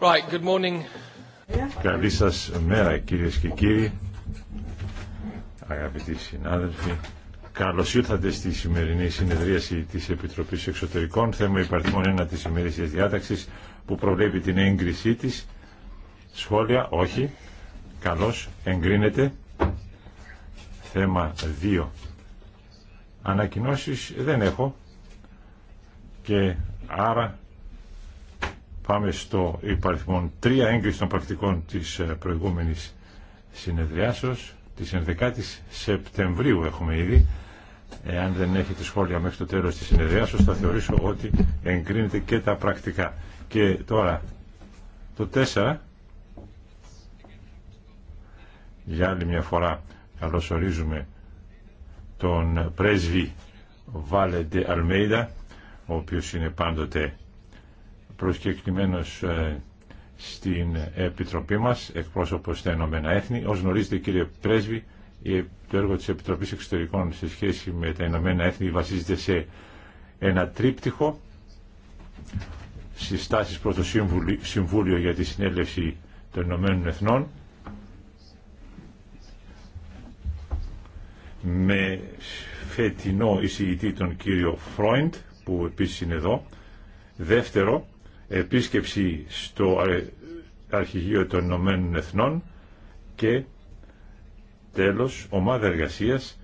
Right, good morning. Καλή σα μέρα κύριε και κύριοι, αγαπητοί συνάδελφοι. καλώ ήρθατε στη σημερινή συνεδρίαση τη Επιτροπή Εξωτερικών, θέμα υπαριθμών ένα τη σημερινή διάταξη που προβλέπει την έγκρισή τη. Σχόλια, όχι. Καλώ εγκρίνεται. Θέμα 2. Ανακοινώσει δεν έχω και άρα Πάμε στο υπαριθμό 3 έγκριση των πρακτικών της ε, προηγούμενης συνεδριάσεως της 11ης Σεπτεμβρίου έχουμε ήδη. Εάν δεν έχετε σχόλια μέχρι το τέλος της συνεδριάσεως θα θεωρήσω ότι εγκρίνεται και τα πρακτικά. Και τώρα το 4 για άλλη μια φορά καλωσορίζουμε τον πρέσβη Βάλεντε Αλμέιδα ο οποίος είναι πάντοτε προσκεκτημένος ε, στην Επιτροπή μας, εκπρόσωπος στα Ηνωμένα Έθνη. Ως γνωρίζετε κύριε Πρέσβη, το έργο της Επιτροπής Εξωτερικών σε σχέση με τα Ηνωμένα Έθνη βασίζεται σε ένα τρίπτυχο συστάσεις προς το Συμβούλιο για τη Συνέλευση των Ηνωμένων Εθνών με φετινό εισηγητή τον κύριο Φρόιντ που επίσης είναι εδώ δεύτερο επίσκεψη στο ε, Αρχηγείο των Ηνωμένων Εθνών και τέλος ομάδα εργασίας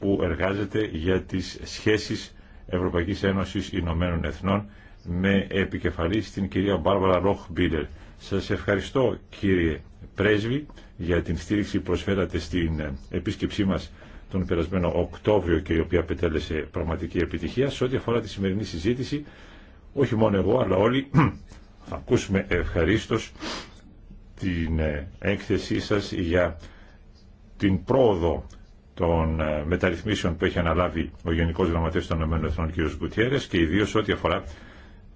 που εργάζεται για τις σχέσεις Ευρωπαϊκής Ένωσης Ηνωμένων Εθνών με επικεφαλή στην κυρία Μπάρβαρα Ροχ Μπίλερ. Σας ευχαριστώ κύριε Πρέσβη για την στήριξη που προσφέρατε στην ε, επίσκεψή μας τον περασμένο Οκτώβριο και η οποία πετέλεσε πραγματική επιτυχία. Σε ό,τι αφορά τη σημερινή συζήτηση όχι μόνο εγώ αλλά όλοι θα ακούσουμε ευχαρίστως την ε, έκθεσή σας για την πρόοδο των ε, μεταρρυθμίσεων που έχει αναλάβει ο Γενικός Γραμματέας των ΗΕ κ. Γκουτιέρες και ιδίως ό,τι αφορά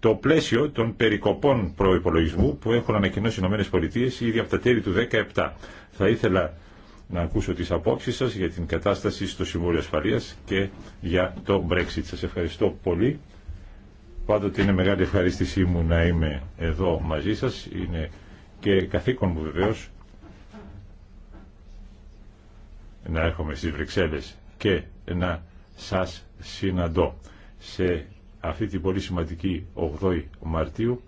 το πλαίσιο των περικοπών προϋπολογισμού που έχουν ανακοινώσει οι ΗΠΑ ήδη από τα τέλη του 2017. Θα ήθελα να ακούσω τις απόψεις σας για την κατάσταση στο Συμβούλιο Ασφαλείας και για το Brexit. Σας ευχαριστώ πολύ. Πάντοτε είναι μεγάλη ευχαρίστησή μου να είμαι εδώ μαζί σας. Είναι και καθήκον μου βεβαίως να έρχομαι στις Βρυξέλλες και να σας συναντώ σε αυτή την πολύ σημαντική 8η Μαρτίου.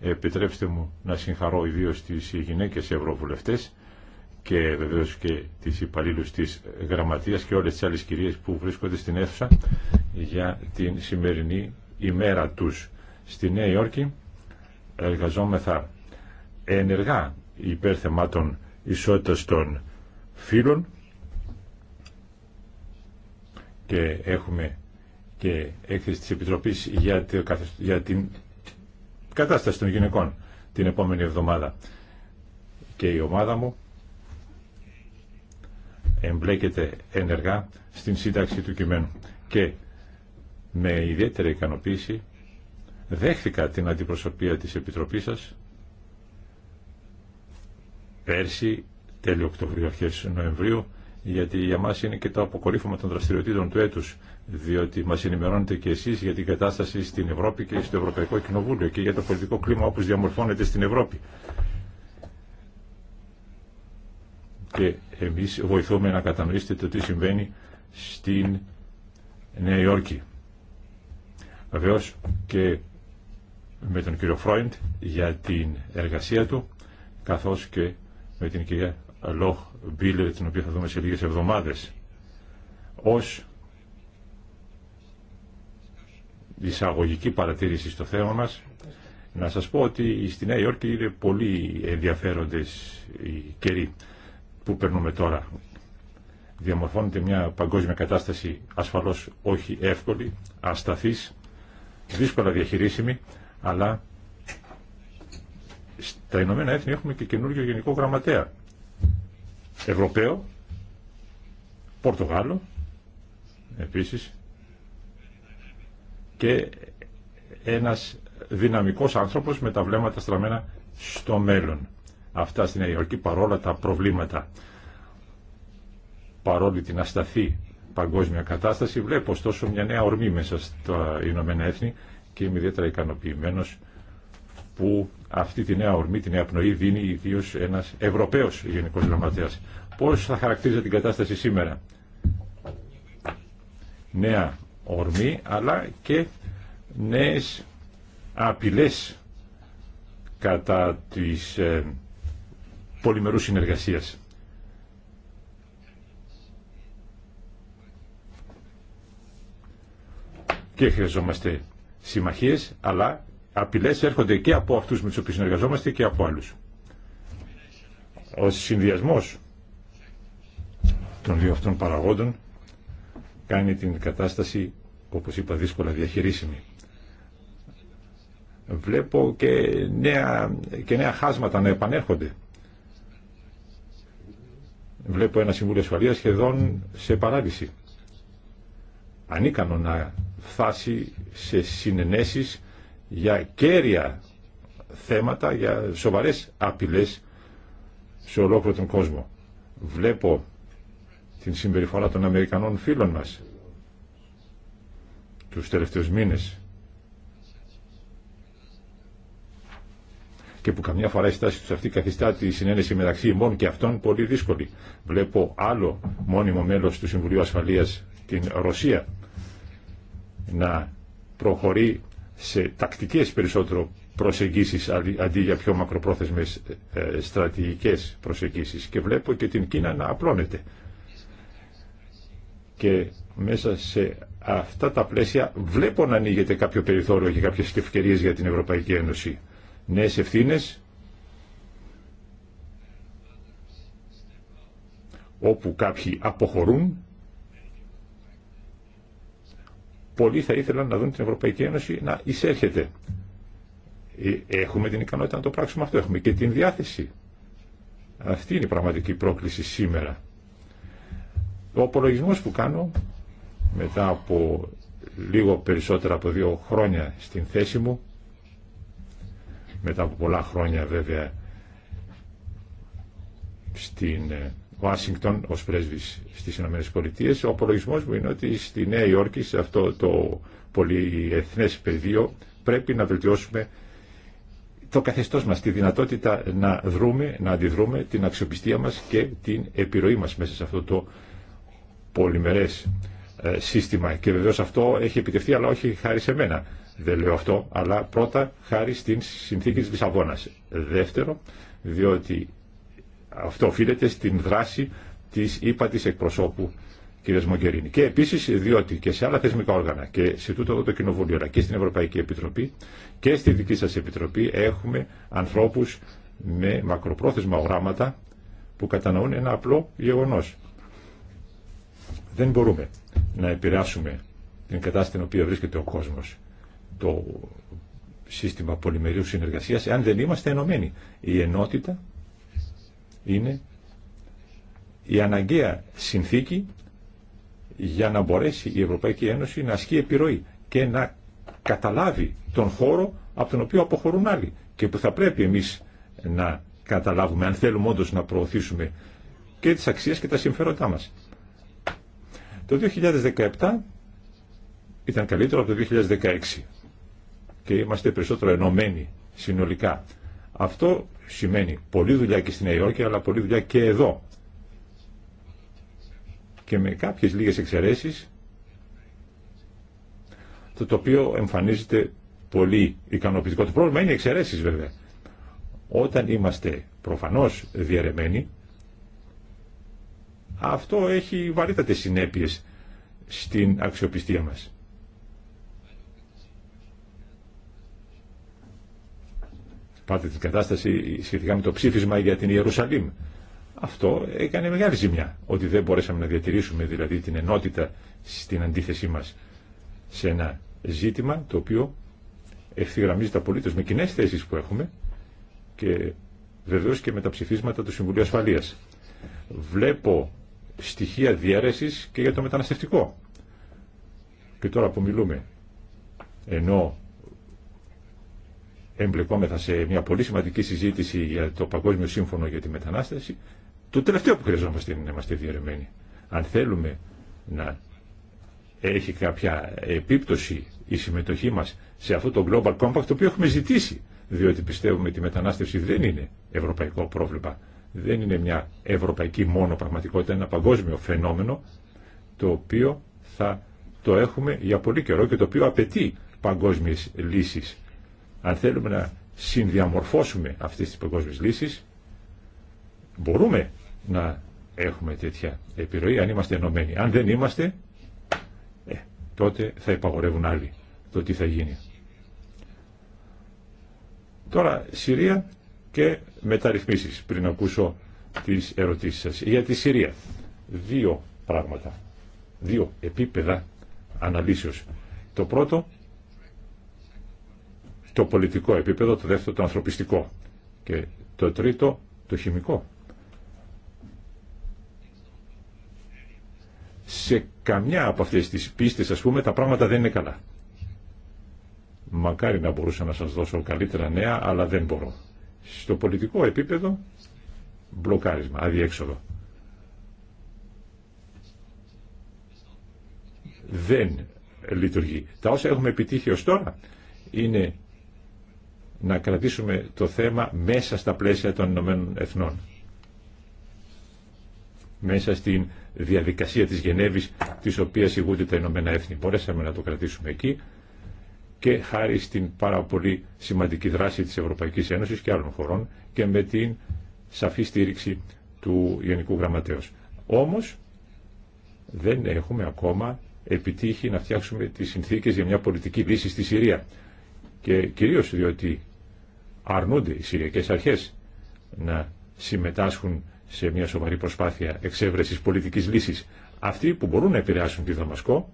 Επιτρέψτε μου να συγχαρώ ιδίως τις γυναίκες ευρωβουλευτές και βεβαίως και τις υπαλλήλους της Γραμματείας και όλες τις άλλες κυρίες που βρίσκονται στην αίθουσα για την σημερινή μέρα τους στη Νέα Υόρκη εργαζόμεθα ενεργά υπέρ θεμάτων ισότητας των φύλων και έχουμε και έκθεση της Επιτροπής για την κατάσταση των γυναικών την επόμενη εβδομάδα. Και η ομάδα μου εμπλέκεται ενεργά στην σύνταξη του κειμένου. Και με ιδιαίτερη ικανοποίηση δέχθηκα την αντιπροσωπεία της Επιτροπής σας πέρσι, τέλειο Οκτωβρίου, αρχές Νοεμβρίου, γιατί για μας είναι και το αποκορύφωμα των δραστηριοτήτων του έτους, διότι μας ενημερώνετε και εσείς για την κατάσταση στην Ευρώπη και στο Ευρωπαϊκό Κοινοβούλιο και για το πολιτικό κλίμα όπως διαμορφώνεται στην Ευρώπη. Και εμείς βοηθούμε να κατανοήσετε το τι συμβαίνει στην Νέα Υόρκη. Βεβαίω και με τον κύριο Φρόιντ για την εργασία του, καθώς και με την κυρία Λόχ Μπίλερ, την οποία θα δούμε σε λίγες εβδομάδες, ως εισαγωγική παρατήρηση στο θέμα μας, να σας πω ότι στη Νέα Υόρκη είναι πολύ ενδιαφέροντες οι καιροί που περνούμε τώρα. Διαμορφώνεται μια παγκόσμια κατάσταση ασφαλώς όχι εύκολη, ασταθής, δύσκολα διαχειρίσιμη, αλλά στα Ηνωμένα Έθνη έχουμε και καινούργιο γενικό γραμματέα. Ευρωπαίο, Πορτογάλο, επίσης, και ένας δυναμικός άνθρωπος με τα βλέμματα στραμμένα στο μέλλον. Αυτά στην Νέα παρόλα τα προβλήματα, παρόλη την ασταθή παγκόσμια κατάσταση. Βλέπω ωστόσο μια νέα ορμή μέσα στα Ηνωμένα Έθνη και είμαι ιδιαίτερα ικανοποιημένο που αυτή τη νέα ορμή, τη νέα πνοή δίνει ιδίω ένα Ευρωπαίο Γενικό Γραμματέα. Πώ θα χαρακτηρίζει την κατάσταση σήμερα, Νέα ορμή, αλλά και νέε απειλέ κατά τη ε, πολυμερού συνεργασίας. και χρειαζόμαστε συμμαχίε, αλλά απειλέ έρχονται και από αυτούς με τους οποίους συνεργαζόμαστε και από άλλους. Ο συνδυασμό των δύο αυτών παραγόντων κάνει την κατάσταση, όπως είπα, δύσκολα διαχειρίσιμη. Βλέπω και νέα, χάσματα να επανέρχονται. Βλέπω ένα Συμβούλιο Ασφαλείας σχεδόν σε παράδειση ανίκανο να φτάσει σε συνενέσεις για κέρια θέματα, για σοβαρές απειλές σε ολόκληρο τον κόσμο. Βλέπω την συμπεριφορά των Αμερικανών φίλων μας τους τελευταίους μήνες και που καμιά φορά η στάση τους αυτή καθιστά τη συνένεση μεταξύ ημών και αυτών πολύ δύσκολη. Βλέπω άλλο μόνιμο μέλος του Συμβουλίου Ασφαλείας την Ρωσία να προχωρεί σε τακτικές περισσότερο προσεγγίσεις αντί για πιο μακροπρόθεσμες ε, στρατηγικές προσεγγίσεις και βλέπω και την Κίνα να απλώνεται και μέσα σε αυτά τα πλαίσια βλέπω να ανοίγεται κάποιο περιθώριο και κάποιες ευκαιρίες για την Ευρωπαϊκή Ένωση νέες ευθύνε. όπου κάποιοι αποχωρούν πολλοί θα ήθελαν να δουν την Ευρωπαϊκή Ένωση να εισέρχεται. Ε, έχουμε την ικανότητα να το πράξουμε αυτό, έχουμε και την διάθεση. Αυτή είναι η πραγματική πρόκληση σήμερα. Ο απολογισμός που κάνω μετά από λίγο περισσότερα από δύο χρόνια στην θέση μου, μετά από πολλά χρόνια βέβαια στην ε, Ουάσιγκτον ω πρέσβη στις ΗΠΑ. Ο απολογισμό μου είναι ότι στη Νέα Υόρκη, σε αυτό το πολυεθνές πεδίο, πρέπει να βελτιώσουμε το καθεστώς μας, τη δυνατότητα να δρούμε, να αντιδρούμε την αξιοπιστία μας και την επιρροή μας μέσα σε αυτό το πολυμερές ε, σύστημα. Και βεβαίω αυτό έχει επιτευχθεί, αλλά όχι χάρη σε μένα. Δεν λέω αυτό, αλλά πρώτα χάρη στην συνθήκη τη Λισαβόνα. Δεύτερο, διότι αυτό οφείλεται στην δράση τη ΥΠΑ της εκπροσώπου κ. Μογκερίνη. Και επίση, διότι και σε άλλα θεσμικά όργανα και σε τούτο εδώ το Κοινοβούλιο, αλλά και στην Ευρωπαϊκή Επιτροπή και στη δική σα Επιτροπή, έχουμε ανθρώπου με μακροπρόθεσμα οράματα που κατανοούν ένα απλό γεγονό. Δεν μπορούμε να επηρεάσουμε την κατάσταση στην οποία βρίσκεται ο κόσμο, το σύστημα πολυμερίου συνεργασία, εάν δεν είμαστε ενωμένοι. Η ενότητα είναι η αναγκαία συνθήκη για να μπορέσει η Ευρωπαϊκή Ένωση να ασκεί επιρροή και να καταλάβει τον χώρο από τον οποίο αποχωρούν άλλοι και που θα πρέπει εμείς να καταλάβουμε αν θέλουμε όντως να προωθήσουμε και τις αξίες και τα συμφέροντά μας. Το 2017 ήταν καλύτερο από το 2016 και είμαστε περισσότερο ενωμένοι συνολικά. Αυτό Σημαίνει πολλή δουλειά και στην Νέα αλλά πολλή δουλειά και εδώ. Και με κάποιες λίγες εξαιρέσεις, το τοπίο εμφανίζεται πολύ ικανοποιητικό. Το πρόβλημα είναι οι βέβαια. Όταν είμαστε προφανώς διαιρεμένοι, αυτό έχει βαρύτατες συνέπειες στην αξιοπιστία μας. Πάτε την κατάσταση σχετικά με το ψήφισμα για την Ιερουσαλήμ. Αυτό έκανε μεγάλη ζημιά, ότι δεν μπορέσαμε να διατηρήσουμε δηλαδή την ενότητα στην αντίθεσή μας σε ένα ζήτημα το οποίο ευθυγραμμίζεται απολύτω με κοινέ θέσει που έχουμε και βεβαίω και με τα ψηφίσματα του Συμβουλίου Ασφαλεία. Βλέπω στοιχεία διαίρεση και για το μεταναστευτικό. Και τώρα που μιλούμε, ενώ εμπλεκόμεθα σε μια πολύ σημαντική συζήτηση για το Παγκόσμιο Σύμφωνο για τη Μετανάστευση, το τελευταίο που χρειαζόμαστε είναι να είμαστε διαιρεμένοι. Αν θέλουμε να έχει κάποια επίπτωση η συμμετοχή μας σε αυτό το Global Compact το οποίο έχουμε ζητήσει, διότι πιστεύουμε ότι η μετανάστευση δεν είναι ευρωπαϊκό πρόβλημα, δεν είναι μια ευρωπαϊκή μόνο πραγματικότητα, ένα παγκόσμιο φαινόμενο το οποίο θα το έχουμε για πολύ καιρό και το οποίο απαιτεί παγκόσμιες λύσεις. Αν θέλουμε να συνδιαμορφώσουμε αυτές τις παγκόσμιες λύσεις, μπορούμε να έχουμε τέτοια επιρροή αν είμαστε ενωμένοι. Αν δεν είμαστε, ε, τότε θα υπαγορεύουν άλλοι το τι θα γίνει. Τώρα, Συρία και μεταρρυθμίσεις, πριν ακούσω τις ερωτήσεις σας. Για τη Συρία, δύο πράγματα, δύο επίπεδα αναλύσεως. Το πρώτο το πολιτικό επίπεδο, το δεύτερο το ανθρωπιστικό και το τρίτο το χημικό. Σε καμιά από αυτές τις πίστες ας πούμε τα πράγματα δεν είναι καλά. Μακάρι να μπορούσα να σας δώσω καλύτερα νέα αλλά δεν μπορώ. Στο πολιτικό επίπεδο μπλοκάρισμα, αδιέξοδο. Δεν λειτουργεί. Τα όσα έχουμε επιτύχει ως τώρα είναι να κρατήσουμε το θέμα μέσα στα πλαίσια των Ηνωμένων Εθνών. Μέσα στην διαδικασία της Γενέβης της οποίας ηγούνται τα Ηνωμένα Έθνη. Μπορέσαμε να το κρατήσουμε εκεί και χάρη στην πάρα πολύ σημαντική δράση της Ευρωπαϊκής Ένωσης και άλλων χωρών και με την σαφή στήριξη του Γενικού Γραμματέως. Όμως δεν έχουμε ακόμα επιτύχει να φτιάξουμε τις συνθήκες για μια πολιτική λύση στη Συρία. Και κυρίως διότι αρνούνται οι Συριακές αρχές να συμμετάσχουν σε μια σοβαρή προσπάθεια εξέβρεσης πολιτικής λύσης. Αυτοί που μπορούν να επηρεάσουν τη Δαμασκό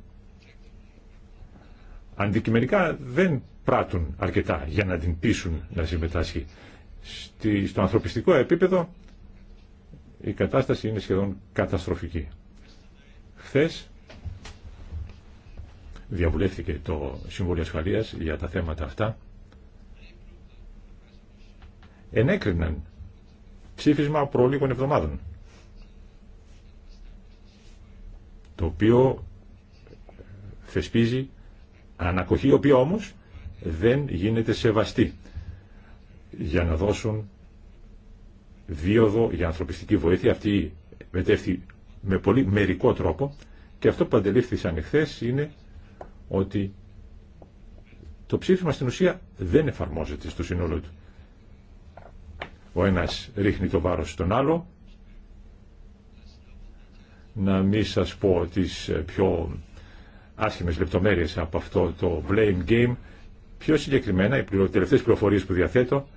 αντικειμενικά δεν πράττουν αρκετά για να την πείσουν να συμμετάσχει. στο ανθρωπιστικό επίπεδο η κατάσταση είναι σχεδόν καταστροφική. Χθες διαβουλεύθηκε το Συμβούλιο Ασφαλείας για τα θέματα αυτά ενέκριναν ψήφισμα προ εβδομάδων το οποίο θεσπίζει ανακοχή η οποία όμως δεν γίνεται σεβαστή για να δώσουν δίωδο για ανθρωπιστική βοήθεια αυτή μετέφθη με πολύ μερικό τρόπο και αυτό που αντελήφθησαν εχθέ είναι ότι το ψήφισμα στην ουσία δεν εφαρμόζεται στο σύνολό του ο ένας ρίχνει το βάρος στον άλλο. Να μην σας πω τις ε, πιο άσχημες λεπτομέρειες από αυτό το blame game. Πιο συγκεκριμένα, οι τελευταίες πληροφορίες που διαθέτω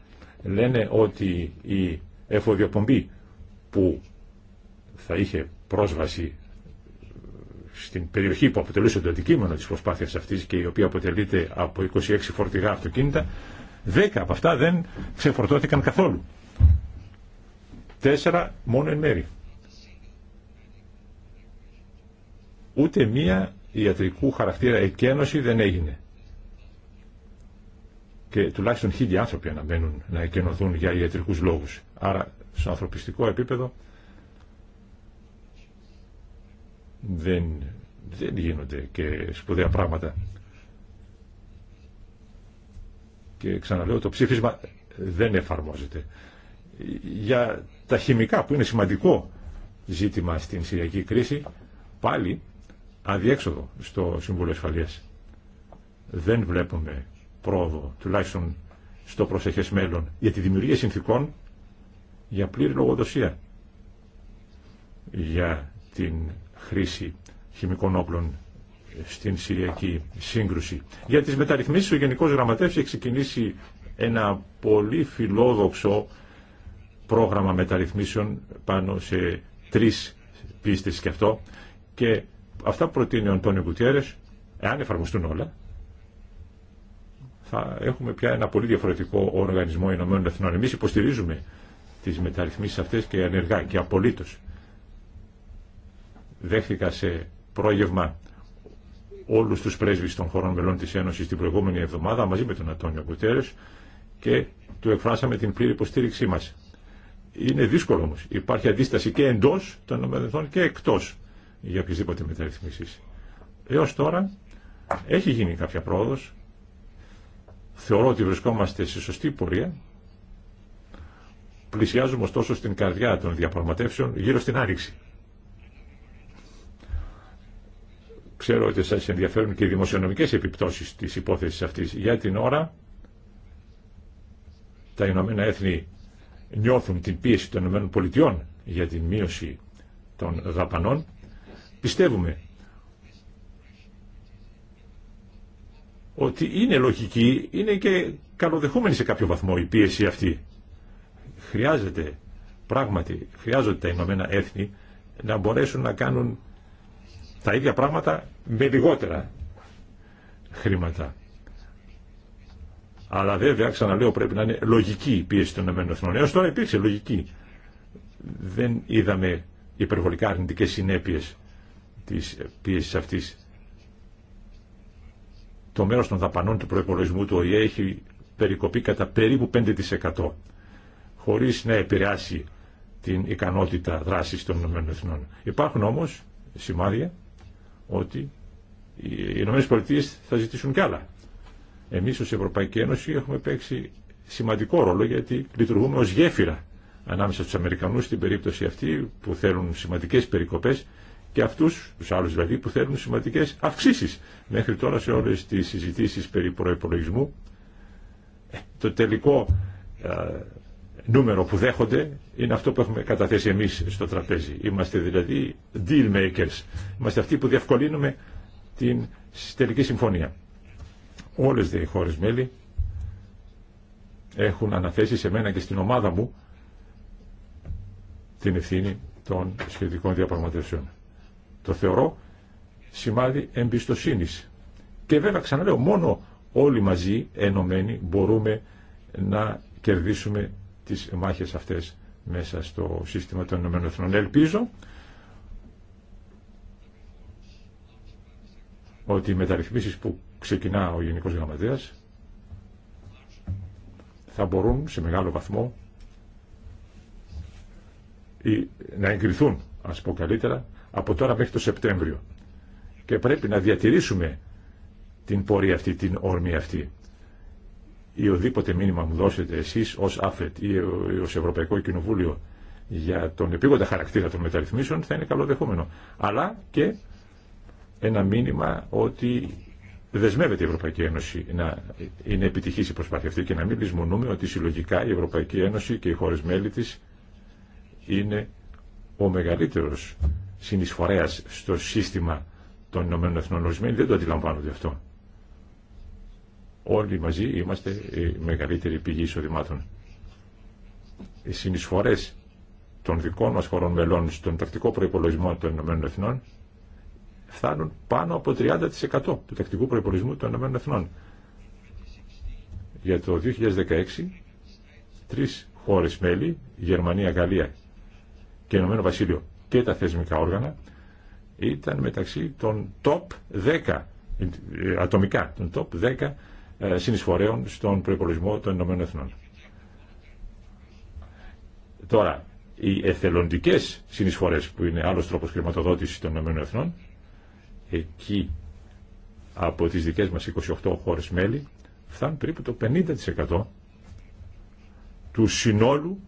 λένε ότι η εφοδιοπομπή που θα είχε πρόσβαση ε, στην περιοχή που αποτελούσε το αντικείμενο της προσπάθειας αυτής και η οποία αποτελείται από 26 φορτηγά αυτοκίνητα, 10 από αυτά δεν ξεφορτώθηκαν καθόλου. Τέσσερα μόνο εν μέρη. Ούτε μία ιατρικού χαρακτήρα εκένωση δεν έγινε. Και τουλάχιστον χίλιοι άνθρωποι αναμένουν να εκενωθούν για ιατρικούς λόγους. Άρα στο ανθρωπιστικό επίπεδο δεν, δεν γίνονται και σπουδαία πράγματα. Και ξαναλέω, το ψήφισμα δεν εφαρμόζεται. Για τα χημικά που είναι σημαντικό ζήτημα στην Συριακή κρίση πάλι αδιέξοδο στο Συμβούλιο Ασφαλείας. Δεν βλέπουμε πρόοδο, τουλάχιστον στο προσεχές μέλλον, για τη δημιουργία συνθήκων για πλήρη λογοδοσία για την χρήση χημικών όπλων στην Συριακή σύγκρουση. Για τις μεταρρυθμίσεις ο Γενικός Γραμματεύς έχει ξεκινήσει ένα πολύ φιλόδοξο πρόγραμμα μεταρρυθμίσεων πάνω σε τρεις πίστες και αυτό και αυτά που προτείνει ο Αντώνιο Κουτιέρες, εάν εφαρμοστούν όλα, θα έχουμε πια ένα πολύ διαφορετικό οργανισμό Ηνωμένων Εθνών. Εμείς υποστηρίζουμε τις μεταρρυθμίσεις αυτές και ενεργά και απολύτως. Δέχθηκα σε πρόγευμα όλους τους πρέσβεις των χωρών μελών της Ένωσης την προηγούμενη εβδομάδα μαζί με τον Αντώνιο Κουτέρες και του εκφράσαμε την πλήρη υποστήριξή μας. Είναι δύσκολο όμω. Υπάρχει αντίσταση και εντός των ομαδεθών και εκτός για οποιασδήποτε μεταρρυθμίσει. Έως τώρα έχει γίνει κάποια πρόοδο. Θεωρώ ότι βρισκόμαστε σε σωστή πορεία. Πλησιάζουμε ωστόσο στην καρδιά των διαπραγματεύσεων γύρω στην άνοιξη. Ξέρω ότι σας ενδιαφέρουν και οι δημοσιονομικές επιπτώσεις της υπόθεσης αυτής. Για την ώρα τα Ηνωμένα Έθνη νιώθουν την πίεση των ΗΠΑ για την μείωση των δαπανών, πιστεύουμε ότι είναι λογική, είναι και καλοδεχούμενη σε κάποιο βαθμό η πίεση αυτή. Χρειάζεται, πράγματι, χρειάζονται τα Ηνωμένα Έθνη να μπορέσουν να κάνουν τα ίδια πράγματα με λιγότερα χρήματα. Αλλά βέβαια, ξαναλέω, πρέπει να είναι λογική η πίεση των ΗΠΑ. Έω τώρα υπήρξε λογική. Δεν είδαμε υπερβολικά αρνητικέ συνέπειε τη πίεση αυτή. Το μέρο των δαπανών του προπολογισμού του ΟΗΕ έχει περικοπεί κατά περίπου 5% χωρίς να επηρεάσει την ικανότητα δράσης των ΗΠΑ. Υπάρχουν όμω σημάδια ότι οι ΗΠΑ θα ζητήσουν κι άλλα. Εμείς ως Ευρωπαϊκή Ένωση έχουμε παίξει σημαντικό ρόλο γιατί λειτουργούμε ως γέφυρα ανάμεσα στους Αμερικανούς στην περίπτωση αυτή που θέλουν σημαντικές περικοπές και αυτούς, τους άλλους δηλαδή, που θέλουν σημαντικές αυξήσεις. Μέχρι τώρα σε όλες τις συζητήσεις περί προϋπολογισμού ε, το τελικό ε, νούμερο που δέχονται είναι αυτό που έχουμε καταθέσει εμείς στο τραπέζι. Είμαστε δηλαδή deal makers. Είμαστε αυτοί που διευκολύνουμε την τελική συμφωνία. Όλες οι χώρες μέλη έχουν αναθέσει σε μένα και στην ομάδα μου την ευθύνη των σχετικών διαπραγματεύσεων. Το θεωρώ σημάδι εμπιστοσύνης. Και βέβαια ξαναλέω, μόνο όλοι μαζί ενωμένοι μπορούμε να κερδίσουμε τις μάχες αυτές μέσα στο σύστημα των Ηνωμένων Ελπίζω ότι οι μεταρρυθμίσεις που ξεκινά ο Γενικό Γραμματέα, θα μπορούν σε μεγάλο βαθμό να εγκριθούν, ας πω καλύτερα, από τώρα μέχρι το Σεπτέμβριο. Και πρέπει να διατηρήσουμε την πορεία αυτή, την όρμη αυτή. Ή οδήποτε μήνυμα μου δώσετε εσείς ως ΑΦΕΤ ή ως Ευρωπαϊκό Κοινοβούλιο για τον επίγοντα χαρακτήρα των μεταρρυθμίσεων θα είναι καλό δεχόμενο. Αλλά και ένα μήνυμα ότι δεσμεύεται η Ευρωπαϊκή Ένωση να είναι επιτυχής η προσπάθεια αυτή και να μην λησμονούμε ότι συλλογικά η Ευρωπαϊκή Ένωση και οι χώρες μέλη της είναι ο μεγαλύτερος συνεισφορέας στο σύστημα των Ηνωμένων Εθνών. Ορισμένοι δεν το αντιλαμβάνονται αυτό. Όλοι μαζί είμαστε η μεγαλύτερη πηγή εισοδημάτων. Οι συνεισφορές των δικών μας χωρών μελών στον τακτικό προϋπολογισμό των Ηνωμένων Εθνών φτάνουν πάνω από 30% του τακτικού προπολογισμού των ΗΠΑ. Για το 2016, Τρει χώρε μέλη, Γερμανία, Γαλλία και Ηνωμένο Βασίλειο και τα θεσμικά όργανα, ήταν μεταξύ των top 10 ατομικά, των top 10 ε, συνεισφορέων στον προπολογισμό των Ηνωμένων Εθνών. Τώρα, οι εθελοντικές συνεισφορές που είναι άλλος τρόπος χρηματοδότησης των Ηνωμένων Εθνών εκεί από τις δικές μας 28 χώρες μέλη φτάνουν περίπου το 50% του συνόλου,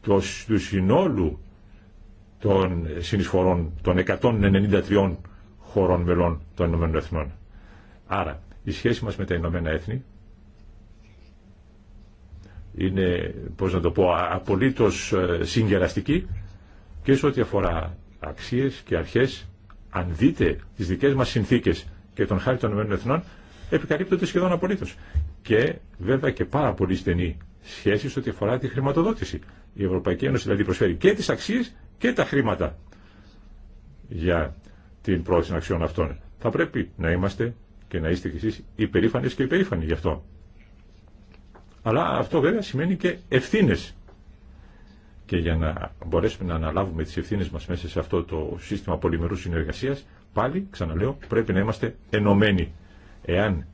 το, του συνόλου των συνεισφορών των 193 χωρών μελών των Ηνωμένων Εθνών. Άρα, η σχέση μας με τα Ηνωμένα Έθνη είναι, πώς το πω, απολύτως ε, συγκεραστική και σε ό,τι αφορά αξίες και αρχές αν δείτε τις δικές μας συνθήκες και τον χάρη των ΗΕ, επικαλύπτονται σχεδόν απολύτω. Και βέβαια και πάρα πολύ στενή σχέση ό,τι αφορά τη χρηματοδότηση. Η Ευρωπαϊκή Ένωση δηλαδή προσφέρει και τις αξίες και τα χρήματα για την πρόθεση αξιών αυτών. Θα πρέπει να είμαστε και να είστε κι εσείς υπερήφανες και υπερήφανοι γι' αυτό. Αλλά αυτό βέβαια σημαίνει και ευθύνες και για να μπορέσουμε να αναλάβουμε τις ευθύνες μας μέσα σε αυτό το σύστημα πολυμερού συνεργασίας, πάλι, ξαναλέω, πρέπει να είμαστε ενωμένοι. Εάν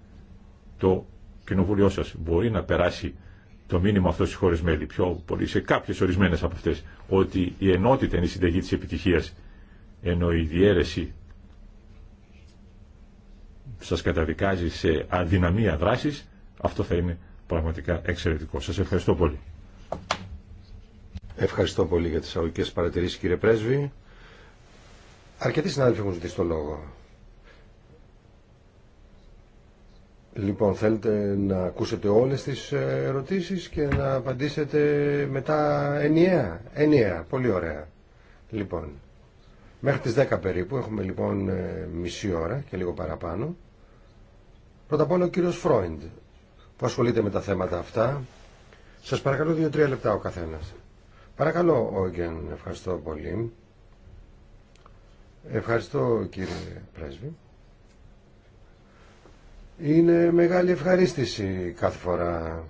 το κοινοβούλιο σας μπορεί να περάσει το μήνυμα αυτό στις χώρες μέλη, πιο πολύ σε κάποιες ορισμένες από αυτές, ότι η ενότητα είναι η συνταγή της επιτυχίας, ενώ η διαίρεση σας καταδικάζει σε αδυναμία δράσης, αυτό θα είναι πραγματικά εξαιρετικό. Σας ευχαριστώ πολύ. Ευχαριστώ πολύ για τις αγωγικές παρατηρήσεις κύριε Πρέσβη. Αρκετοί συνάδελφοι έχουν ζητήσει το λόγο. Λοιπόν, θέλετε να ακούσετε όλες τις ε, ερωτήσεις και να απαντήσετε μετά ενιαία. Ενιαία, πολύ ωραία. Λοιπόν, μέχρι τις 10 περίπου, έχουμε λοιπόν ε, μισή ώρα και λίγο παραπάνω. Πρώτα απ' όλα ο κύριος Φρόιντ, που ασχολείται με τα θέματα αυτά. Σας παρακαλώ δύο-τρία λεπτά ο καθένας. Παρακαλώ, Όγγεν, ευχαριστώ πολύ. Ευχαριστώ, κύριε Πρέσβη. Είναι μεγάλη ευχαρίστηση κάθε φορά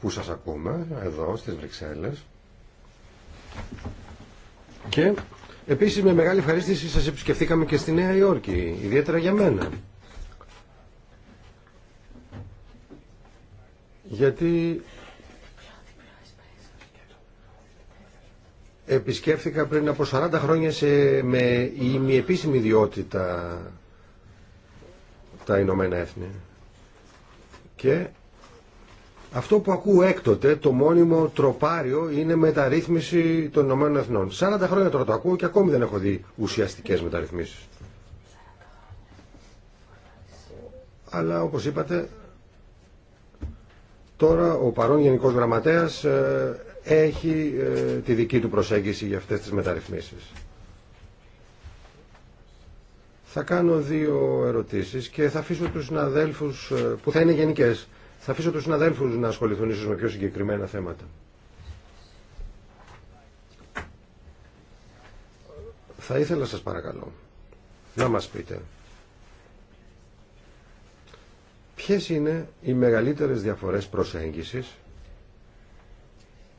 που σας ακούμε εδώ στις Βρυξέλλες και επίσης με μεγάλη ευχαρίστηση σας επισκεφθήκαμε και στη Νέα Υόρκη, ιδιαίτερα για μένα. Γιατί επισκέφθηκα πριν από 40 χρόνια σε, με ημιεπίσημη ιδιότητα τα Ηνωμένα Έθνη. Και αυτό που ακούω έκτοτε, το μόνιμο τροπάριο, είναι μεταρρύθμιση των Ηνωμένων Εθνών. 40 χρόνια τώρα το ακούω και ακόμη δεν έχω δει ουσιαστικές μεταρρυθμίσεις. Αλλά όπως είπατε, τώρα ο παρόν Γενικός Γραμματέας ε, έχει ε, τη δική του προσέγγιση για αυτές τις μεταρρυθμίσεις. Θα κάνω δύο ερωτήσεις και θα αφήσω τους συναδέλφους, ε, που θα είναι γενικές, θα αφήσω τους συναδέλφους να ασχοληθούν ίσως με πιο συγκεκριμένα θέματα. Θα ήθελα σας παρακαλώ να μας πείτε ποιες είναι οι μεγαλύτερες διαφορές προσέγγισης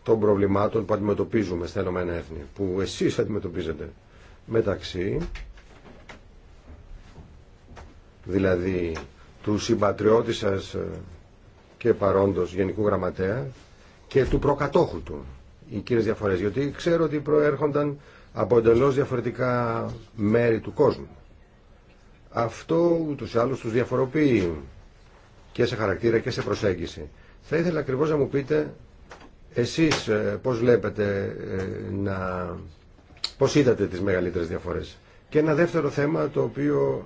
των προβλημάτων που αντιμετωπίζουμε στα Ηνωμένα Έθνη, που εσείς αντιμετωπίζετε μεταξύ, δηλαδή του συμπατριώτη σας ε, και παρόντος Γενικού Γραμματέα και του προκατόχου του, οι κύριες διαφορές, γιατί ξέρω ότι προέρχονταν από εντελώ διαφορετικά μέρη του κόσμου. Αυτό ούτως ή άλλως τους διαφοροποιεί και σε χαρακτήρα και σε προσέγγιση. Θα ήθελα ακριβώς να μου πείτε εσείς ε, πώς βλέπετε ε, να... Πώς είδατε τις μεγαλύτερες διαφορές. Και ένα δεύτερο θέμα το οποίο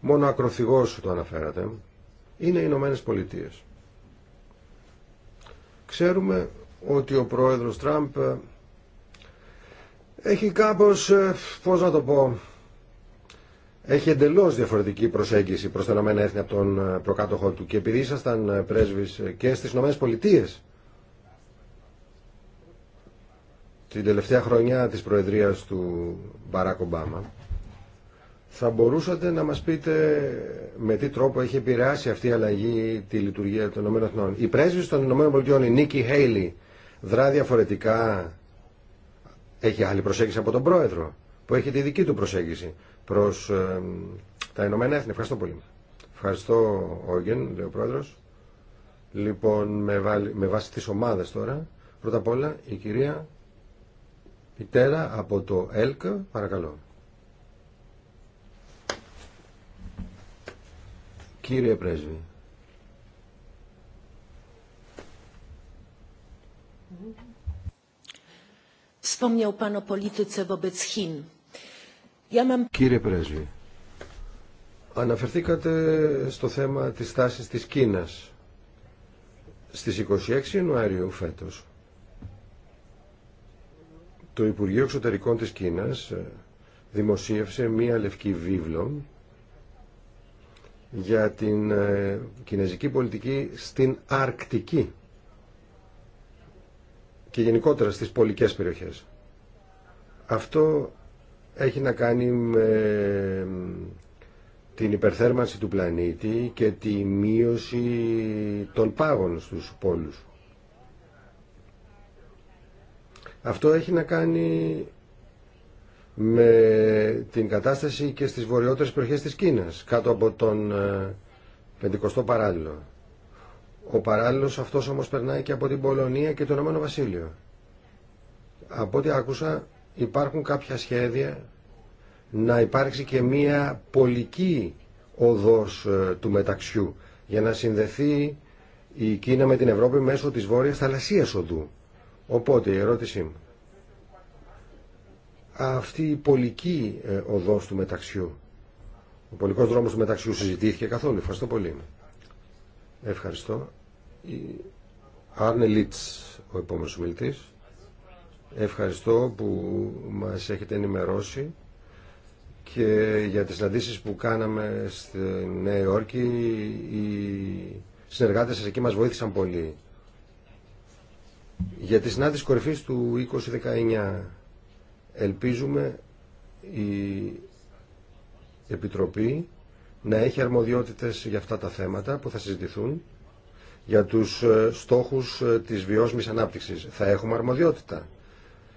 μόνο ακροθυγός το αναφέρατε είναι οι Ηνωμένε Πολιτείε. Ξέρουμε ότι ο πρόεδρος Τραμπ ε, έχει κάπως, πώς να το πω, έχει εντελώς διαφορετική προσέγγιση προς τα Ηνωμένα Έθνη από τον προκάτοχό του. Και επειδή ήσασταν πρέσβης και στι Ηνωμένε Πολιτείε, την τελευταία χρονιά της Προεδρίας του Μπαράκ Ομπάμα θα μπορούσατε να μας πείτε με τι τρόπο έχει επηρεάσει αυτή η αλλαγή τη λειτουργία των ΗΠΑ. Η πρέσβης των ΗΠΑ, η Νίκη Χέιλι, δρά διαφορετικά, έχει άλλη προσέγγιση από τον πρόεδρο, που έχει τη δική του προσέγγιση προς τα Ηνωμένα Έθνη. Ευχαριστώ πολύ. Ευχαριστώ, Όγγεν, λέει ο πρόεδρος. Λοιπόν, με, με βάση τις ομάδες τώρα, πρώτα απ' όλα η κυρία η από το ΕΛΚ, παρακαλώ. Κύριε Πρέσβη. Κύριε Πρέσβη, αναφερθήκατε στο θέμα της τάσης της Κίνας στις 26 Ιανουαρίου φέτος το Υπουργείο Εξωτερικών της Κίνας ε, δημοσίευσε μία λευκή βίβλο για την ε, κινέζικη πολιτική στην Αρκτική και γενικότερα στις πολικές περιοχές. Αυτό έχει να κάνει με την υπερθέρμανση του πλανήτη και τη μείωση των πάγων στους πόλους. Αυτό έχει να κάνει με την κατάσταση και στις βορειότερες περιοχές της Κίνας, κάτω από τον ε, Πεντηκοστό παράλληλος αυτός όμως περνάει και από την Πολωνία και το Ηνωμένο Βασίλειο. Από ό,τι άκουσα υπάρχουν κάποια σχέδια να υπάρξει και μία πολική οδός ε, του μεταξιού για να συνδεθεί η Κίνα με την Ευρώπη μέσω της βόρειας θαλασσίας οδού. Οπότε η ερώτησή μου. Αυτή η πολική ε, οδός του μεταξιού, ο πολικός δρόμος του μεταξιού συζητήθηκε καθόλου. Ευχαριστώ πολύ. Ευχαριστώ. Άρνε Λίτς, ο επόμενος μιλητής. Ευχαριστώ που μας έχετε ενημερώσει και για τις συναντήσεις που κάναμε στη Νέα Υόρκη οι συνεργάτες σας εκεί μας βοήθησαν πολύ. Για τη συνάντηση κορυφή του 2019 ελπίζουμε η Επιτροπή να έχει αρμοδιότητες για αυτά τα θέματα που θα συζητηθούν για τους ε, στόχους ε, της βιώσιμης ανάπτυξης. Θα έχουμε αρμοδιότητα.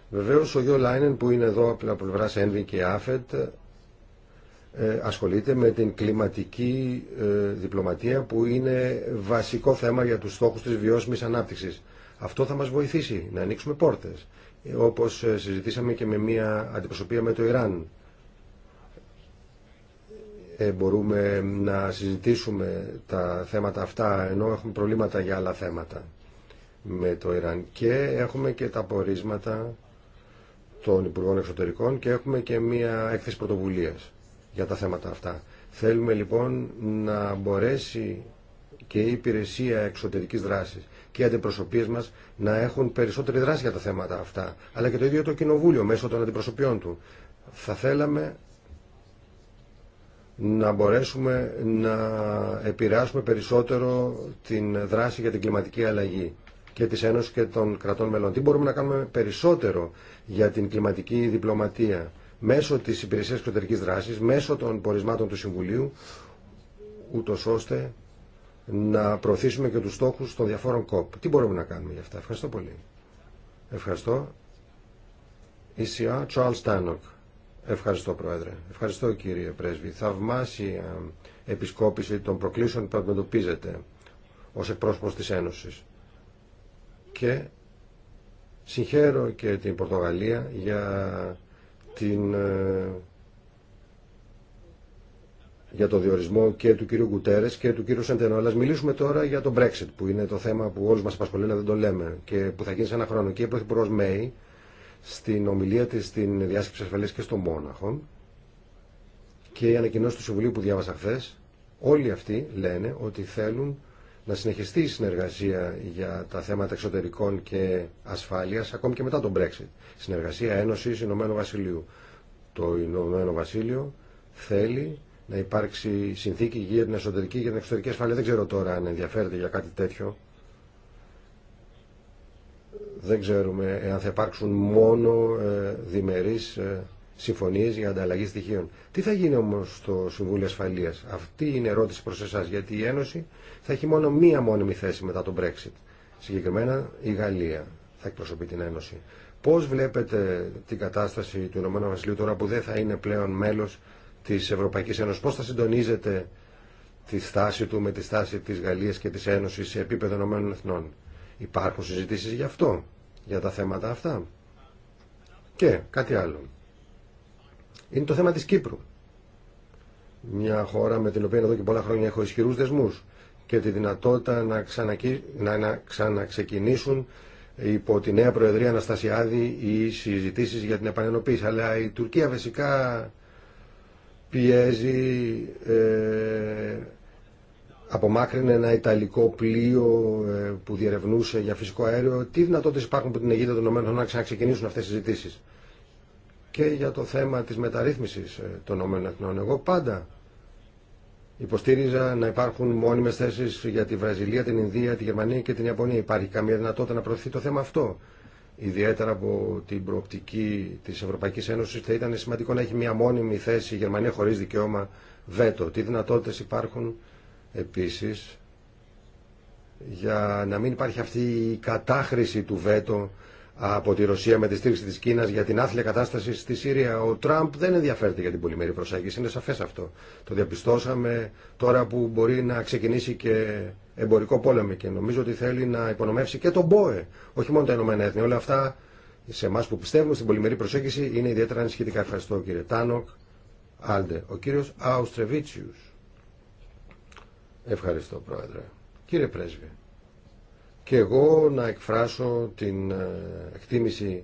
Βεβαίως ο Γιώ Λάινεν που είναι εδώ από πλευρά Ένβη και Άφετ ασχολείται με την κλιματική ε, διπλωματία που είναι βασικό θέμα για τους στόχους της βιώσιμης ανάπτυξης. Αυτό θα μας βοηθήσει να ανοίξουμε πόρτες. Όπως ε, συζητήσαμε και με μια αντιπροσωπεία με το Ιράν. Ε, μπορούμε να συζητήσουμε τα θέματα αυτά ενώ έχουμε προβλήματα για άλλα θέματα με το Ιράν. Και έχουμε και τα πορίσματα των Υπουργών Εξωτερικών και έχουμε και μια έκθεση πρωτοβουλίας για τα θέματα αυτά. Θέλουμε λοιπόν να μπορέσει και η υπηρεσία εξωτερικής δράσης και οι μα μας να έχουν περισσότερη δράση για τα θέματα αυτά. Αλλά και το ίδιο το Κοινοβούλιο μέσω των αντιπροσωπιών του. Θα θέλαμε να μπορέσουμε να επηρεάσουμε περισσότερο την δράση για την κλιματική αλλαγή και της Ένωσης και των κρατών μελών. Τι μπορούμε να κάνουμε περισσότερο για την κλιματική διπλωματία μέσω της υπηρεσίας εξωτερικής δράσης, μέσω των πορισμάτων του Συμβουλίου, ούτως ώστε να προωθήσουμε και τους στόχους των διαφόρων ΚΟΠ. Τι μπορούμε να κάνουμε γι' αυτά. Ευχαριστώ πολύ. Ευχαριστώ. Ισιά Charles Ευχαριστώ Πρόεδρε. Ευχαριστώ κύριε Πρέσβη. Θαυμάσια επισκόπηση των προκλήσεων που αντιμετωπίζετε ως εκπρόσωπος της Ένωσης. Και συγχαίρω και την Πορτογαλία για την ε, για το διορισμό και του κύριου Κουτέρε και του κύριου Σεντενό. Αλλά μιλήσουμε τώρα για το Brexit, που είναι το θέμα που όλου μα απασχολεί, να δεν το λέμε και που θα γίνει σε ένα χρόνο. Και η Πρωθυπουργό Μέη, στην ομιλία τη στην διάσκεψη ασφαλεία και στο Μόναχο και η ανακοινώση του Συμβουλίου που διάβασα χθε, όλοι αυτοί λένε ότι θέλουν να συνεχιστεί η συνεργασία για τα θέματα εξωτερικών και ασφάλεια, ακόμη και μετά τον Brexit. Συνεργασία Ένωση Ηνωμένου Βασιλείου. Το Ηνωμένο Βασίλειο θέλει να υπάρξει συνθήκη για την εσωτερική και την εξωτερική ασφάλεια. Δεν ξέρω τώρα αν ενδιαφέρεται για κάτι τέτοιο. Δεν ξέρουμε αν θα υπάρξουν μόνο ε, διμερείς ε, συμφωνίες για ανταλλαγή στοιχείων. Τι θα γίνει όμως στο Συμβούλιο Ασφαλείας. Αυτή είναι η ερώτηση προς εσάς γιατί η Ένωση θα έχει μόνο μία μόνιμη θέση μετά τον Brexit. Συγκεκριμένα η Γαλλία θα εκπροσωπεί την Ένωση. Πώς βλέπετε την κατάσταση του Ηνωμένου Βασιλείου τώρα που δεν θα είναι πλέον μέλος της Ευρωπαϊκής Ένωσης. Πώς θα συντονίζεται τη στάση του με τη στάση της Γαλλίας και της Ένωσης σε επίπεδο Ηνωμένων Εθνών. Υπάρχουν συζητήσεις γι' αυτό, για τα θέματα αυτά. Και κάτι άλλο. Είναι το θέμα της Κύπρου. Μια χώρα με την οποία εδώ και πολλά χρόνια έχω ισχυρούς δεσμούς και τη δυνατότητα να, ξανακι... να ξαναξεκινήσουν υπό τη νέα Προεδρία Αναστασιάδη οι συζητήσεις για την επανενοποίηση. Αλλά η Τουρκία βασικά πιέζει, ε, απομάκρυνε ένα ιταλικό πλοίο ε, που διερευνούσε για φυσικό αέριο. Τι δυνατότητες υπάρχουν από την αιγύδα των ΗΠΑ να ξαναξεκινήσουν αυτές τις συζητήσεις. Και για το θέμα της μεταρρύθμισης ε, των ΗΠΑ. Εγώ πάντα υποστήριζα να υπάρχουν μόνιμες θέσεις για τη Βραζιλία, την Ινδία, τη Γερμανία και την Ιαπωνία. Υπάρχει καμία δυνατότητα να προωθεί το θέμα αυτό ιδιαίτερα από την προοπτική της Ευρωπαϊκής Ένωσης, θα ήταν σημαντικό να έχει μια μόνιμη θέση η Γερμανία χωρίς δικαίωμα βέτο. Τι δυνατότητε υπάρχουν επίση για να μην υπάρχει αυτή η κατάχρηση του βέτο από τη Ρωσία με τη στήριξη της Κίνας για την άθλια κατάσταση στη Συρία. Ο Τραμπ δεν ενδιαφέρεται για την πολυμερή προσέγγιση, είναι σαφές αυτό. Το διαπιστώσαμε τώρα που μπορεί να ξεκινήσει και εμπορικό πόλεμο και νομίζω ότι θέλει να υπονομεύσει και τον ΠΟΕ, όχι μόνο τα Ηνωμένα Έθνη. Όλα αυτά σε εμά που πιστεύουμε στην πολυμερή προσέγγιση είναι ιδιαίτερα ανησυχητικά. Ευχαριστώ κύριε Τάνοκ, Άλντε. Ο κύριο Αουστρεβίτσιου. Ευχαριστώ πρόεδρε. Κύριε Πρέσβη, και εγώ να εκφράσω την ε, εκτίμηση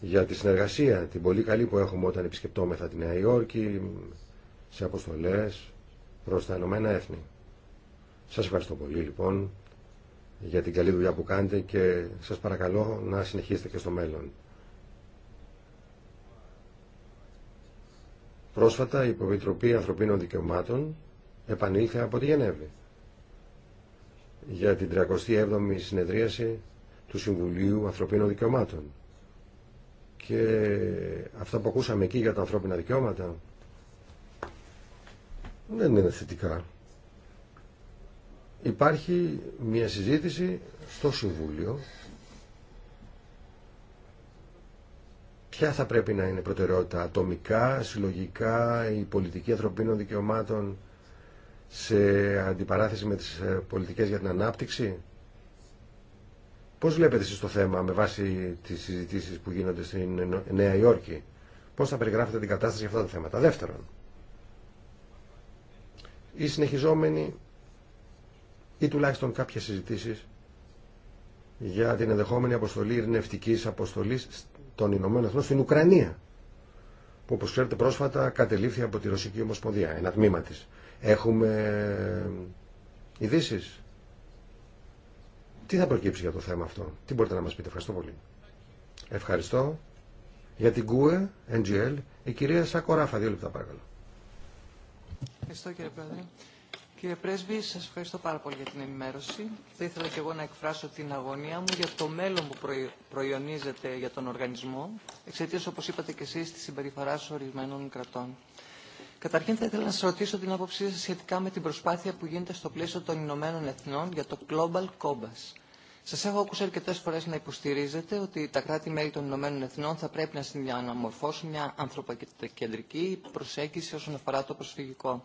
για τη συνεργασία, την πολύ καλή που έχουμε όταν επισκεπτόμεθα τη Νέα Υόρκη, σε αποστολές προς τα Ηνωμένα Έθνη. Σας ευχαριστώ πολύ λοιπόν για την καλή δουλειά που κάνετε και σας παρακαλώ να συνεχίσετε και στο μέλλον. Πρόσφατα η Υποβιτροπή Ανθρωπίνων Δικαιωμάτων επανήλθε από τη Γενέβη για την 37η συνεδρίαση του Συμβουλίου Ανθρωπίνων Δικαιωμάτων. Και αυτά που ακούσαμε εκεί για τα ανθρώπινα δικαιώματα δεν είναι θετικά. Υπάρχει μια συζήτηση στο Συμβούλιο ποια θα πρέπει να είναι προτεραιότητα ατομικά, συλλογικά, η πολιτική ανθρωπίνων δικαιωμάτων σε αντιπαράθεση με τις ε, πολιτικές για την ανάπτυξη. Πώς βλέπετε εσείς το θέμα με βάση τις συζητήσεις που γίνονται στην Νέα Υόρκη. Πώς θα περιγράφετε την κατάσταση για αυτά τα θέματα. Δεύτερον, η συνεχιζόμενη ή τουλάχιστον κάποιες συζητήσεις για την ενδεχόμενη αποστολή ειρηνευτικής αποστολής των Ηνωμένων Εθνών στην Ουκρανία που όπως ξέρετε πρόσφατα κατελήφθη από τη Ρωσική Ομοσπονδία, ένα τμήμα της. Έχουμε ειδήσει. Τι θα προκύψει για το θέμα αυτό, τι μπορείτε να μας πείτε. Ευχαριστώ πολύ. Ευχαριστώ. Για την ΚΟΕ, NGL, η κυρία Σακοράφα, δύο λεπτά παρακαλώ. Ευχαριστώ κύριε Πρόεδρε. Κύριε Πρέσβη, σα ευχαριστώ πάρα πολύ για την ενημέρωση. Θα ήθελα και εγώ να εκφράσω την αγωνία μου για το μέλλον που προϊονίζεται για τον οργανισμό, εξαιτία, όπω είπατε και εσεί, τη συμπεριφορά ορισμένων κρατών. Καταρχήν, θα ήθελα να σα ρωτήσω την άποψή σα σχετικά με την προσπάθεια που γίνεται στο πλαίσιο των Ηνωμένων Εθνών για το Global Compass. Σα έχω ακούσει αρκετέ φορέ να υποστηρίζετε ότι τα κράτη-μέλη των Ηνωμένων Εθνών θα πρέπει να συνδιαμορφώσουν μια ανθρωποκεντρική προσέγγιση όσον αφορά το προσφυγικό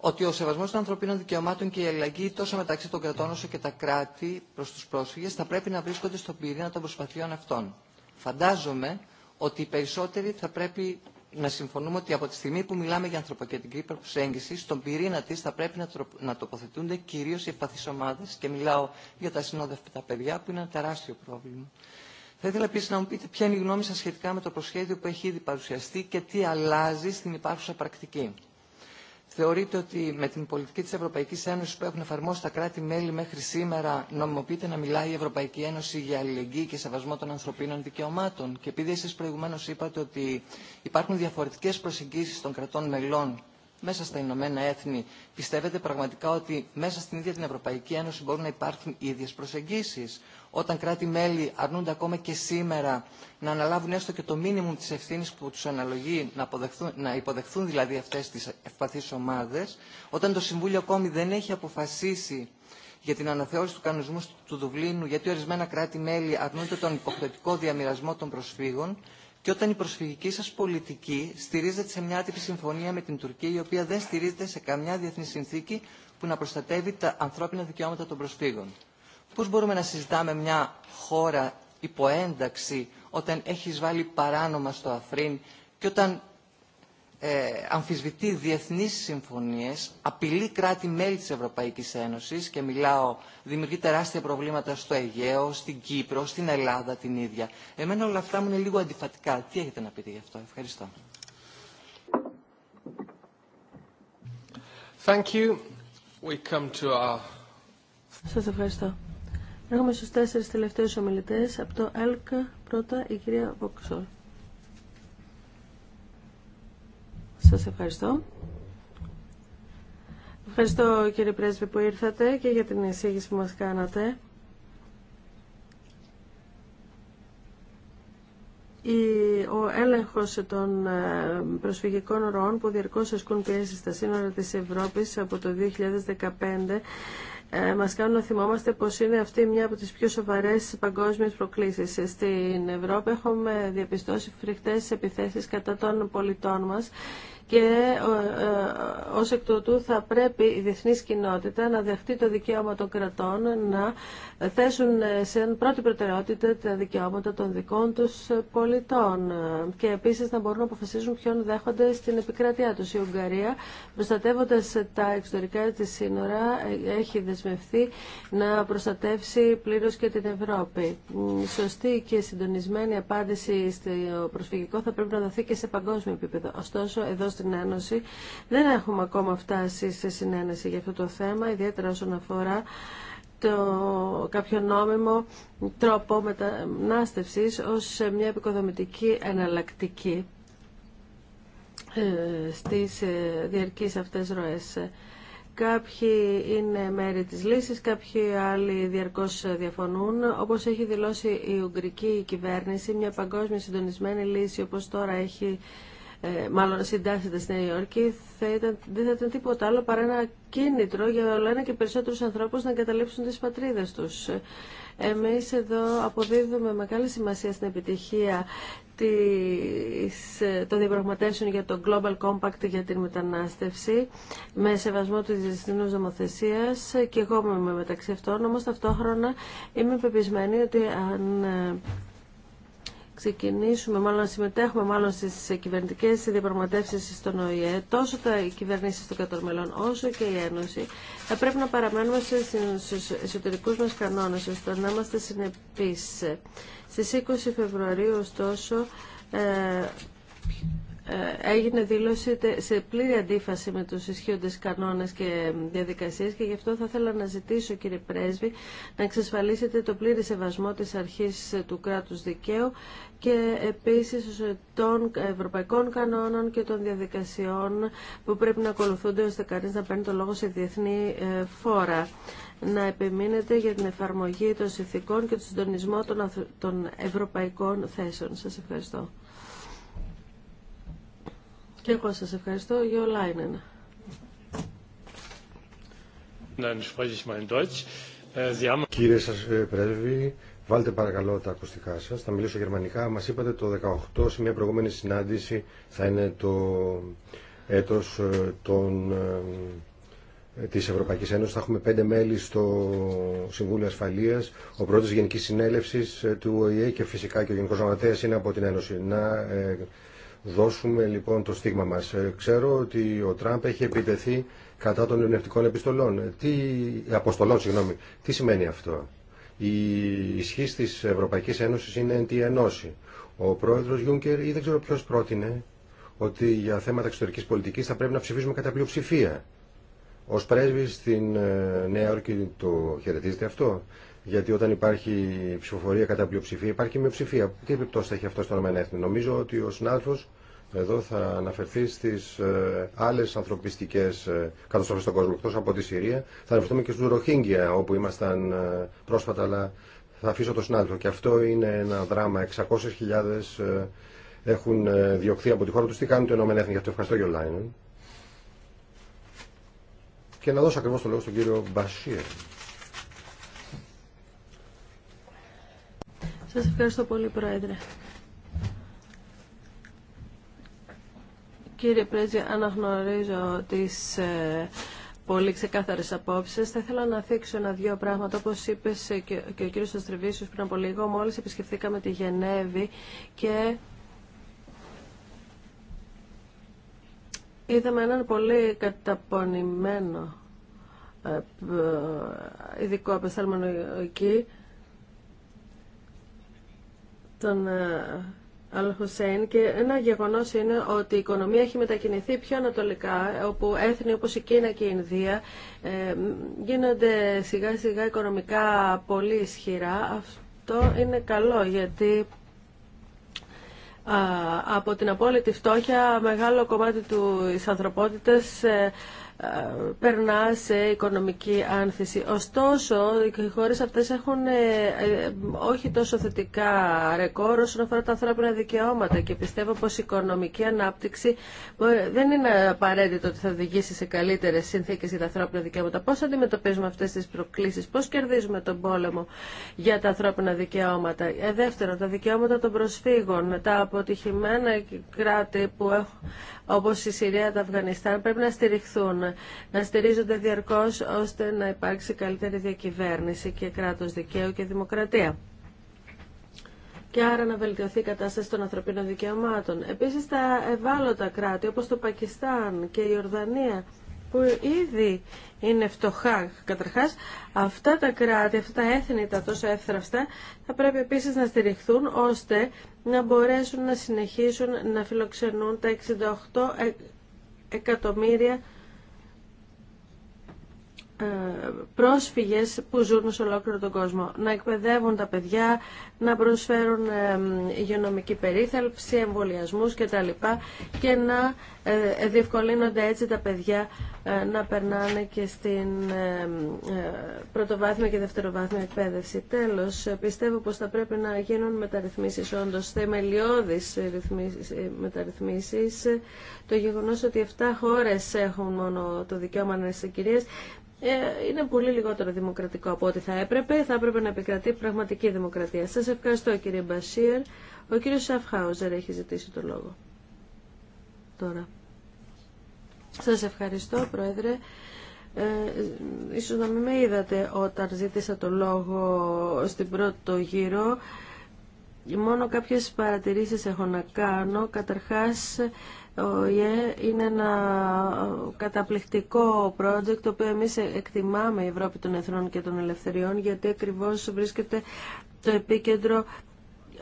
ότι ο σεβασμό των ανθρωπίνων δικαιωμάτων και η αλληλεγγύη τόσο μεταξύ των κρατών όσο και τα κράτη προ του πρόσφυγε θα πρέπει να βρίσκονται στον πυρήνα των προσπαθειών αυτών. Φαντάζομαι ότι οι περισσότεροι θα πρέπει να συμφωνούμε ότι από τη στιγμή που μιλάμε για ανθρωποκεντρική προσέγγιση, στον πυρήνα τη θα πρέπει να τοποθετούνται κυρίω οι ευπαθεί ομάδε και μιλάω για τα συνόδευτα παιδιά που είναι ένα τεράστιο πρόβλημα. Θα ήθελα επίση να μου πείτε ποια είναι η γνώμη σα σχετικά με το προσχέδιο που έχει ήδη παρουσιαστεί και τι αλλάζει στην υπάρχουσα πρακτική θεωρείτε ότι με την πολιτική της Ευρωπαϊκής Ένωσης που έχουν εφαρμόσει τα κράτη-μέλη μέχρι σήμερα νομιμοποιείται να μιλάει η Ευρωπαϊκή Ένωση για αλληλεγγύη και σεβασμό των ανθρωπίνων δικαιωμάτων. Και επειδή εσείς προηγουμένως είπατε ότι υπάρχουν διαφορετικές προσεγγίσεις των κρατών μελών μέσα στα Ηνωμένα Έθνη, πιστεύετε πραγματικά ότι μέσα στην ίδια την Ευρωπαϊκή Ένωση μπορούν να υπάρχουν οι προσεγγίσει, προσεγγισεις προσεγγίσεις, όταν κράτη-μέλη αρνούνται ακόμα και σήμερα να αναλάβουν έστω και το μήνυμο τη ευθύνη που του αναλογεί να, να υποδεχθούν δηλαδή αυτέ τι ευπαθεί ομάδε, όταν το Συμβούλιο ακόμη δεν έχει αποφασίσει για την αναθεώρηση του κανονισμού του Δουβλίνου, γιατί ορισμένα κράτη-μέλη αρνούνται τον υποχρεωτικό διαμοιρασμό των προσφύγων, και όταν η προσφυγική σας πολιτική στηρίζεται σε μια άτυπη συμφωνία με την Τουρκία η οποία δεν στηρίζεται σε καμιά διεθνή συνθήκη που να προστατεύει τα ανθρώπινα δικαιώματα των προσφύγων. Πώς μπορούμε να συζητάμε μια χώρα υποένταξη όταν έχει βάλει παράνομα στο Αφρίν και όταν ε, αμφισβητεί διεθνείς συμφωνίες, απειλεί κράτη-μέλη της Ευρωπαϊκής Ένωσης και μιλάω, δημιουργεί τεράστια προβλήματα στο Αιγαίο, στην Κύπρο, στην Ελλάδα την ίδια. Εμένα όλα αυτά μου είναι λίγο αντιφατικά. Τι έχετε να πείτε γι' αυτό. Ευχαριστώ. Thank you. We come to our... Σας ευχαριστώ. Έχουμε στους τέσσερις τελευταίους ομιλητές. Από το ΕΛΚ πρώτα η κυρία Βοξόρ Σας ευχαριστώ. Ευχαριστώ κύριε Πρέσβη που ήρθατε και για την εισήγηση που μας κάνατε. ο έλεγχος των ε, προσφυγικών ροών που διαρκώς ασκούν πίεση στα σύνορα της Ευρώπης από το 2015 ε, μας κάνουν να θυμόμαστε πως είναι αυτή μια από τις πιο σοβαρές παγκόσμιες προκλήσεις. Στην Ευρώπη έχουμε διαπιστώσει φρικτές επιθέσεις κατά των πολιτών μας και ε, ε, ως εκ τούτου θα πρέπει η διεθνή κοινότητα να δεχτεί το δικαίωμα των κρατών να θέσουν σε πρώτη προτεραιότητα τα δικαιώματα των δικών τους πολιτών και επίσης να μπορούν να αποφασίζουν ποιον δέχονται στην επικράτειά τους. Η Ουγγαρία προστατεύοντας τα εξωτερικά της σύνορα έχει δεσμευθεί να προστατεύσει πλήρως και την Ευρώπη. Σωστή και συντονισμένη απάντηση στο προσφυγικό θα πρέπει να δοθεί και σε παγκόσμιο επίπεδο. Ωστόσο, εδώ στην Ένωση. Δεν έχουμε ακόμα φτάσει σε συνένεση για αυτό το θέμα, ιδιαίτερα όσον αφορά το κάποιο νόμιμο τρόπο μετανάστευσης ως μια επικοδομητική εναλλακτική ε, στις ε, διαρκείς αυτές ροές. Κάποιοι είναι μέρη της λύσης, κάποιοι άλλοι διαρκώς διαφωνούν. Όπως έχει δηλώσει η Ουγγρική κυβέρνηση, μια παγκόσμια συντονισμένη λύση όπως τώρα έχει ε, μάλλον συντάσσεται στη Νέα Υόρκη, δεν θα ήταν τίποτα άλλο παρά ένα κίνητρο για όλο ένα και περισσότερου ανθρώπους να εγκαταλείψουν τις πατρίδες τους. Εμείς εδώ αποδίδουμε μεγάλη σημασία στην επιτυχία της, των διαπραγματεύσεων για το Global Compact για την μετανάστευση με σεβασμό τη διεθνούς νομοθεσία και εγώ είμαι μεταξύ αυτών, Όμω ταυτόχρονα είμαι πεπισμένη ότι αν ε, ξεκινήσουμε, μάλλον να συμμετέχουμε μάλλον στις κυβερνητικές διαπραγματεύσει στον ΟΗΕ, τόσο τα κυβερνήσεις των κατορμελών όσο και η Ένωση, θα πρέπει να παραμένουμε στους εσωτερικούς μας κανόνες, ώστε να είμαστε συνεπείς. Στις 20 Φεβρουαρίου, ωστόσο, ε, ε, έγινε δήλωση σε πλήρη αντίφαση με τους ισχύοντες κανόνες και διαδικασίες και γι' αυτό θα ήθελα να ζητήσω κύριε Πρέσβη να εξασφαλίσετε το πλήρη σεβασμό της αρχής του κράτους δικαίου και επίσης των ευρωπαϊκών κανόνων και των διαδικασιών που πρέπει να ακολουθούνται ώστε κανείς να παίρνει το λόγο σε διεθνή ε, φόρα να επιμείνετε για την εφαρμογή των συνθηκών και τον συντονισμό των ευρωπαϊκών θέσεων. Σας ευχαριστώ. Και εγώ σας ευχαριστώ. είναι ένα. Äh, Κύριε σας ε, πρέσβη, βάλτε παρακαλώ τα ακουστικά σας. Θα μιλήσω γερμανικά. Μας είπατε το 18 σε μια προηγούμενη συνάντηση θα είναι το έτος ε, των ε, της Ευρωπαϊκής Ένωσης. Θα έχουμε πέντε μέλη στο Συμβούλιο Ασφαλείας, ο πρώτος Γενικής Συνέλευσης του ΟΗΕ και φυσικά και ο Γενικός Γραμματέας είναι από την Ένωση. Να δώσουμε λοιπόν το στίγμα μας. Ε, ξέρω ότι ο Τραμπ έχει επιτεθεί κατά των ενευτικών επιστολών. Ε, τι, αποστολών, συγγνώμη. Τι σημαίνει αυτό. Η ισχύ τη Ευρωπαϊκή Ένωση είναι εν τη ενώση. Ο πρόεδρο Γιούγκερ ή δεν ξέρω ποιο πρότεινε ότι για θέματα εξωτερική πολιτική θα πρέπει να ψηφίζουμε κατά πλειοψηφία. Ω πρέσβη στην ε, Νέα Υόρκη το χαιρετίζετε αυτό γιατί όταν υπάρχει ψηφοφορία κατά πλειοψηφία υπάρχει και ψηφία. Τι επιπτώσει θα έχει αυτό στον ΟΕΕ. Νομίζω ότι ο συνάδελφο εδώ θα αναφερθεί στι ε, άλλε ανθρωπιστικέ ε, καταστροφέ στον κόσμο εκτό από τη Συρία. Θα αναφερθούμε και στου Ροχίνγκια όπου ήμασταν ε, πρόσφατα, αλλά θα αφήσω το συνάδελφο. Και αυτό είναι ένα δράμα. 600.000 έχουν διωχθεί από τη χώρα του. Τι κάνουν το ΕΕ. Γι' αυτό ευχαριστώ Γιολάινεν. Και να δώσω ακριβώ το λόγο στον κύριο Μπασίρ. Σας ευχαριστώ πολύ, Πρόεδρε. Κύριε Πρέζη, αναγνωρίζω τις ε, πολύ ξεκάθαρε απόψεις. Θα ήθελα να θίξω ένα-δύο πράγματα. Όπω είπε ε, και ο κύριος Αστριβίσιος πριν από λίγο, μόλι επισκεφθήκαμε τη Γενέβη και είδαμε έναν πολύ καταπονημένο ε, ειδικό απεσταλμένο εκεί τον ε, Αλχουσέιν και ένα γεγονός είναι ότι η οικονομία έχει μετακινηθεί πιο ανατολικά όπου έθνη όπως η Κίνα και η Ινδία ε, γίνονται σιγά σιγά οικονομικά πολύ ισχυρά. Αυτό είναι καλό γιατί από την απόλυτη φτώχεια μεγάλο κομμάτι του ανθρωπότητας ε, περνά σε οικονομική άνθηση. Ωστόσο, οι χώρε αυτέ έχουν ε, ε, όχι τόσο θετικά ρεκόρ όσον αφορά τα ανθρώπινα δικαιώματα και πιστεύω πω η οικονομική ανάπτυξη δεν είναι απαραίτητο ότι θα οδηγήσει σε καλύτερε συνθήκε για τα ανθρώπινα δικαιώματα. Πώ αντιμετωπίζουμε αυτέ τι προκλήσει, πώ κερδίζουμε τον πόλεμο για τα ανθρώπινα δικαιώματα. Ε, δεύτερον, τα δικαιώματα των προσφύγων, τα αποτυχημένα κράτη που, όπως η Συρία, τα Αφγανιστάν, πρέπει να στηριχθούν να στηρίζονται διαρκώς ώστε να υπάρξει καλύτερη διακυβέρνηση και κράτος δικαίου και δημοκρατία και άρα να βελτιωθεί η κατάσταση των ανθρωπίνων δικαιωμάτων. Επίσης τα ευάλωτα κράτη όπως το Πακιστάν και η Ορδανία που ήδη είναι φτωχά καταρχάς, αυτά τα κράτη, αυτά τα έθνη τα τόσο εύθραυστα θα πρέπει επίσης να στηριχθούν ώστε να μπορέσουν να συνεχίσουν να φιλοξενούν τα 68 εκατομμύρια ε, πρόσφυγες που ζουν σε ολόκληρο τον κόσμο. Να εκπαιδεύουν τα παιδιά, να προσφέρουν ε, υγειονομική περίθαλψη, εμβολιασμούς κτλ. Και να ε, διευκολύνονται έτσι τα παιδιά να περνάνε και στην πρωτοβάθμια και δευτεροβάθμια εκπαίδευση. Τέλος, πιστεύω πως θα πρέπει να γίνουν μεταρρυθμίσεις, όντως θεμελιώδεις μεταρρυθμίσεις. Το γεγονός ότι 7 χώρες έχουν μόνο το δικαίωμα να είναι ε, είναι πολύ λιγότερο δημοκρατικό από ό,τι θα έπρεπε. Θα έπρεπε να επικρατεί πραγματική δημοκρατία. Σας ευχαριστώ κύριε Μπασίερ. Ο κύριος Σαφχάουζερ έχει ζητήσει το λόγο. Τώρα. Σας ευχαριστώ Πρόεδρε. Ε, ίσως να μην με είδατε όταν ζήτησα το λόγο στην πρώτο γύρο. Μόνο κάποιες παρατηρήσεις έχω να κάνω. Καταρχάς, ο ΙΕ είναι ένα καταπληκτικό project το οποίο εμείς εκτιμάμε η Ευρώπη των Εθνών και των Ελευθεριών γιατί ακριβώς βρίσκεται το επίκεντρο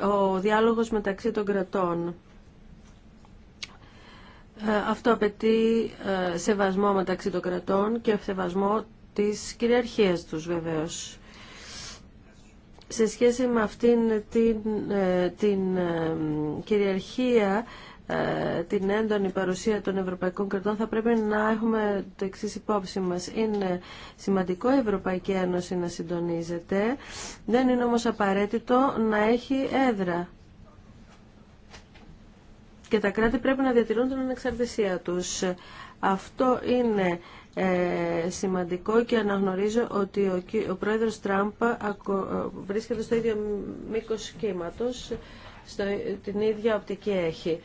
ο διάλογος μεταξύ των κρατών. Ε, αυτό απαιτεί ε, σεβασμό μεταξύ των κρατών και σεβασμό της κυριαρχίας τους βεβαίως. Σε σχέση με αυτήν την ε, κυριαρχία ε, την έντονη παρουσία των ευρωπαϊκών κρατών θα πρέπει να έχουμε το εξή υπόψη μας. Είναι σημαντικό η Ευρωπαϊκή Ένωση να συντονίζεται, δεν είναι όμως απαραίτητο να έχει έδρα. Και τα κράτη πρέπει να διατηρούν την ανεξαρτησία τους. Αυτό είναι ε, σημαντικό και αναγνωρίζω ότι ο, ο πρόεδρος Τραμπ ε, βρίσκεται στο ίδιο μήκος κύματος, στο, την ίδια οπτική έχει.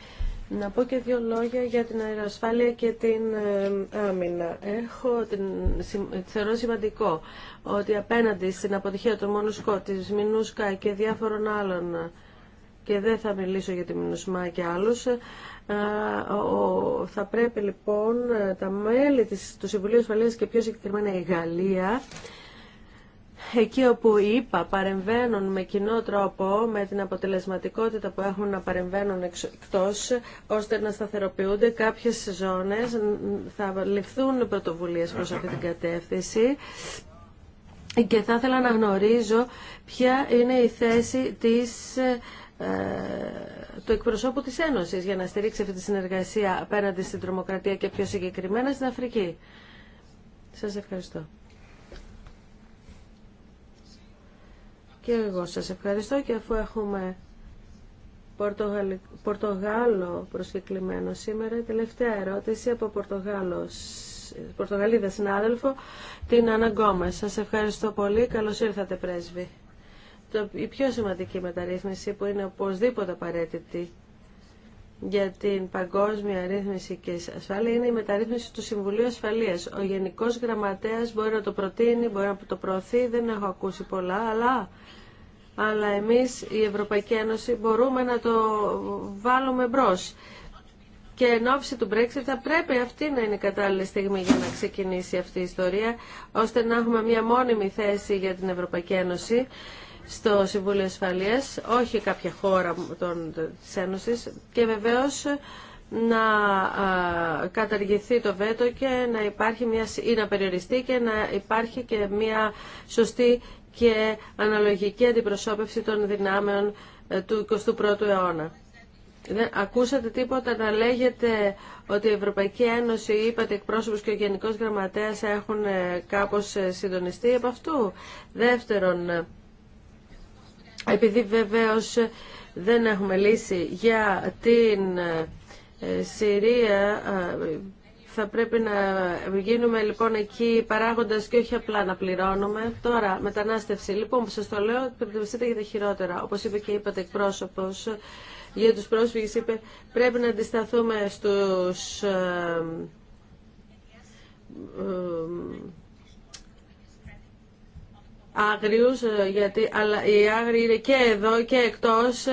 Να πω και δύο λόγια για την αεροσφάλεια και την ε, άμυνα. Έχω την, θεωρώ σημαντικό ότι απέναντι στην αποτυχία του μόνου της Μινούσκα και διάφορων άλλων και δεν θα μιλήσω για τη Μινουσμά και άλλους, ε, θα πρέπει λοιπόν ε, τα μέλη της, του Συμβουλίου Ασφαλείας και πιο συγκεκριμένα η Γαλλία εκεί όπου είπα παρεμβαίνουν με κοινό τρόπο, με την αποτελεσματικότητα που έχουν να παρεμβαίνουν εκτός, ώστε να σταθεροποιούνται κάποιες ζώνες, θα ληφθούν πρωτοβουλίες προς αυτή την κατεύθυνση. Και θα ήθελα να γνωρίζω ποια είναι η θέση της ε, του εκπροσώπου της Ένωσης για να στηρίξει αυτή τη συνεργασία απέναντι στην τρομοκρατία και πιο συγκεκριμένα στην Αφρική. Σας ευχαριστώ. Και εγώ σας ευχαριστώ και αφού έχουμε Πορτογάλο προσκεκλημένο σήμερα, τελευταία ερώτηση από Πορτογάλος. Πορτογαλίδα συνάδελφο, την Άννα Γκόμες. Σας ευχαριστώ πολύ. Καλώς ήρθατε πρέσβη. Το, η πιο σημαντική μεταρρύθμιση που είναι οπωσδήποτε απαραίτητη για την παγκόσμια ρύθμιση και ασφάλεια είναι η μεταρρύθμιση του Συμβουλίου Ασφαλείας. Ο Γενικός Γραμματέας μπορεί να το προτείνει, μπορεί να το προωθεί, δεν έχω ακούσει πολλά, αλλά, αλλά εμείς η Ευρωπαϊκή Ένωση μπορούμε να το βάλουμε μπρος. Και εν ώψη του Brexit θα πρέπει αυτή να είναι η κατάλληλη στιγμή για να ξεκινήσει αυτή η ιστορία, ώστε να έχουμε μια μόνιμη θέση για την Ευρωπαϊκή Ένωση στο Συμβούλιο Ασφαλείας, όχι κάποια χώρα των, της και βεβαίως να καταργηθεί το βέτο και να υπάρχει μια, ή να περιοριστεί και να υπάρχει και μια σωστή και αναλογική αντιπροσώπευση των δυνάμεων ε, του 21ου αιώνα. Δεν ακούσατε τίποτα να λέγεται ότι η Ευρωπαϊκή Ένωση, είπατε εκπρόσωπος και ο Γενικός Γραμματέας έχουν ε, κάπως ε, συντονιστεί από αυτού. Δεύτερον, επειδή βεβαίως δεν έχουμε λύση για την ε, Συρία, θα πρέπει να γίνουμε λοιπόν εκεί παράγοντας και όχι απλά να πληρώνουμε. Τώρα, μετανάστευση. Λοιπόν, σα το λέω, προετοιμαστείτε για τα χειρότερα. Όπως είπε και είπατε εκπρόσωπο για τους πρόσφυγε, είπε πρέπει να αντισταθούμε στου. Ε, ε, άγριους, ε, γιατί αλλά οι άγριοι είναι και εδώ και εκτός.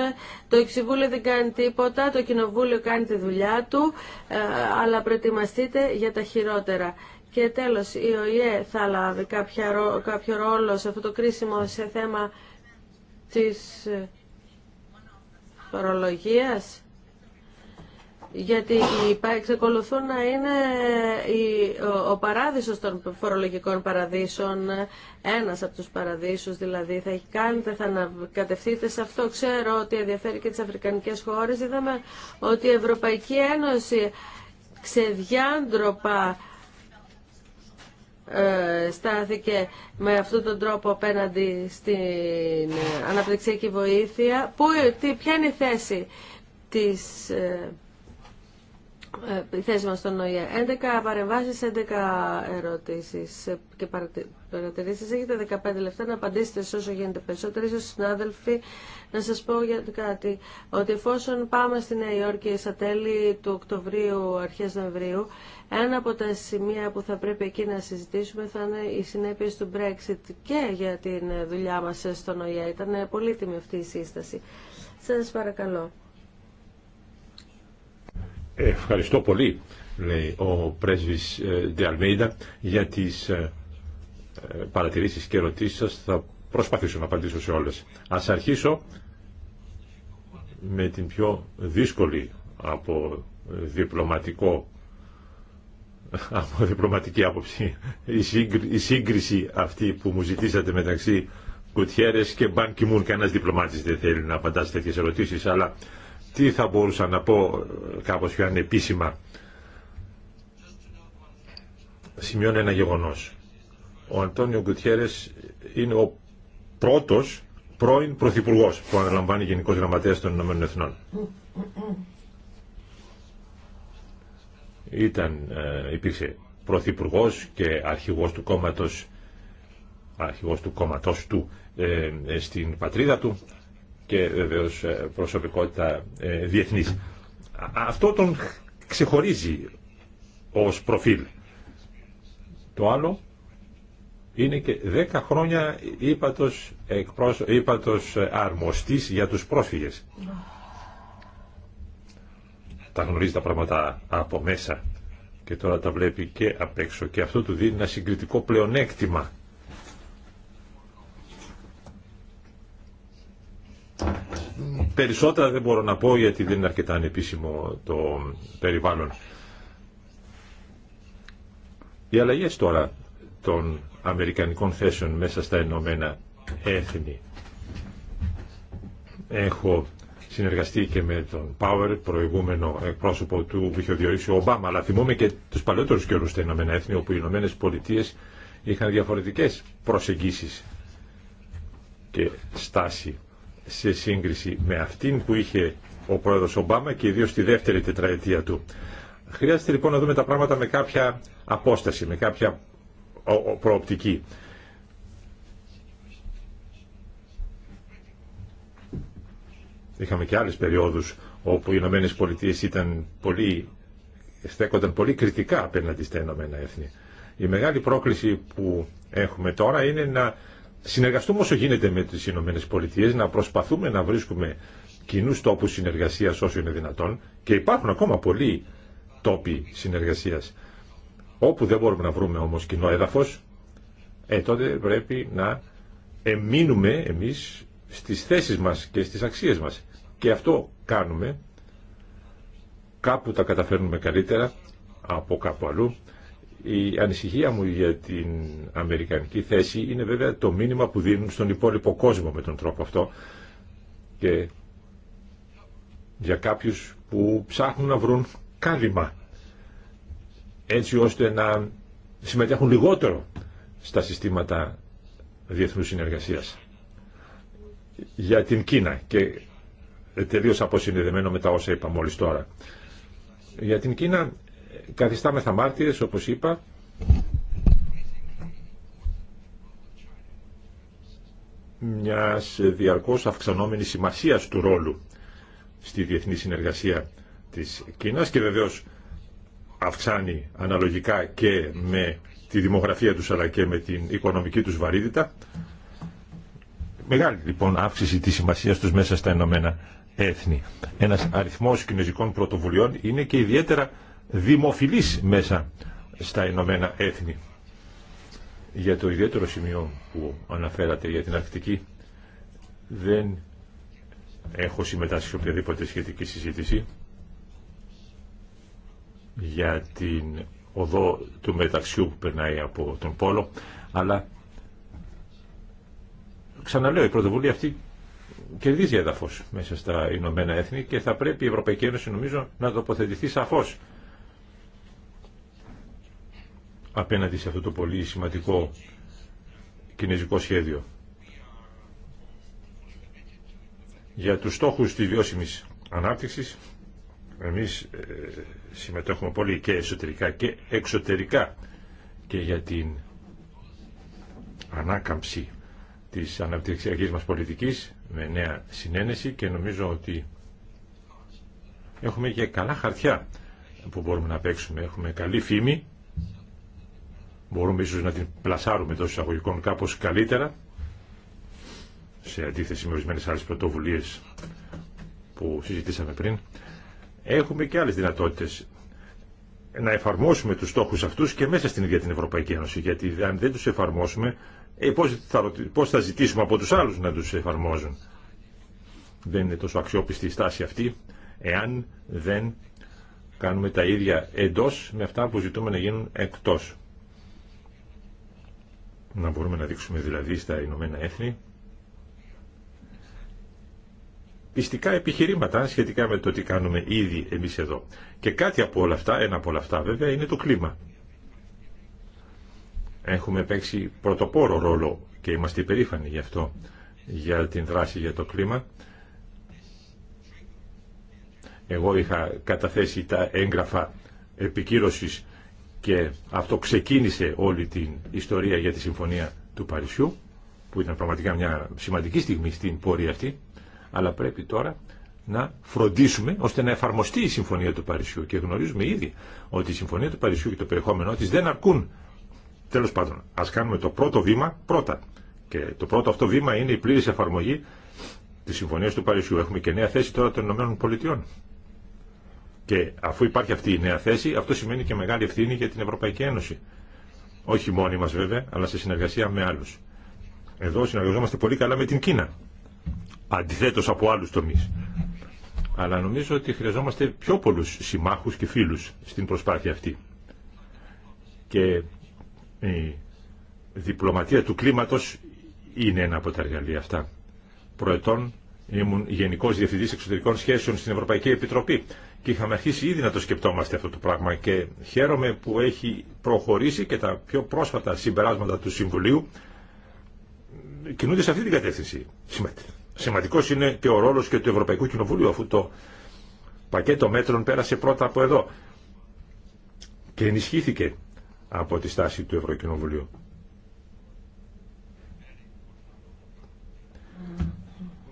Το εξηβούλιο δεν κάνει τίποτα, το Κοινοβούλιο κάνει τη δουλειά του, ε, αλλά προετοιμαστείτε για τα χειρότερα. Και τέλος, η ΟΗΕ θα λάβει κάποια, κάποιο ρόλο σε αυτό το κρίσιμο σε θέμα της ε, φορολογίας γιατί εξακολουθούν να είναι ο παράδεισος των φορολογικών παραδείσων, ένας από τους παραδείσους δηλαδή, θα κάνει, θα ανακατευθείτε σε αυτό. Ξέρω ότι ενδιαφέρει και τις αφρικανικές χώρες. Είδαμε ότι η Ευρωπαϊκή Ένωση ξεδιάντροπα ε, στάθηκε με αυτόν τον τρόπο απέναντι στην αναπτυξιακή βοήθεια. Πού, τι, ποια είναι η θέση της ε, η ε, θέση στον ΟΗΕ. 11 παρεμβάσεις, 11 ερωτήσεις και παρατηρήσεις. Έχετε 15 λεπτά να απαντήσετε σε όσο γίνεται περισσότερο. Ίσως συνάδελφοι, να σας πω για κάτι. Ότι εφόσον πάμε στη Νέα Υόρκη στα τέλη του Οκτωβρίου, αρχές Νοεμβρίου, ένα από τα σημεία που θα πρέπει εκεί να συζητήσουμε θα είναι οι συνέπειε του Brexit και για την δουλειά μας στον ΟΗΕ. Ήταν πολύτιμη αυτή η σύσταση. Σας παρακαλώ. Ευχαριστώ πολύ, λέει ο πρέσβης ε, Ντεαλμέιδα, για τις ε, ε, παρατηρήσεις και ερωτήσεις σας. Θα προσπαθήσω να απαντήσω σε όλες. Ας αρχίσω με την πιο δύσκολη από διπλωματικό από διπλωματική άποψη η σύγκριση αυτή που μου ζητήσατε μεταξύ Κουτιέρες και Μπαν Κιμούν κανένας διπλωμάτης δεν θέλει να απαντά σε τέτοιες ερωτήσεις αλλά τι θα μπορούσα να πω κάπως πιο ανεπίσημα. Σημειώνει ένα γεγονός. Ο Αντώνιο Γκουτιέρες είναι ο πρώτος πρώην Πρωθυπουργό που αναλαμβάνει Γενικός Γραμματέας των Ηνωμένων Εθνών. Ήταν, ε, υπήρξε Πρωθυπουργό και αρχηγός του κόμματος αρχηγός του κόμματός του ε, ε, στην πατρίδα του και βεβαίω ε, προσωπικότητα ε, διεθνή. Αυτό τον ξεχωρίζει ω προφίλ. Το άλλο είναι και δέκα χρόνια ύπατος, αρμοστή ε, αρμοστής για τους πρόσφυγες. Τα γνωρίζει τα πράγματα από μέσα και τώρα τα βλέπει και απ' έξω και αυτό του δίνει ένα συγκριτικό πλεονέκτημα Περισσότερα δεν μπορώ να πω γιατί δεν είναι αρκετά ανεπίσημο το περιβάλλον. Οι αλλαγέ τώρα των αμερικανικών θέσεων μέσα στα Ηνωμένα Έθνη. Έχω συνεργαστεί και με τον Πάουερ, προηγούμενο εκπρόσωπο του που είχε διορίσει ο Ομπάμα, αλλά θυμόμαι και τους παλαιότερους καιρού στα Ηνωμένα Έθνη, όπου οι Ηνωμένε Πολιτείε είχαν διαφορετικέ προσεγγίσεις και στάση σε σύγκριση με αυτήν που είχε ο πρόεδρος Ομπάμα και ιδίως στη δεύτερη τετραετία του. Χρειάζεται λοιπόν να δούμε τα πράγματα με κάποια απόσταση, με κάποια προοπτική. Είχαμε και άλλες περιόδους όπου οι Ηνωμένε Πολιτείε ήταν πολύ, στέκονταν πολύ κριτικά απέναντι στα Ηνωμένα Έθνη. Η μεγάλη πρόκληση που έχουμε τώρα είναι να συνεργαστούμε όσο γίνεται με τις Ηνωμένες Πολιτείες, να προσπαθούμε να βρίσκουμε κοινούς τόπους συνεργασίας όσο είναι δυνατόν και υπάρχουν ακόμα πολλοί τόποι συνεργασίας. Όπου δεν μπορούμε να βρούμε όμως κοινό έδαφος, ε, τότε πρέπει να εμείνουμε εμείς στις θέσεις μας και στις αξίες μας. Και αυτό κάνουμε, κάπου τα καταφέρνουμε καλύτερα από κάπου αλλού η ανησυχία μου για την αμερικανική θέση είναι βέβαια το μήνυμα που δίνουν στον υπόλοιπο κόσμο με τον τρόπο αυτό και για κάποιους που ψάχνουν να βρουν κάλυμα έτσι ώστε να συμμετέχουν λιγότερο στα συστήματα διεθνούς συνεργασίας. Για την Κίνα και τελείως αποσυνδεδεμένο με τα όσα είπα μόλις τώρα. Για την Κίνα καθιστάμεθα μάρτυρες όπως είπα μιας διαρκώς αυξανόμενης σημασίας του ρόλου στη διεθνή συνεργασία της Κίνας και βεβαίως αυξάνει αναλογικά και με τη δημογραφία τους αλλά και με την οικονομική τους βαρύτητα. Μεγάλη λοιπόν αύξηση της σημασίας τους μέσα στα Ηνωμένα Έθνη. Ένας αριθμός κινέζικων πρωτοβουλειών είναι και ιδιαίτερα δημοφιλής μέσα στα Ηνωμένα Έθνη. Για το ιδιαίτερο σημείο που αναφέρατε για την Αρκτική δεν έχω συμμετάσχει σε οποιαδήποτε σχετική συζήτηση για την οδό του μεταξιού που περνάει από τον Πόλο αλλά ξαναλέω η πρωτοβουλία αυτή κερδίζει έδαφος μέσα στα Ηνωμένα Έθνη και θα πρέπει η Ευρωπαϊκή Ένωση νομίζω να τοποθετηθεί σαφώς απέναντι σε αυτό το πολύ σημαντικό κινέζικο σχέδιο. Για τους στόχους της βιώσιμης ανάπτυξης, εμείς ε, συμμετέχουμε πολύ και εσωτερικά και εξωτερικά και για την ανάκαμψη της αναπτυξιακής μας πολιτικής με νέα συνένεση και νομίζω ότι έχουμε και καλά χαρτιά που μπορούμε να παίξουμε. Έχουμε καλή φήμη μπορούμε ίσως να την πλασάρουμε εντό εισαγωγικών κάπως καλύτερα σε αντίθεση με ορισμένε άλλες πρωτοβουλίες που συζητήσαμε πριν έχουμε και άλλες δυνατότητες να εφαρμόσουμε τους στόχους αυτούς και μέσα στην ίδια την Ευρωπαϊκή Ένωση γιατί αν δεν τους εφαρμόσουμε ε, πώς, θα, πώς θα ζητήσουμε από τους άλλους να τους εφαρμόζουν δεν είναι τόσο αξιόπιστη η στάση αυτή εάν δεν κάνουμε τα ίδια εντός με αυτά που ζητούμε να γίνουν εκτός να μπορούμε να δείξουμε δηλαδή στα Ηνωμένα Έθνη πιστικά επιχειρήματα σχετικά με το τι κάνουμε ήδη εμείς εδώ. Και κάτι από όλα αυτά, ένα από όλα αυτά βέβαια, είναι το κλίμα. Έχουμε παίξει πρωτοπόρο ρόλο και είμαστε υπερήφανοι γι' αυτό, για την δράση για το κλίμα. Εγώ είχα καταθέσει τα έγγραφα επικύρωσης και αυτό ξεκίνησε όλη την ιστορία για τη Συμφωνία του Παρισιού που ήταν πραγματικά μια σημαντική στιγμή στην πορεία αυτή αλλά πρέπει τώρα να φροντίσουμε ώστε να εφαρμοστεί η Συμφωνία του Παρισιού και γνωρίζουμε ήδη ότι η Συμφωνία του Παρισιού και το περιεχόμενό της δεν αρκούν τέλος πάντων ας κάνουμε το πρώτο βήμα πρώτα και το πρώτο αυτό βήμα είναι η πλήρης εφαρμογή της Συμφωνίας του Παρισιού έχουμε και νέα θέση τώρα των ΗΠΑ. Και αφού υπάρχει αυτή η νέα θέση, αυτό σημαίνει και μεγάλη ευθύνη για την Ευρωπαϊκή Ένωση. Όχι μόνοι μα βέβαια, αλλά σε συνεργασία με άλλου. Εδώ συνεργαζόμαστε πολύ καλά με την Κίνα. Αντιθέτω από άλλου τομεί. Αλλά νομίζω ότι χρειαζόμαστε πιο πολλού συμμάχου και φίλου στην προσπάθεια αυτή. Και η διπλωματία του κλίματο είναι ένα από τα εργαλεία αυτά. Προετών ήμουν Γενικό Διευθυντή Εξωτερικών Σχέσεων στην Ευρωπαϊκή Επιτροπή και είχαμε αρχίσει ήδη να το σκεπτόμαστε αυτό το πράγμα και χαίρομαι που έχει προχωρήσει και τα πιο πρόσφατα συμπεράσματα του Συμβουλίου κινούνται σε αυτή την κατεύθυνση. Σημαντικό είναι και ο ρόλος και του Ευρωπαϊκού Κοινοβουλίου αφού το πακέτο μέτρων πέρασε πρώτα από εδώ και ενισχύθηκε από τη στάση του Ευρωκοινοβουλίου.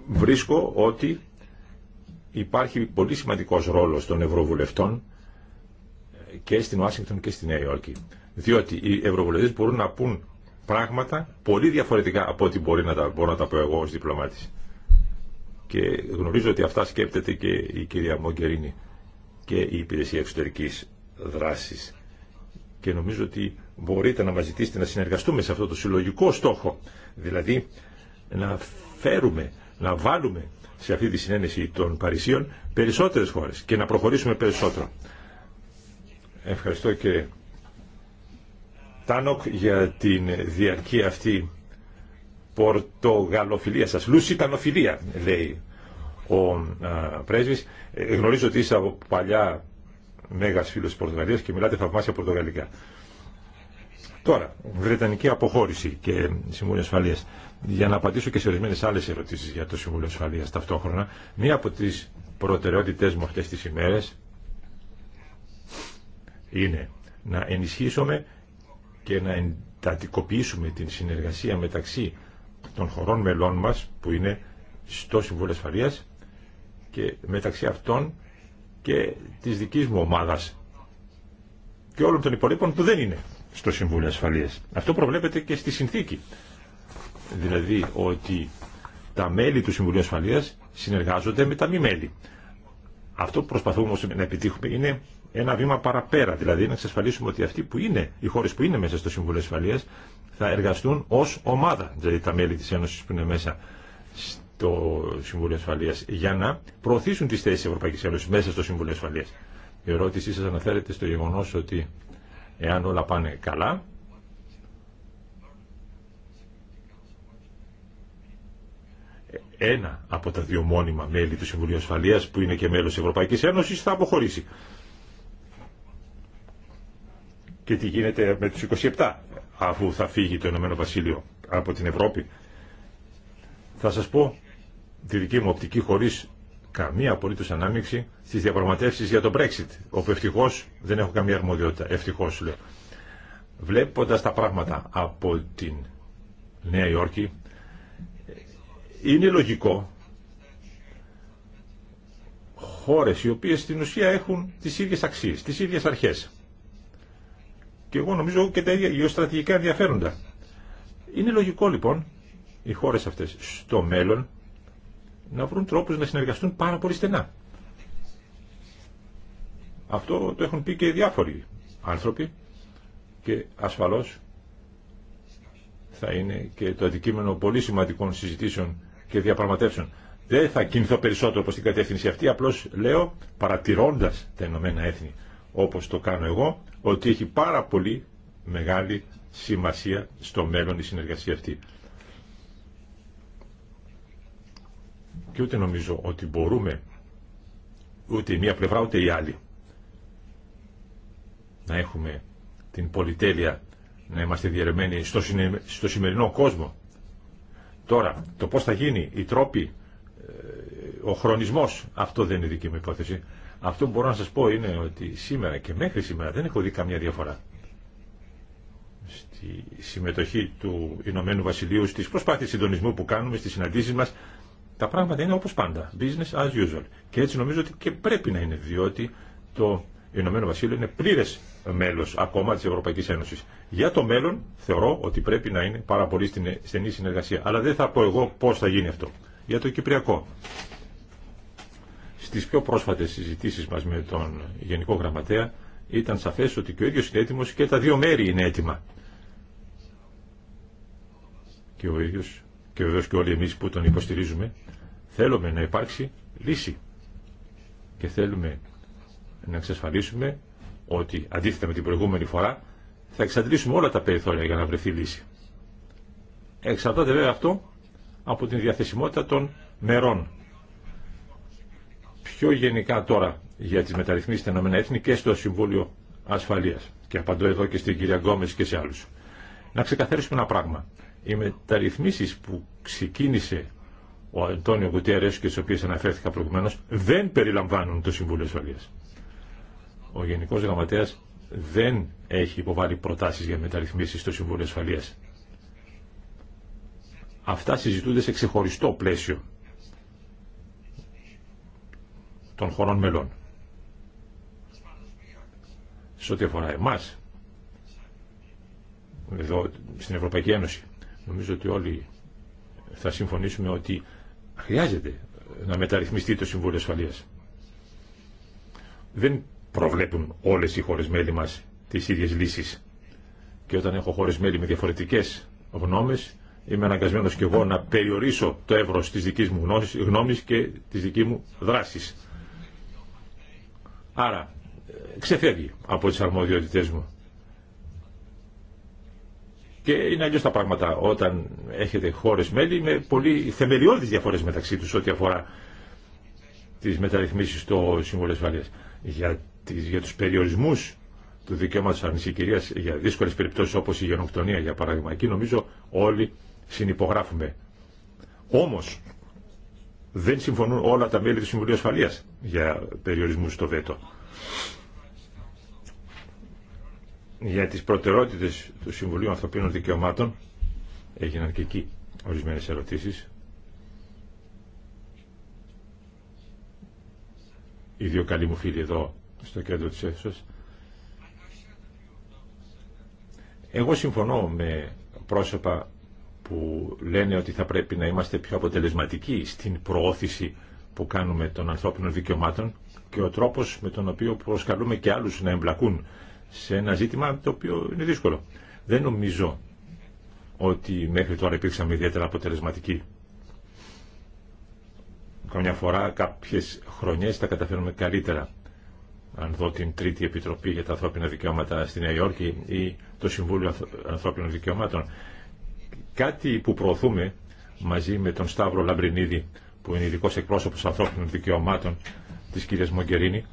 Βρίσκω ότι υπάρχει πολύ σημαντικός ρόλος των ευρωβουλευτών και στην Ουάσιγκτον και στη Νέα Υόρκη. Διότι οι ευρωβουλευτές μπορούν να πούν πράγματα πολύ διαφορετικά από ό,τι μπορεί να τα, μπορώ να τα πω εγώ ως διπλωμάτης. Και γνωρίζω ότι αυτά σκέπτεται και η κυρία Μογκερίνη και η Υπηρεσία Εξωτερικής Δράσης. Και νομίζω ότι μπορείτε να μας ζητήσετε να συνεργαστούμε σε αυτό το συλλογικό στόχο. Δηλαδή να φέρουμε να βάλουμε σε αυτή τη συνένεση των Παρισίων περισσότερες χώρες και να προχωρήσουμε περισσότερο. Ευχαριστώ και Τάνοκ για την διαρκή αυτή πορτογαλοφιλία σας. Λουσιτανοφιλία λέει ο α, πρέσβης. Ε, γνωρίζω ότι είσαι από παλιά μέγας φίλος της Πορτογαλίας και μιλάτε θαυμάσια πορτογαλικά. Τώρα, Βρετανική αποχώρηση και Συμβούλιο Ασφαλεία. Για να απαντήσω και σε ορισμένε άλλε ερωτήσει για το Συμβούλιο Ασφαλεία ταυτόχρονα, μία από τι προτεραιότητέ μου αυτέ τι ημέρε είναι να ενισχύσουμε και να εντατικοποιήσουμε την συνεργασία μεταξύ των χωρών μελών μας που είναι στο Συμβούλιο Ασφαλεία και μεταξύ αυτών και τη δική μου ομάδα και όλων των υπολείπων που δεν είναι στο Συμβούλιο Ασφαλείας. Αυτό προβλέπεται και στη συνθήκη. Δηλαδή ότι τα μέλη του Συμβουλίου Ασφαλείας συνεργάζονται με τα μη μέλη. Αυτό που προσπαθούμε όμως να επιτύχουμε είναι ένα βήμα παραπέρα, δηλαδή να εξασφαλίσουμε ότι αυτοί που είναι, οι χώρες που είναι μέσα στο Συμβούλιο Ασφαλείας θα εργαστούν ως ομάδα, δηλαδή τα μέλη της Ένωσης που είναι μέσα στο Συμβούλιο Ασφαλείας, για να προωθήσουν τις θέσεις της Ευρωπαϊκής Ένωσης μέσα στο Συμβούλιο Ασφαλείας. Η ερώτησή σας αναφέρεται στο γεγονός ότι Εάν όλα πάνε καλά, ένα από τα δύο μόνιμα μέλη του Συμβουλίου Ασφαλείας που είναι και μέλος της Ευρωπαϊκής Ένωσης θα αποχωρήσει. Και τι γίνεται με τους 27 αφού θα φύγει το Ηνωμένο Βασίλειο από την Ευρώπη. Θα σας πω τη δική μου οπτική χωρίς καμία απολύτω ανάμειξη στι διαπραγματεύσει για το Brexit, όπου ευτυχώ δεν έχω καμία αρμοδιότητα. Ευτυχώ λέω. Βλέποντα τα πράγματα από την Νέα Υόρκη, είναι λογικό χώρες οι οποίες στην ουσία έχουν τις ίδιες αξίες, τις ίδιες αρχές. Και εγώ νομίζω και τα ίδια γεωστρατηγικά ενδιαφέροντα. Είναι λογικό λοιπόν οι χώρες αυτές στο μέλλον να βρουν τρόπους να συνεργαστούν πάρα πολύ στενά. Αυτό το έχουν πει και διάφοροι άνθρωποι και ασφαλώς θα είναι και το αντικείμενο πολύ σημαντικών συζητήσεων και διαπραγματεύσεων. Δεν θα κινηθώ περισσότερο προς την κατεύθυνση αυτή, απλώς λέω παρατηρώντας τα Ηνωμένα Έθνη όπως το κάνω εγώ, ότι έχει πάρα πολύ μεγάλη σημασία στο μέλλον η συνεργασία αυτή. και ούτε νομίζω ότι μπορούμε ούτε η μία πλευρά ούτε η άλλη να έχουμε την πολυτέλεια να είμαστε διαιρεμένοι στο, στο σημερινό κόσμο. Τώρα, το πώς θα γίνει, οι τρόποι, ε, ο χρονισμός, αυτό δεν είναι δική μου υπόθεση. Αυτό που μπορώ να σας πω είναι ότι σήμερα και μέχρι σήμερα δεν έχω δει καμία διαφορά στη συμμετοχή του Ηνωμένου Βασιλείου στις προσπάθειες συντονισμού που κάνουμε, στις συναντήσεις μας, τα πράγματα είναι όπως πάντα. Business as usual. Και έτσι νομίζω ότι και πρέπει να είναι, διότι το Ηνωμένο Βασίλειο είναι πλήρες μέλος ακόμα της Ευρωπαϊκής Ένωσης. Για το μέλλον θεωρώ ότι πρέπει να είναι πάρα πολύ στενή συνεργασία. Αλλά δεν θα πω εγώ πώς θα γίνει αυτό. Για το Κυπριακό. Στις πιο πρόσφατες συζητήσεις μας με τον Γενικό Γραμματέα ήταν σαφές ότι και ο ίδιος είναι έτοιμος και τα δύο μέρη είναι έτοιμα. Και ο ίδιο και βεβαίως και όλοι εμείς που τον υποστηρίζουμε, θέλουμε να υπάρξει λύση και θέλουμε να εξασφαλίσουμε ότι αντίθετα με την προηγούμενη φορά θα εξαντλήσουμε όλα τα περιθώρια για να βρεθεί λύση. Εξαρτάται βέβαια αυτό από την διαθεσιμότητα των μερών. Πιο γενικά τώρα για τις μεταρρυθμίσεις στα ΗΕ και στο Συμβούλιο Ασφαλείας. Και απαντώ εδώ και στην κυρία Γκόμες και σε άλλους. Να ξεκαθαρίσουμε ένα πράγμα οι μεταρρυθμίσεις που ξεκίνησε ο Αντώνιο Γκουτιαρές και τις οποίες αναφέρθηκα προηγουμένως δεν περιλαμβάνουν το Συμβούλιο Ασφαλείας. Ο Γενικός Γραμματέας δεν έχει υποβάλει προτάσεις για μεταρρυθμίσεις στο Συμβούλιο Ασφαλείας. Αυτά συζητούνται σε ξεχωριστό πλαίσιο των χωρών μελών. Σε ό,τι αφορά εμάς, εδώ στην Ευρωπαϊκή Ένωση, Νομίζω ότι όλοι θα συμφωνήσουμε ότι χρειάζεται να μεταρρυθμιστεί το Συμβούλιο Ασφαλείας. Δεν προβλέπουν όλες οι χώρες μέλη μας τις ίδιες λύσεις. Και όταν έχω χώρες μέλη με διαφορετικές γνώμες, είμαι αναγκασμένος και εγώ να περιορίσω το εύρος της δικής μου γνώμης και τη δική μου δράσης. Άρα, ξεφεύγει από τις αρμοδιότητές μου. Και είναι αλλιώ τα πράγματα όταν έχετε χώρε μέλη με πολύ θεμελιώδει διαφορέ μεταξύ του ό,τι αφορά τι μεταρρυθμίσει στο Συμβούλιο Ασφαλεία. Για, για του περιορισμού του δικαίωματο ανησυχία, για δύσκολε περιπτώσει όπω η γενοκτονία για παράδειγμα, εκεί νομίζω όλοι συνυπογράφουμε. Όμω δεν συμφωνούν όλα τα μέλη του Συμβουλίου Ασφαλεία για περιορισμού στο ΒΕΤΟ για τις προτεραιότητες του Συμβουλίου Ανθρωπίνων Δικαιωμάτων έγιναν και εκεί ορισμένες ερωτήσεις οι δύο καλοί μου φίλοι εδώ στο κέντρο της αίθουσας εγώ συμφωνώ με πρόσωπα που λένε ότι θα πρέπει να είμαστε πιο αποτελεσματικοί στην προώθηση που κάνουμε των ανθρώπινων δικαιωμάτων και ο τρόπος με τον οποίο προσκαλούμε και άλλους να εμπλακούν σε ένα ζήτημα το οποίο είναι δύσκολο. Δεν νομίζω ότι μέχρι τώρα υπήρξαμε ιδιαίτερα αποτελεσματικοί. Καμιά φορά κάποιες χρονιές τα καταφέρουμε καλύτερα. Αν δω την Τρίτη Επιτροπή για τα Ανθρώπινα Δικαιώματα στη Νέα Υόρκη ή το Συμβούλιο Ανθρώπινων Δικαιωμάτων. Κάτι που προωθούμε μαζί με τον Σταύρο Λαμπρινίδη που είναι ειδικό εκπρόσωπο ανθρώπινων δικαιωμάτων τη κύρια Μογκερίνη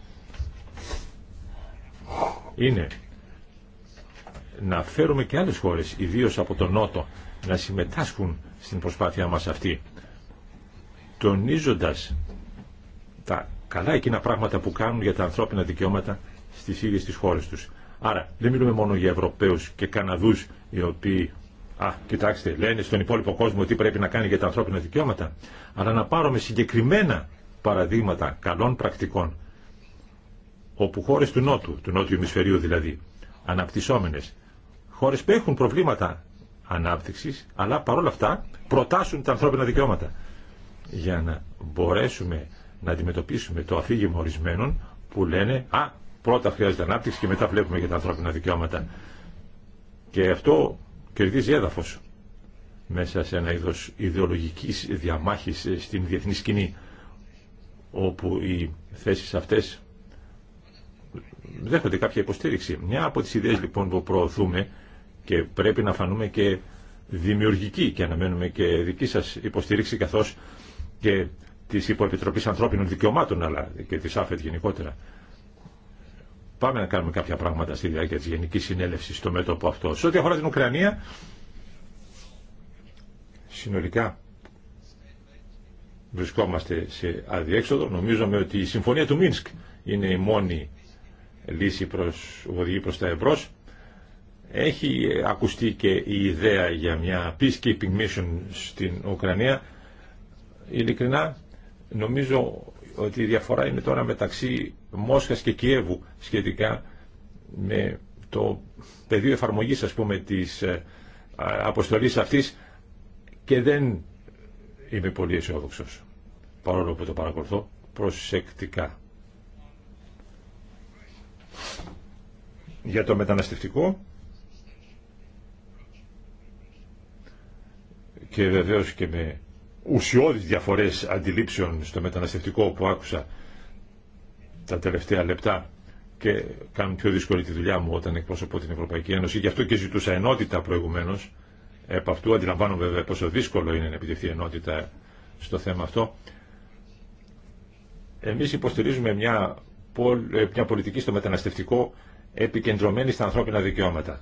είναι να φέρουμε και άλλες χώρες, ιδίως από τον Νότο, να συμμετάσχουν στην προσπάθειά μας αυτή, τονίζοντας τα καλά εκείνα πράγματα που κάνουν για τα ανθρώπινα δικαιώματα στις ίδιες τις χώρες τους. Άρα δεν μιλούμε μόνο για Ευρωπαίους και Καναδούς οι οποίοι, α, κοιτάξτε, λένε στον υπόλοιπο κόσμο τι πρέπει να κάνει για τα ανθρώπινα δικαιώματα, αλλά να πάρουμε συγκεκριμένα παραδείγματα καλών πρακτικών όπου χώρες του Νότου, του Νότιου ημισφαιρίου δηλαδή, αναπτυσσόμενες, χώρες που έχουν προβλήματα ανάπτυξης, αλλά παρόλα αυτά προτάσουν τα ανθρώπινα δικαιώματα. Για να μπορέσουμε να αντιμετωπίσουμε το αφήγημα ορισμένων που λένε «Α, πρώτα χρειάζεται ανάπτυξη και μετά βλέπουμε για τα ανθρώπινα δικαιώματα». Και αυτό κερδίζει έδαφος μέσα σε ένα είδος ιδεολογικής διαμάχης στην διεθνή σκηνή, όπου οι θέσεις αυτές δέχονται κάποια υποστήριξη. Μια από τις ιδέες λοιπόν που προωθούμε και πρέπει να φανούμε και δημιουργική και αναμένουμε και δική σας υποστήριξη καθώς και της Υποεπιτροπής Ανθρώπινων Δικαιωμάτων αλλά και της ΑΦΕΤ γενικότερα. Πάμε να κάνουμε κάποια πράγματα στη διάρκεια της Γενικής Συνέλευσης στο μέτωπο αυτό. Σε ό,τι αφορά την Ουκρανία, συνολικά βρισκόμαστε σε αδιέξοδο. Νομίζουμε ότι η Συμφωνία του Μίνσκ είναι η μόνη λύση προς, οδηγεί προς τα εμπρός. Έχει ακουστεί και η ιδέα για μια peacekeeping mission στην Ουκρανία. Ειλικρινά νομίζω ότι η διαφορά είναι τώρα μεταξύ Μόσχας και Κιέβου σχετικά με το πεδίο εφαρμογής ας πούμε της ε, αποστολής αυτής και δεν είμαι πολύ αισιόδοξο παρόλο που το παρακολουθώ προσεκτικά για το μεταναστευτικό και βεβαίως και με ουσιώδεις διαφορές αντιλήψεων στο μεταναστευτικό που άκουσα τα τελευταία λεπτά και κάνουν πιο δύσκολη τη δουλειά μου όταν εκπροσωπώ την Ευρωπαϊκή Ένωση. Γι' αυτό και ζητούσα ενότητα προηγουμένω. Επ' αυτού αντιλαμβάνομαι βέβαια πόσο δύσκολο είναι να επιτευχθεί ενότητα στο θέμα αυτό. Εμείς υποστηρίζουμε μια ε, μια πολιτική στο μεταναστευτικό επικεντρωμένη στα ανθρώπινα δικαιώματα.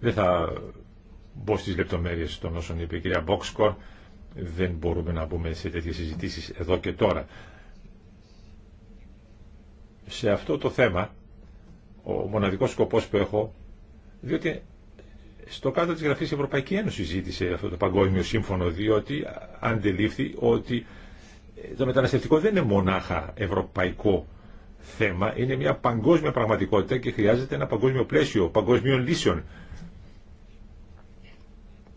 Δεν θα μπω στις λεπτομέρειες των όσων είπε η κυρία Μπόξκορ. Δεν μπορούμε να μπούμε σε τέτοιες συζητήσεις εδώ και τώρα. Σε αυτό το θέμα, ο μοναδικός σκοπός που έχω, διότι στο κάτω της γραφής η Ευρωπαϊκή Ένωση ζήτησε αυτό το παγκόσμιο σύμφωνο διότι αντελήφθη ότι ε, το μεταναστευτικό δεν είναι μονάχα ευρωπαϊκό θέμα, είναι μια παγκόσμια πραγματικότητα και χρειάζεται ένα παγκόσμιο πλαίσιο, παγκόσμιων λύσεων.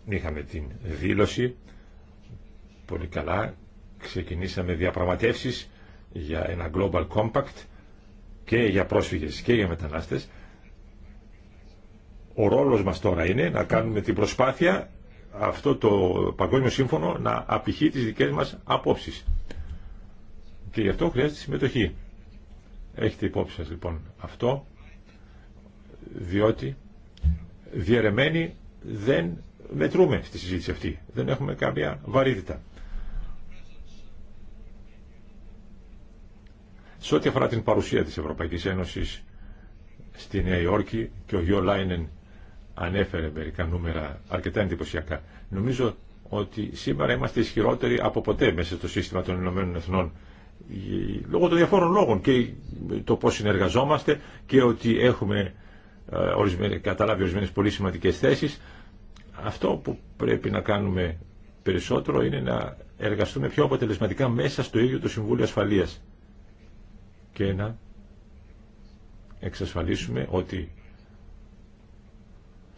Είχαμε την δήλωση, πολύ καλά, ξεκινήσαμε διαπραγματεύσεις για ένα Global Compact και για πρόσφυγες και για μετανάστες ο ρόλος μας τώρα είναι να κάνουμε την προσπάθεια αυτό το Παγκόσμιο Σύμφωνο να απηχεί τις δικές μας απόψεις. Και γι' αυτό χρειάζεται συμμετοχή. Έχετε υπόψη σας λοιπόν αυτό, διότι διαιρεμένοι δεν μετρούμε στη συζήτηση αυτή. Δεν έχουμε κάποια βαρύτητα. Σε ό,τι αφορά την παρουσία της Ευρωπαϊκής Ένωσης στη Νέα Υόρκη και ο Γιώ Λάινεν ανέφερε μερικά νούμερα αρκετά εντυπωσιακά. Νομίζω ότι σήμερα είμαστε ισχυρότεροι από ποτέ μέσα στο σύστημα των Ηνωμένων Εθνών λόγω των διαφόρων λόγων και το πώς συνεργαζόμαστε και ότι έχουμε ε, καταλάβει ορισμένε πολύ σημαντικές θέσεις. Αυτό που πρέπει να κάνουμε περισσότερο είναι να εργαστούμε πιο αποτελεσματικά μέσα στο ίδιο το Συμβούλιο Ασφαλείας και να εξασφαλίσουμε ότι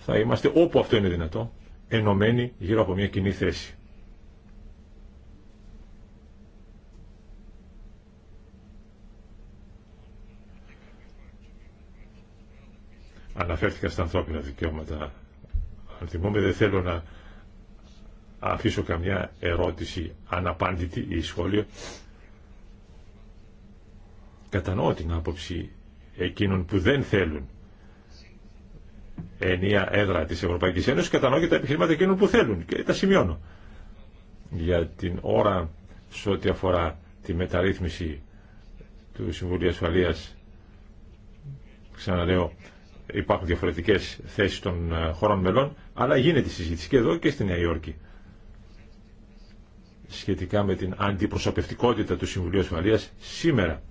θα είμαστε όπου αυτό είναι δυνατό, ενωμένοι γύρω από μια κοινή θέση. Αναφέρθηκα στα ανθρώπινα δικαιώματα. Αν δεν θέλω να αφήσω καμιά ερώτηση αναπάντητη ή σχόλιο. Κατανοώ την άποψη εκείνων που δεν θέλουν ενία έδρα της Ευρωπαϊκής Ένωσης κατανοώ και τα επιχειρήματα εκείνων που θέλουν και τα σημειώνω. Για την ώρα σε ό,τι αφορά τη μεταρρύθμιση του Συμβουλίου Ασφαλείας ξαναλέω υπάρχουν διαφορετικές θέσεις των ε, χωρών μελών αλλά γίνεται συζήτηση και εδώ και στη Νέα Υόρκη σχετικά με την αντιπροσωπευτικότητα του Συμβουλίου Ασφαλείας σήμερα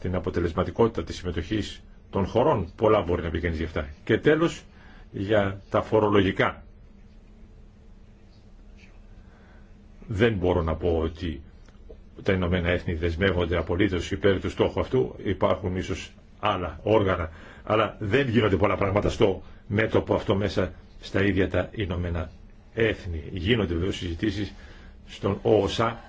την αποτελεσματικότητα της συμμετοχής των χωρών. Πολλά μπορεί να πει κανείς γι' αυτά. Και τέλος για τα φορολογικά. Δεν μπορώ να πω ότι τα Ηνωμένα Έθνη δεσμεύονται απολύτω υπέρ του στόχου αυτού. Υπάρχουν ίσω άλλα όργανα, αλλά δεν γίνονται πολλά πράγματα στο μέτωπο αυτό μέσα στα ίδια τα Ηνωμένα Έθνη. Γίνονται βέβαια συζητήσει στον ΟΟΣΑ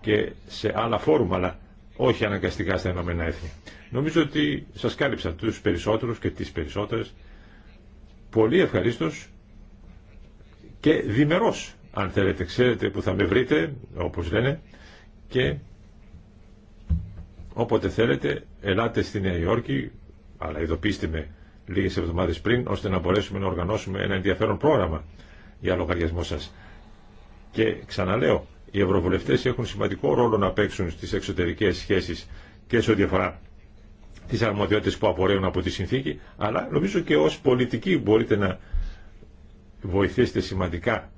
και σε άλλα φόρουμ, αλλά όχι αναγκαστικά στα Ηνωμένα Έθνη. Νομίζω ότι σας κάλυψα τους περισσότερους και τις περισσότερες. Πολύ ευχαρίστως και διμερός, αν θέλετε. Ξέρετε που θα με βρείτε, όπως λένε, και όποτε θέλετε, ελάτε στη Νέα Υόρκη, αλλά ειδοποιήστε με λίγε εβδομάδε πριν, ώστε να μπορέσουμε να οργανώσουμε ένα ενδιαφέρον πρόγραμμα για λογαριασμό σα Και ξαναλέω, οι ευρωβουλευτές έχουν σημαντικό ρόλο να παίξουν στις εξωτερικές σχέσεις και σε ό,τι αφορά τις αρμοδιότητες που απορρέουν από τη συνθήκη, αλλά νομίζω και ω πολιτικοί μπορείτε να βοηθήσετε σημαντικά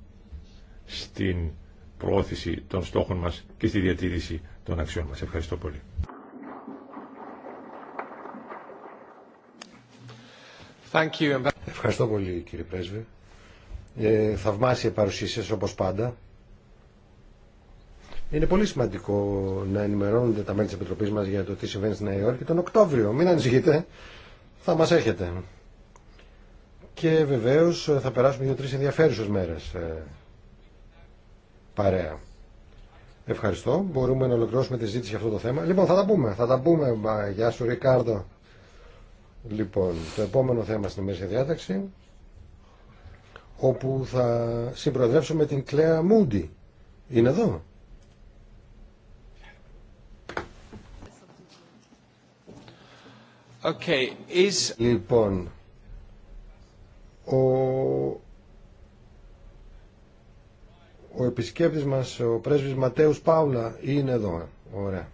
στην προώθηση των στόχων μας και στη διατήρηση των αξιών μας. Ευχαριστώ πολύ. Ευχαριστώ πολύ κύριε Πρέσβη. Ε, θαυμάσια παρουσία όπως πάντα. Είναι πολύ σημαντικό να ενημερώνονται τα μέλη τη Επιτροπή μα για το τι συμβαίνει στη Νέα Υόρκη τον Οκτώβριο. Μην ανησυχείτε, θα μα έχετε. Και βεβαίω θα περάσουμε δύο-τρει ενδιαφέρουσε μέρε ε, παρέα. Ευχαριστώ. Μπορούμε να ολοκληρώσουμε τη ζήτηση για αυτό το θέμα. Λοιπόν, θα τα πούμε. Θα τα πούμε. Γεια σου, Ρικάρδο. Λοιπόν, το επόμενο θέμα στην μέση διάταξη όπου θα συμπροεδρεύσουμε την Κλέα Μούντι. Είναι εδώ. Λοιπόν, ο, ο επισκέπτης μας, ο πρέσβης Ματέους Πάουλα, είναι εδώ. Ωραία.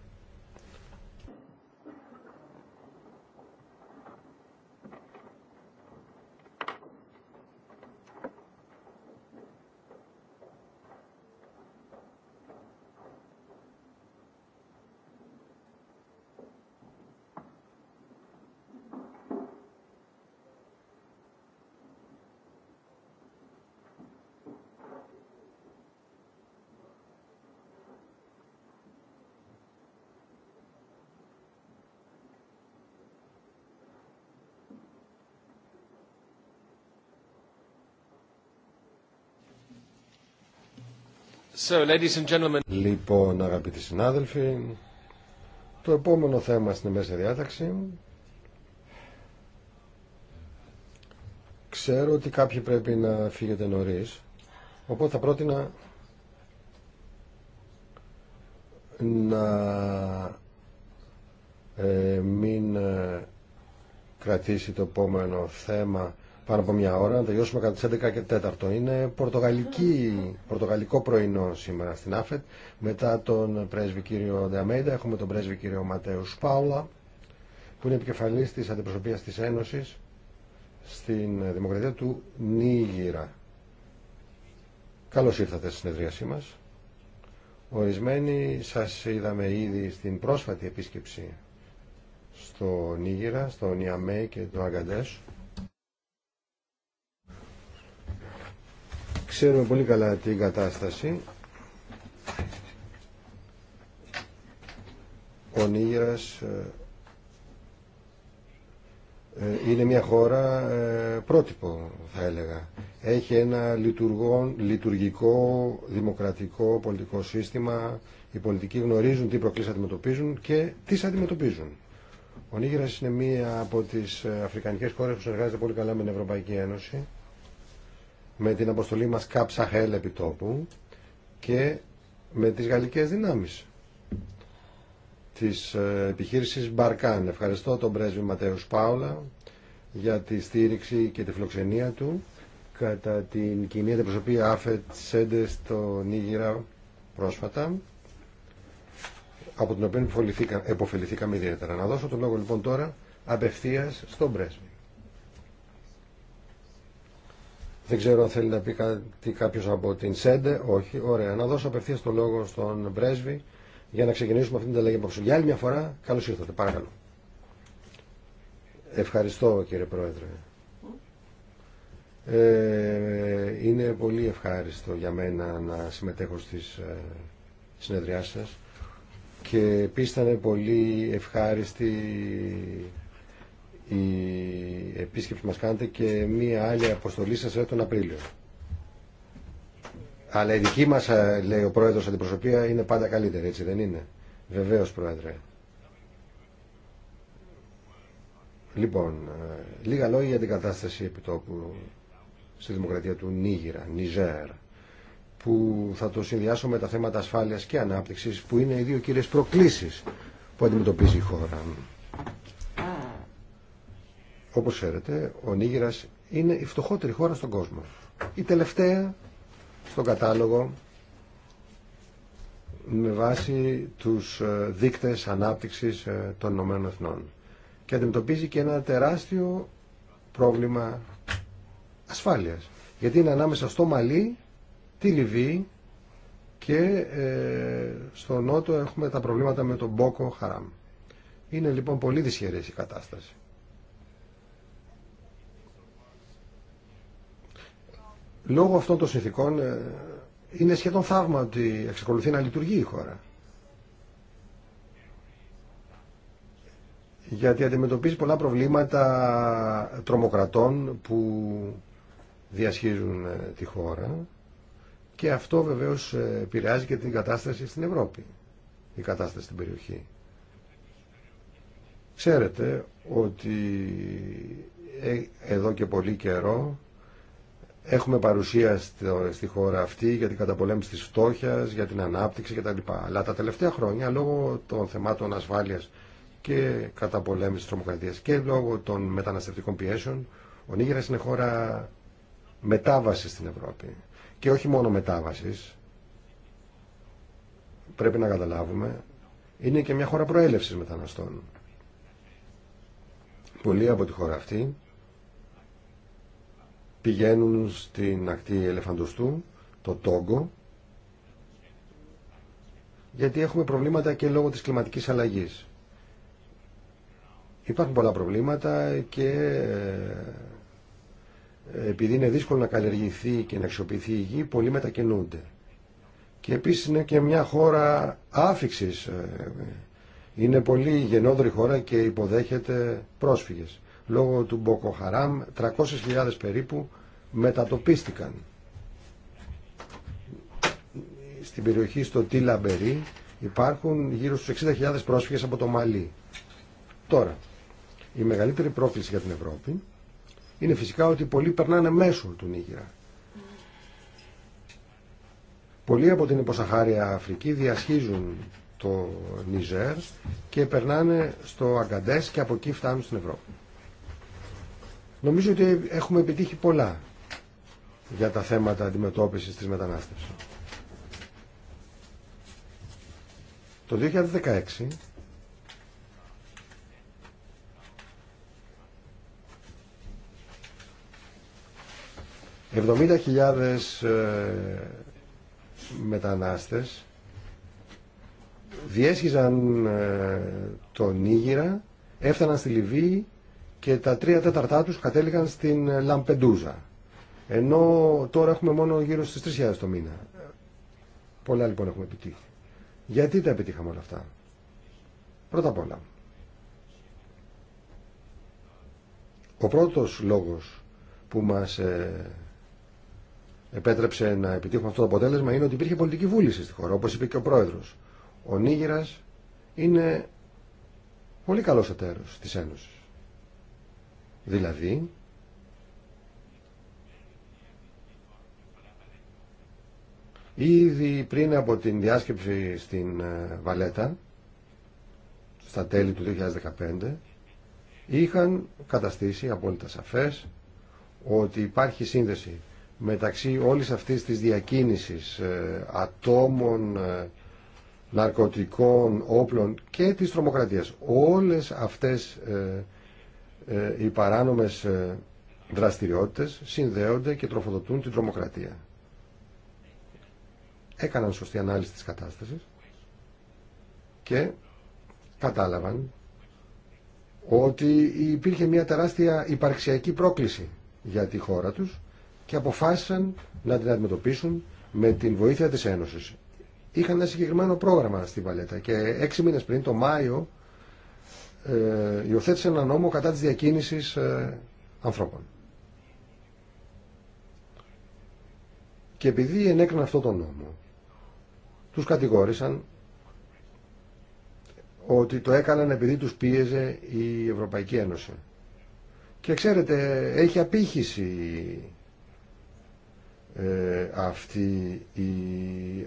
Λοιπόν, αγαπητοί συνάδελφοι, το επόμενο θέμα στην μέσα διάταξη. Ξέρω ότι κάποιοι πρέπει να φύγετε νωρίς, οπότε θα πρότεινα να ε, μην ε, κρατήσει το επόμενο θέμα πάνω από μια ώρα, να τελειώσουμε κατά τις 11 και 4. Είναι πορτογαλική, πορτογαλικό πρωινό σήμερα στην ΑΦΕΤ. Μετά τον πρέσβη κύριο Ντεαμέιντα έχουμε τον πρέσβη κύριο Ματέου Σπάουλα, που είναι επικεφαλής της αντιπροσωπείας της Ένωσης στην Δημοκρατία του Νίγηρα. Καλώς ήρθατε στη συνεδρίασή μας. Ορισμένοι σας είδαμε ήδη στην πρόσφατη επίσκεψη στο Νίγηρα, στο Νιαμέ και το Αγκαντές. Ξέρουμε πολύ καλά την κατάσταση. Ο Νίγηρας ε, ε, είναι μια χώρα ε, πρότυπο θα έλεγα. Έχει ένα λειτουργό, λειτουργικό, δημοκρατικό, πολιτικό σύστημα. Οι πολιτικοί γνωρίζουν τι προκλήσεις αντιμετωπίζουν και τι αντιμετωπίζουν. Ο Νίγηρας είναι μία από τις αφρικανικές χώρες που συνεργάζεται πολύ καλά με την Ευρωπαϊκή Ένωση με την αποστολή μας κάψα χέλ επιτόπου και με τις γαλλικές δυνάμεις της ε, επιχείρησης Μπαρκάν. Ευχαριστώ τον πρέσβη Ματέους Πάουλα για τη στήριξη και τη φιλοξενία του κατά την κοινή αντιπροσωπή Άφετ Σέντε στο Νίγηρα πρόσφατα από την οποία εποφεληθήκαμε ιδιαίτερα. Να δώσω τον λόγο λοιπόν τώρα απευθείας στον πρέσβη. Δεν ξέρω αν θέλει να πει κάτι κάποιος από την ΣΕΝΤΕ. Όχι. Ωραία. Να δώσω απευθεία το λόγο στον πρέσβη για να ξεκινήσουμε αυτήν την αλλαγή απόψε. Για άλλη μια φορά, καλώς ήρθατε. Παρακαλώ. Ευχαριστώ κύριε Πρόεδρε. Ε, είναι πολύ ευχάριστο για μένα να συμμετέχω στις ε, συνεδριάσεις σας και επίσης ήταν πολύ ευχάριστη η επίσκεψη μας κάνετε και μία άλλη αποστολή σας ε, τον Απρίλιο. Αλλά η δική μας, ε, λέει ο πρόεδρος αντιπροσωπεία, είναι πάντα καλύτερη, έτσι δεν είναι. Βεβαίως, πρόεδρε. Λοιπόν, ε, λίγα λόγια για την κατάσταση επιτόπου στη δημοκρατία του Νίγηρα, Νιζέρ, που θα το συνδυάσω με τα θέματα ασφάλειας και ανάπτυξης, που είναι οι δύο κύριες προκλήσεις που αντιμετωπίζει η χώρα. Όπως ξέρετε, ο Νίγηρας είναι η φτωχότερη χώρα στον κόσμο. Η τελευταία στον κατάλογο με βάση τους ε, δείκτες ανάπτυξης ε, των Ηνωμένων Εθνών. Και αντιμετωπίζει και ένα τεράστιο πρόβλημα ασφάλειας. Γιατί είναι ανάμεσα στο Μαλή, τη Λιβύη και ε, στο Νότο έχουμε τα προβλήματα με τον Μπόκο Χαράμ. Είναι λοιπόν πολύ δυσχερής η κατάσταση. Λόγω αυτών των συνθήκων ε, είναι σχεδόν θαύμα ότι εξακολουθεί να λειτουργεί η χώρα. Γιατί αντιμετωπίζει πολλά προβλήματα τρομοκρατών που διασχίζουν ε, τη χώρα και αυτό βεβαίως ε, επηρεάζει και την κατάσταση στην Ευρώπη, η κατάσταση στην περιοχή. Ξέρετε ότι εδώ και πολύ καιρό Έχουμε παρουσία στη χώρα αυτή για την καταπολέμηση της φτώχειας, για την ανάπτυξη κτλ. Αλλά τα τελευταία χρόνια λόγω των θεμάτων ασφάλειας και καταπολέμησης τρομοκρατίας και λόγω των μεταναστευτικών πιέσεων ο Νίγηρας είναι χώρα μετάβαση στην Ευρώπη. Και όχι μόνο μετάβαση, πρέπει να καταλάβουμε, είναι και μια χώρα προέλευσης μεταναστών. Πολλοί από τη χώρα αυτή πηγαίνουν στην ακτή Ελεφαντοστού, το Τόγκο, γιατί έχουμε προβλήματα και λόγω της κλιματικής αλλαγής. Υπάρχουν πολλά προβλήματα και ε, επειδή είναι δύσκολο να καλλιεργηθεί και να αξιοποιηθεί η γη, πολλοί μετακινούνται. Και επίσης είναι και μια χώρα άφηξης. Ε, ε, είναι πολύ γενόδρη χώρα και υποδέχεται πρόσφυγες. Λόγω του Μποκοχαράμ 300.000 περίπου μετατοπίστηκαν στην περιοχή στο Μπερί υπάρχουν γύρω στους 60.000 πρόσφυγες από το Μαλί. Τώρα, η μεγαλύτερη πρόκληση για την Ευρώπη είναι φυσικά ότι πολλοί περνάνε μέσω του Νίγηρα. Πολλοί από την υποσαχάρια Αφρική διασχίζουν το Νιζέρ και περνάνε στο Αγκαντές και από εκεί φτάνουν στην Ευρώπη. Νομίζω ότι έχουμε επιτύχει πολλά για τα θέματα αντιμετώπισης της μετανάστευσης. Το 2016 70.000 ε, μετανάστες διέσχιζαν ε, τον Νίγηρα, έφταναν στη Λιβύη και τα τρία τέταρτά τους κατέληγαν στην Λαμπεντούζα. Ενώ τώρα έχουμε μόνο γύρω στις 3.000 το μήνα. Πολλά λοιπόν έχουμε επιτύχει. Γιατί τα επιτύχαμε όλα αυτά. Πρώτα απ' όλα. Ο πρώτος λόγος που μας ε, επέτρεψε να επιτύχουμε αυτό το αποτέλεσμα είναι ότι υπήρχε πολιτική βούληση στη χώρα, όπως είπε και ο πρόεδρος. Ο Νίγηρας είναι πολύ καλός εταίρος της Ένωσης. Δηλαδή, ήδη πριν από την διάσκεψη στην ε, Βαλέτα, στα τέλη του 2015, είχαν καταστήσει απόλυτα σαφές ότι υπάρχει σύνδεση μεταξύ όλης αυτής της διακίνησης ε, ατόμων, ε, ναρκωτικών, όπλων και της τρομοκρατίας. Όλες αυτές ε, οι παράνομες ε, δραστηριότητες συνδέονται και τροφοδοτούν την τρομοκρατία. Έκαναν σωστή ανάλυση της κατάστασης και κατάλαβαν ότι υπήρχε μια τεράστια υπαρξιακή πρόκληση για τη χώρα τους και αποφάσισαν να την αντιμετωπίσουν με την βοήθεια της Ένωσης. Είχαν ένα συγκεκριμένο πρόγραμμα στη Βαλέτα και έξι μήνες πριν, το Μάιο, ε, υιοθέτησε ένα νόμο κατά της διακίνησης ε, ανθρώπων. Και επειδή ενέκριναν αυτό τον νόμο, τους κατηγόρησαν ότι το έκαναν επειδή τους πίεζε η Ευρωπαϊκή Ένωση. Και ξέρετε, έχει απήχηση ε, αυτή η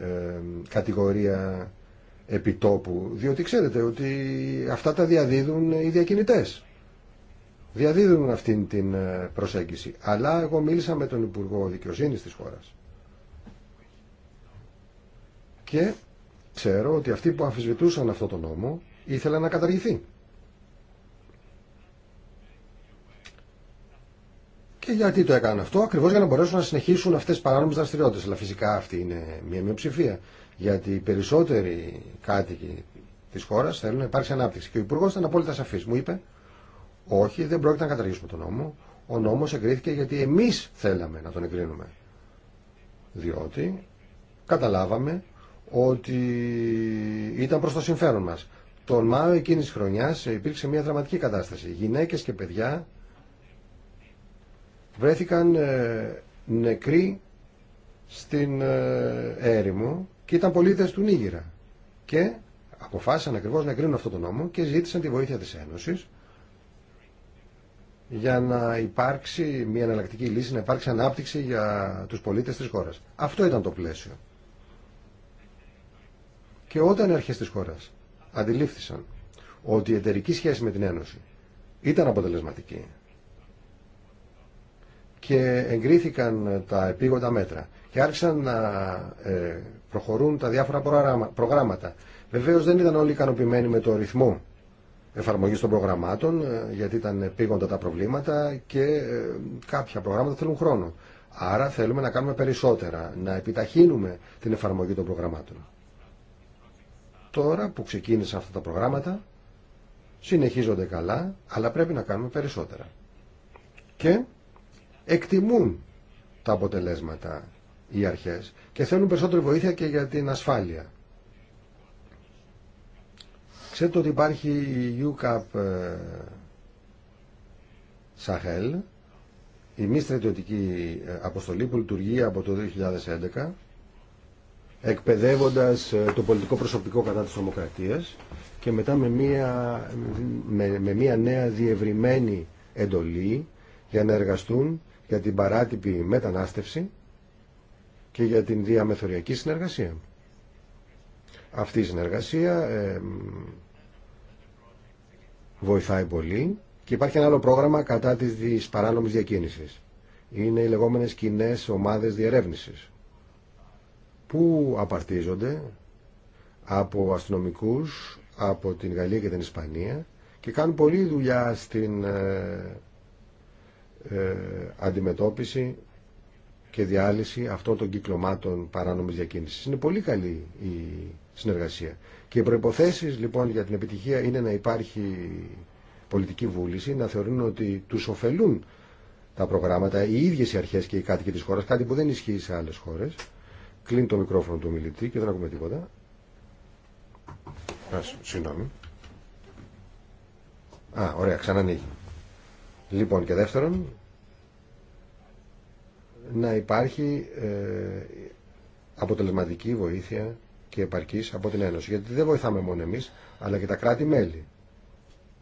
ε, κατηγορία επιτόπου, διότι ξέρετε ότι αυτά τα διαδίδουν οι διακινητές. Διαδίδουν αυτήν την ε, προσέγγιση. Αλλά εγώ μίλησα με τον Υπουργό Δικαιοσύνης της χώρας. Και ξέρω ότι αυτοί που αμφισβητούσαν αυτό το νόμο ήθελαν να καταργηθεί. Και γιατί το έκαναν αυτό, ακριβώς για να μπορέσουν να συνεχίσουν αυτές τις παράνομες δραστηριότητε. Αλλά φυσικά αυτή είναι μια μειοψηφία. Γιατί οι περισσότεροι κάτοικοι τη χώρα θέλουν να υπάρξει ανάπτυξη. Και ο Υπουργό ήταν απόλυτα σαφή. Μου είπε, Όχι, δεν πρόκειται να καταργήσουμε τον νόμο. Ο νόμο εγκρίθηκε γιατί εμεί θέλαμε να τον εγκρίνουμε. Διότι καταλάβαμε ότι ήταν προ το συμφέρον μα. Τον Μάιο εκείνη τη χρονιά υπήρξε μια δραματική κατάσταση. Γυναίκε και παιδιά βρέθηκαν ε, νεκροί στην ε, έρημο και ήταν πολίτες του Νίγηρα. Και αποφάσισαν ακριβώς να κρίνουν αυτό το νόμο και ζήτησαν τη βοήθεια της Ένωσης για να υπάρξει μια εναλλακτική λύση, να υπάρξει ανάπτυξη για τους πολίτες της χώρας. Αυτό ήταν το πλαίσιο. Και όταν οι αρχές της χώρας αντιλήφθησαν ότι η εταιρική σχέση με την Ένωση ήταν αποτελεσματική και εγκρίθηκαν τα επίγοντα μέτρα και άρχισαν να ε, προχωρούν τα διάφορα προγράμματα. Βεβαίω δεν ήταν όλοι ικανοποιημένοι με το ρυθμό εφαρμογή των προγραμμάτων, ε, γιατί ήταν πήγοντα τα προβλήματα και ε, κάποια προγράμματα θέλουν χρόνο. Άρα θέλουμε να κάνουμε περισσότερα, να επιταχύνουμε την εφαρμογή των προγραμμάτων. Τώρα που ξεκίνησαν αυτά τα προγράμματα, συνεχίζονται καλά, αλλά πρέπει να κάνουμε περισσότερα. Και εκτιμούν τα αποτελέσματα οι αρχές και θέλουν περισσότερη βοήθεια και για την ασφάλεια. Ξέρετε ότι υπάρχει η UCAP ε, Σαχέλ, η μη στρατιωτική ε, αποστολή που λειτουργεί από το 2011 εκπαιδεύοντας ε, το πολιτικό προσωπικό κατά της νομοκρατίας και μετά με μια, με, με μια νέα διευρυμένη εντολή για να εργαστούν για την παράτυπη μετανάστευση και για την διαμεθοριακή συνεργασία. Αυτή η συνεργασία ε, βοηθάει πολύ και υπάρχει ένα άλλο πρόγραμμα κατά της παράνομης διακίνησης. Είναι οι λεγόμενες κοινέ ομάδες διερεύνησης που απαρτίζονται από αστυνομικούς από την Γαλλία και την Ισπανία και κάνουν πολλή δουλειά στην ε, ε αντιμετώπιση και διάλυση αυτών των κυκλωμάτων παράνομης διακίνησης. Είναι πολύ καλή η συνεργασία. Και οι προποθέσει λοιπόν για την επιτυχία είναι να υπάρχει πολιτική βούληση, να θεωρούν ότι τους ωφελούν τα προγράμματα, οι ίδιες οι αρχές και οι κάτοικοι της χώρα, κάτι που δεν ισχύει σε άλλε χώρες. Κλείνει το μικρόφωνο του μιλητή και δεν ακούμε τίποτα. Α, συγγνώμη. Α, ωραία, ξανανοίγει. Λοιπόν και δεύτερον, να υπάρχει ε, αποτελεσματική βοήθεια και επαρκής από την Ένωση. Γιατί δεν βοηθάμε μόνο εμείς, αλλά και τα κράτη-μέλη.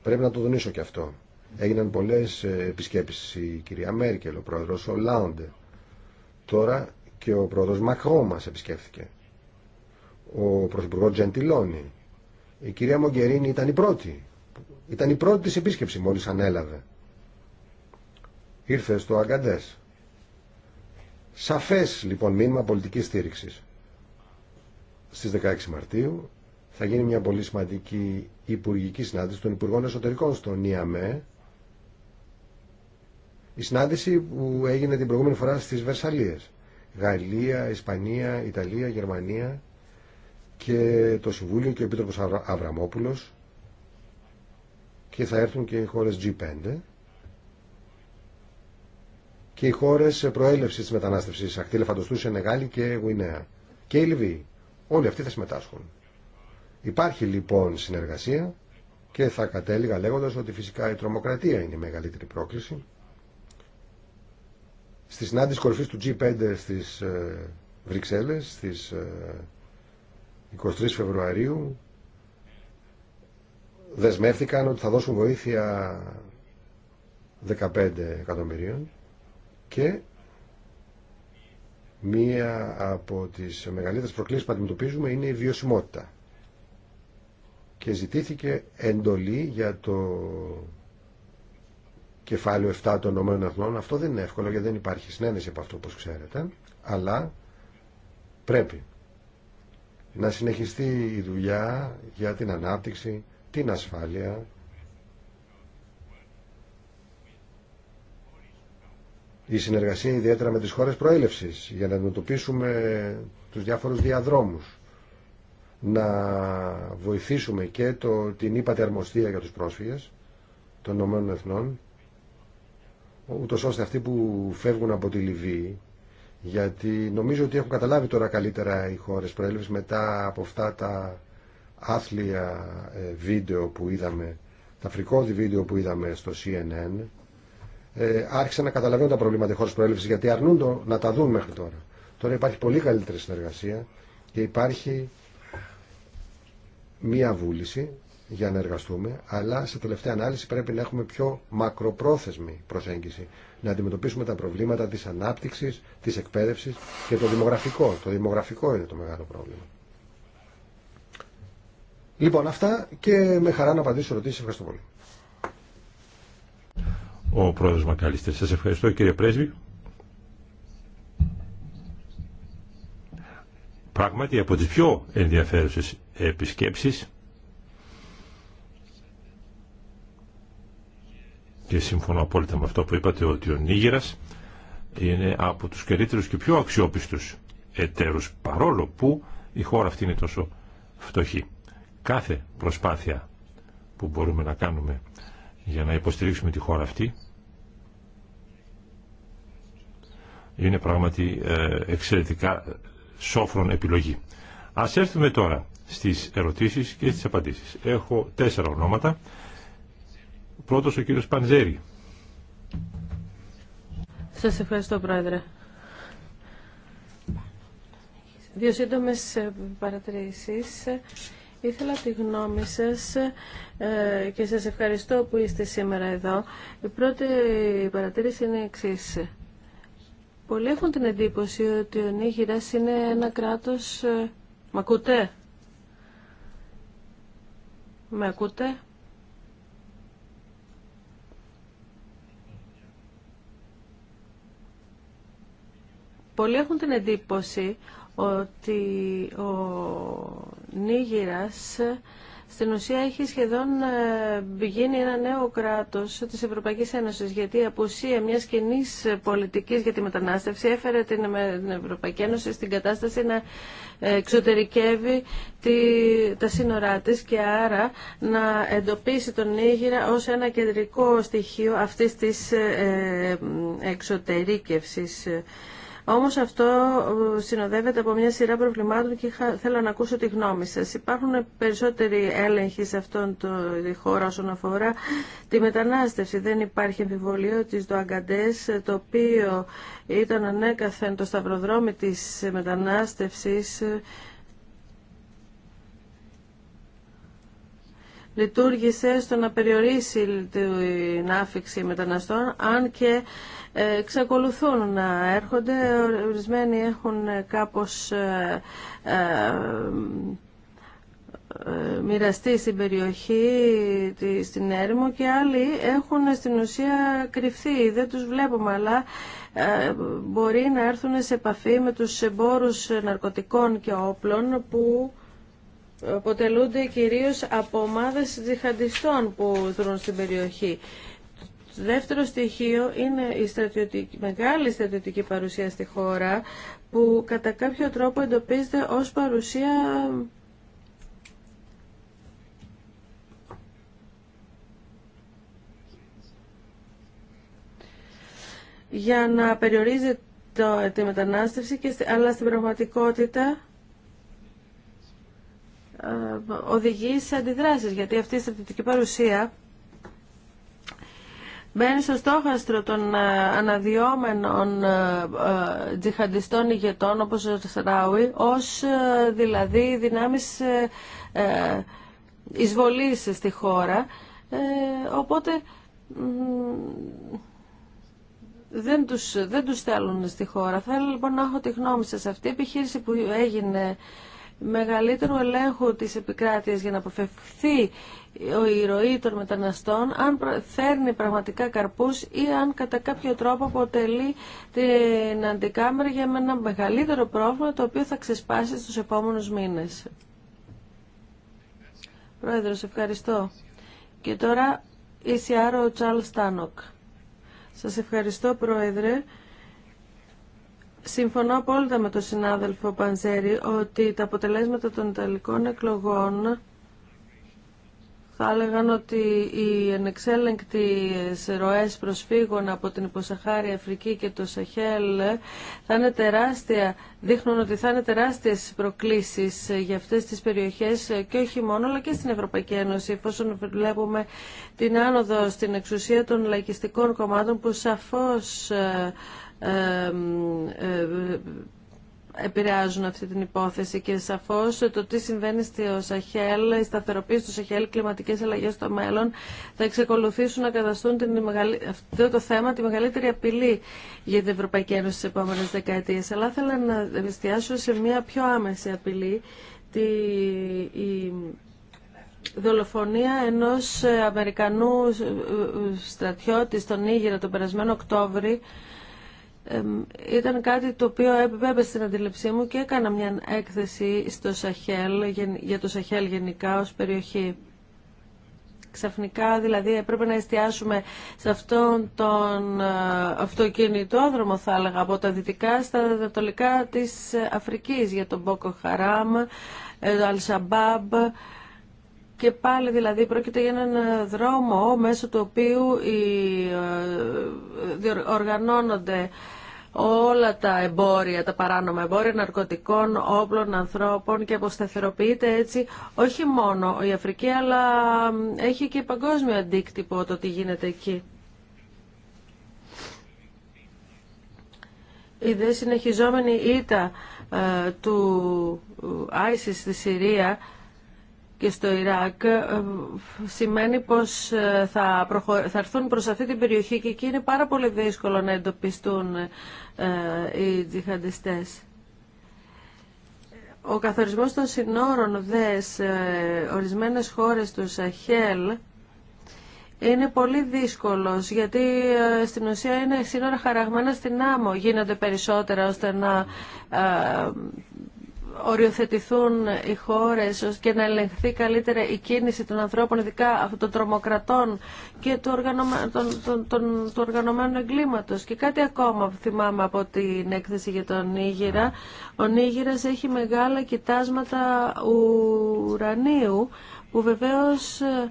Πρέπει να το δονήσω και αυτό. Έγιναν πολλές ε, επισκέψεις η κυρία Μέρκελ, ο πρόεδρος Λάοντε Τώρα και ο πρόεδρος Μακρό μας επισκέφθηκε. Ο πρωθυπουργό Τζεντιλόνι. Η κυρία Μογκερίνη ήταν η πρώτη. Ήταν η πρώτη της επίσκεψη μόλις ανέλαβε. Ήρθε στο Αγκαντές. Σαφές λοιπόν μήνυμα πολιτικής στήριξης. Στις 16 Μαρτίου θα γίνει μια πολύ σημαντική υπουργική συνάντηση των Υπουργών Εσωτερικών στον ΝΙΑΜΕ. Η συνάντηση που έγινε την προηγούμενη φορά στις Βερσαλίες. Γαλλία, Ισπανία, Ιταλία, Γερμανία και το Συμβούλιο και ο Επίτροπος Αβραμόπουλος και θα έρθουν και οι χώρες G5 και οι χώρες προέλευση τη μετανάστευση, ακτή είναι Σενεγάλη και Γουινέα και η Λιβύη. Όλοι αυτοί θα συμμετάσχουν. Υπάρχει λοιπόν συνεργασία και θα κατέληγα λέγοντας ότι φυσικά η τρομοκρατία είναι η μεγαλύτερη πρόκληση. Στη συνάντηση κορυφής του G5 στις ε, Βρυξέλλες, στις 23 ε, Φεβρουαρίου, δεσμεύτηκαν ότι θα δώσουν βοήθεια 15 εκατομμυρίων και μία από τις μεγαλύτερες προκλήσεις που αντιμετωπίζουμε είναι η βιωσιμότητα. Και ζητήθηκε εντολή για το κεφάλαιο 7 των Ηνωμένων Εθνών. Αυτό δεν είναι εύκολο γιατί δεν υπάρχει συνένεση από αυτό όπως ξέρετε. Αλλά πρέπει να συνεχιστεί η δουλειά για την ανάπτυξη, την ασφάλεια, η συνεργασία ιδιαίτερα με τις χώρες προέλευσης για να αντιμετωπίσουμε τους διάφορους διαδρόμους να βοηθήσουμε και το, την ύπατη αρμοστία για τους πρόσφυγες των Ηνωμένων Εθνών ούτως ώστε αυτοί που φεύγουν από τη Λιβύη γιατί νομίζω ότι έχουν καταλάβει τώρα καλύτερα οι χώρες προέλευσης μετά από αυτά τα άθλια ε, βίντεο που είδαμε τα φρικόδη βίντεο που είδαμε στο CNN ε, άρχισαν να καταλαβαίνουν τα προβλήματα χώρε προέλευση γιατί αρνούν να τα δουν μέχρι τώρα. Τώρα υπάρχει πολύ καλύτερη συνεργασία και υπάρχει μία βούληση για να εργαστούμε, αλλά σε τελευταία ανάλυση πρέπει να έχουμε πιο μακροπρόθεσμη προσέγγιση. Να αντιμετωπίσουμε τα προβλήματα τη ανάπτυξη, τη εκπαίδευση και το δημογραφικό. Το δημογραφικό είναι το μεγάλο πρόβλημα. Λοιπόν, αυτά και με χαρά να απαντήσω ερωτήσει. Ευχαριστώ πολύ ο πρόεδρος Μακάλιστερ. Σας ευχαριστώ κύριε Πρέσβη. Πράγματι από τις πιο ενδιαφέρουσες επισκέψεις και συμφωνώ απόλυτα με αυτό που είπατε ότι ο Νίγηρας είναι από τους καλύτερους και πιο αξιόπιστους εταίρους παρόλο που η χώρα αυτή είναι τόσο φτωχή. Κάθε προσπάθεια που μπορούμε να κάνουμε για να υποστηρίξουμε τη χώρα αυτή είναι πράγματι ε, εξαιρετικά σόφρον επιλογή. Ας έρθουμε τώρα στις ερωτήσεις και στις απαντήσεις. Έχω τέσσερα ονόματα. Πρώτος ο κύριος Πανζέρη. Σας ευχαριστώ πρόεδρε. Δύο σύντομες ε, παρατηρήσεις. Ήθελα τη γνώμη σας ε, και σας ευχαριστώ που είστε σήμερα εδώ. Η πρώτη παρατήρηση είναι η εξής. Πολλοί έχουν την εντύπωση ότι ο Νίγηρας είναι ένα κράτος... Ε, Μ' ακούτε? Με ακούτε? Πολλοί έχουν την εντύπωση ότι ο Νίγηρας στην ουσία έχει σχεδόν ε, γίνει ένα νέο κράτος της Ευρωπαϊκής Ένωσης γιατί η απουσία μιας κοινή πολιτικής για τη μετανάστευση έφερε την Ευρωπαϊκή Ένωση στην κατάσταση να εξωτερικεύει τη, τα σύνορά της και άρα να εντοπίσει τον Νίγηρα ως ένα κεντρικό στοιχείο αυτής της ε, ε, εξωτερικεύσης όμως αυτό ε, συνοδεύεται από μια σειρά προβλημάτων και θέλω να ακούσω τη γνώμη σας. Υπάρχουν περισσότεροι έλεγχοι σε αυτόν τον χώρο όσον αφορά τη μετανάστευση. Δεν υπάρχει εμφιβολία ότι στο Αγκαντές, το οποίο ήταν ανέκαθεν το σταυροδρόμι της μετανάστευσης, λειτουργήσε στο να περιορίσει την άφηξη μεταναστών, αν και ε, εξακολουθούν να έρχονται. Ορισμένοι έχουν ε, κάπως ε, μοιραστεί στην περιοχή, στην έρημο και άλλοι έχουν στην ουσία κρυφθεί, δεν τους βλέπουμε αλλά μπορεί να έρθουν σε επαφή με τους εμπόρους ναρκωτικών και όπλων που αποτελούνται κυρίως από ομάδες τζιχαντιστών που δρούν στην περιοχή. Το δεύτερο στοιχείο είναι η στρατιωτική, μεγάλη στρατιωτική παρουσία στη χώρα που κατά κάποιο τρόπο εντοπίζεται ως παρουσία για να περιορίζει το, τη μετανάστευση, και, αλλά στην πραγματικότητα ε, οδηγεί σε αντιδράσεις, γιατί αυτή η στρατιωτική παρουσία μπαίνει στο στόχαστρο των ε, αναδυόμενων ε, ε, τζιχαντιστών ηγετών όπως ο Σαράουι ως δηλαδή δυνάμεις εισβολής στη χώρα οπότε δεν τους, δεν τους θέλουν στη χώρα. Θέλω λοιπόν να έχω τη γνώμη σας αυτή η επιχείρηση που έγινε μεγαλύτερου ελέγχου της επικράτειας για να αποφευχθεί η ροή των μεταναστών αν φέρνει πραγματικά καρπούς ή αν κατά κάποιο τρόπο αποτελεί την αντικάμερα για ένα μεγαλύτερο πρόβλημα το οποίο θα ξεσπάσει στους επόμενους μήνες. Πρόεδρος, ευχαριστώ. Και τώρα η Σιάρο Τσάλ προεδρος ευχαριστω και τωρα Ισιάρο τσαλ στανοκ Σας ευχαριστώ, Πρόεδρε. Συμφωνώ απόλυτα με τον συνάδελφο Πανζέρη ότι τα αποτελέσματα των Ιταλικών εκλογών θα έλεγαν ότι οι ενεξέλεγκτοι ροές προσφύγων από την Υποσαχάρη Αφρική και το Σαχέλ θα είναι τεράστια, δείχνουν ότι θα είναι τεράστιες προκλήσεις για αυτές τις περιοχές και όχι μόνο αλλά και στην Ευρωπαϊκή Ένωση εφόσον βλέπουμε την άνοδο στην εξουσία των λαϊκιστικών κομμάτων που σαφώς ε, ε, επηρεάζουν αυτή την υπόθεση και σαφώς το τι συμβαίνει στο Σαχέλ, η σταθεροποίηση του Σαχέλ, κλιματικές αλλαγές στο μέλλον θα εξεκολουθήσουν να καταστούν την αυτό το θέμα τη μεγαλύτερη απειλή για την Ευρωπαϊκή Ένωση στις επόμενες δεκαετίες. Αλλά θέλω να εστιάσω σε μια πιο άμεση απειλή, τη, η δολοφονία ενός Αμερικανού ε, ε, στρατιώτη στον Ήγηρα τον περασμένο Οκτώβρη ήταν κάτι το οποίο έπρεπε στην αντίληψή μου και έκανα μια έκθεση στο Σαχέλ, για το Σαχέλ γενικά ως περιοχή. Ξαφνικά δηλαδή έπρεπε να εστιάσουμε σε αυτόν τον ε, αυτοκινητόδρομο θα έλεγα από τα δυτικά στα τολικά της Αφρικής για τον Μπόκο Χαράμ, ε, το Αλσαμπάμπ, και πάλι δηλαδή πρόκειται για έναν ε, δρόμο μέσω του οποίου ε, οργανώνονται όλα τα εμπόρια, τα παράνομα εμπόρια ναρκωτικών, όπλων, ανθρώπων και αποσταθεροποιείται έτσι όχι μόνο η Αφρική αλλά έχει και παγκόσμιο αντίκτυπο το τι γίνεται εκεί. Η δε συνεχιζόμενη ήττα ε, του ISIS στη Συρία και στο Ιράκ ε, σημαίνει πως ε, θα, προχω... θα έρθουν προς αυτή την περιοχή και εκεί είναι πάρα πολύ δύσκολο να εντοπιστούν ε, οι τζιχαντιστές. Ο καθορισμός των συνόρων δε σε ορισμένες χώρες του Σαχέλ είναι πολύ δύσκολος γιατί στην ουσία είναι σύνορα χαραγμένα στην άμμο. Γίνονται περισσότερα ώστε να οριοθετηθούν οι χώρες και να ελεγχθεί καλύτερα η κίνηση των ανθρώπων, ειδικά των τρομοκρατών και του, οργανωμα... οργανωμένου Και κάτι ακόμα θυμάμαι από την έκθεση για τον Νίγηρα. Ο Νίγηρας έχει μεγάλα κοιτάσματα ουρανίου που βεβαίως ε,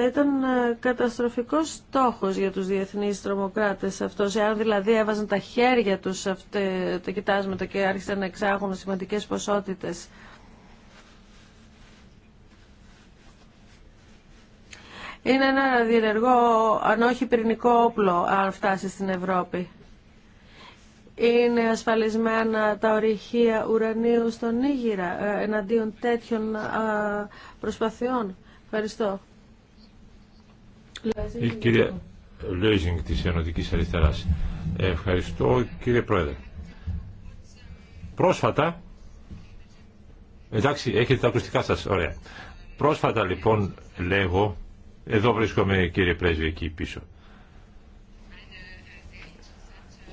θα ήταν ε, καταστροφικός στόχος για τους διεθνείς τρομοκράτες αυτός, εάν δηλαδή έβαζαν τα χέρια τους αυτά τα κοιτάσματα και άρχισαν να εξάγουν σημαντικές ποσότητες. Είναι ένα διενεργό, αν όχι πυρηνικό όπλο, αν φτάσει στην Ευρώπη. Είναι ασφαλισμένα τα ορυχεία ουρανίου στον Ήγηρα ε, εναντίον τέτοιων προσπαθειών. Ευχαριστώ. Η κυρία Λέζινγκ της Ενωτικής Αριστεράς. Ευχαριστώ κύριε Πρόεδρε. Πρόσφατα, εντάξει έχετε τα ακουστικά σας, ωραία. Πρόσφατα λοιπόν λέγω, εδώ βρίσκομαι κύριε Πρέσβη εκεί πίσω.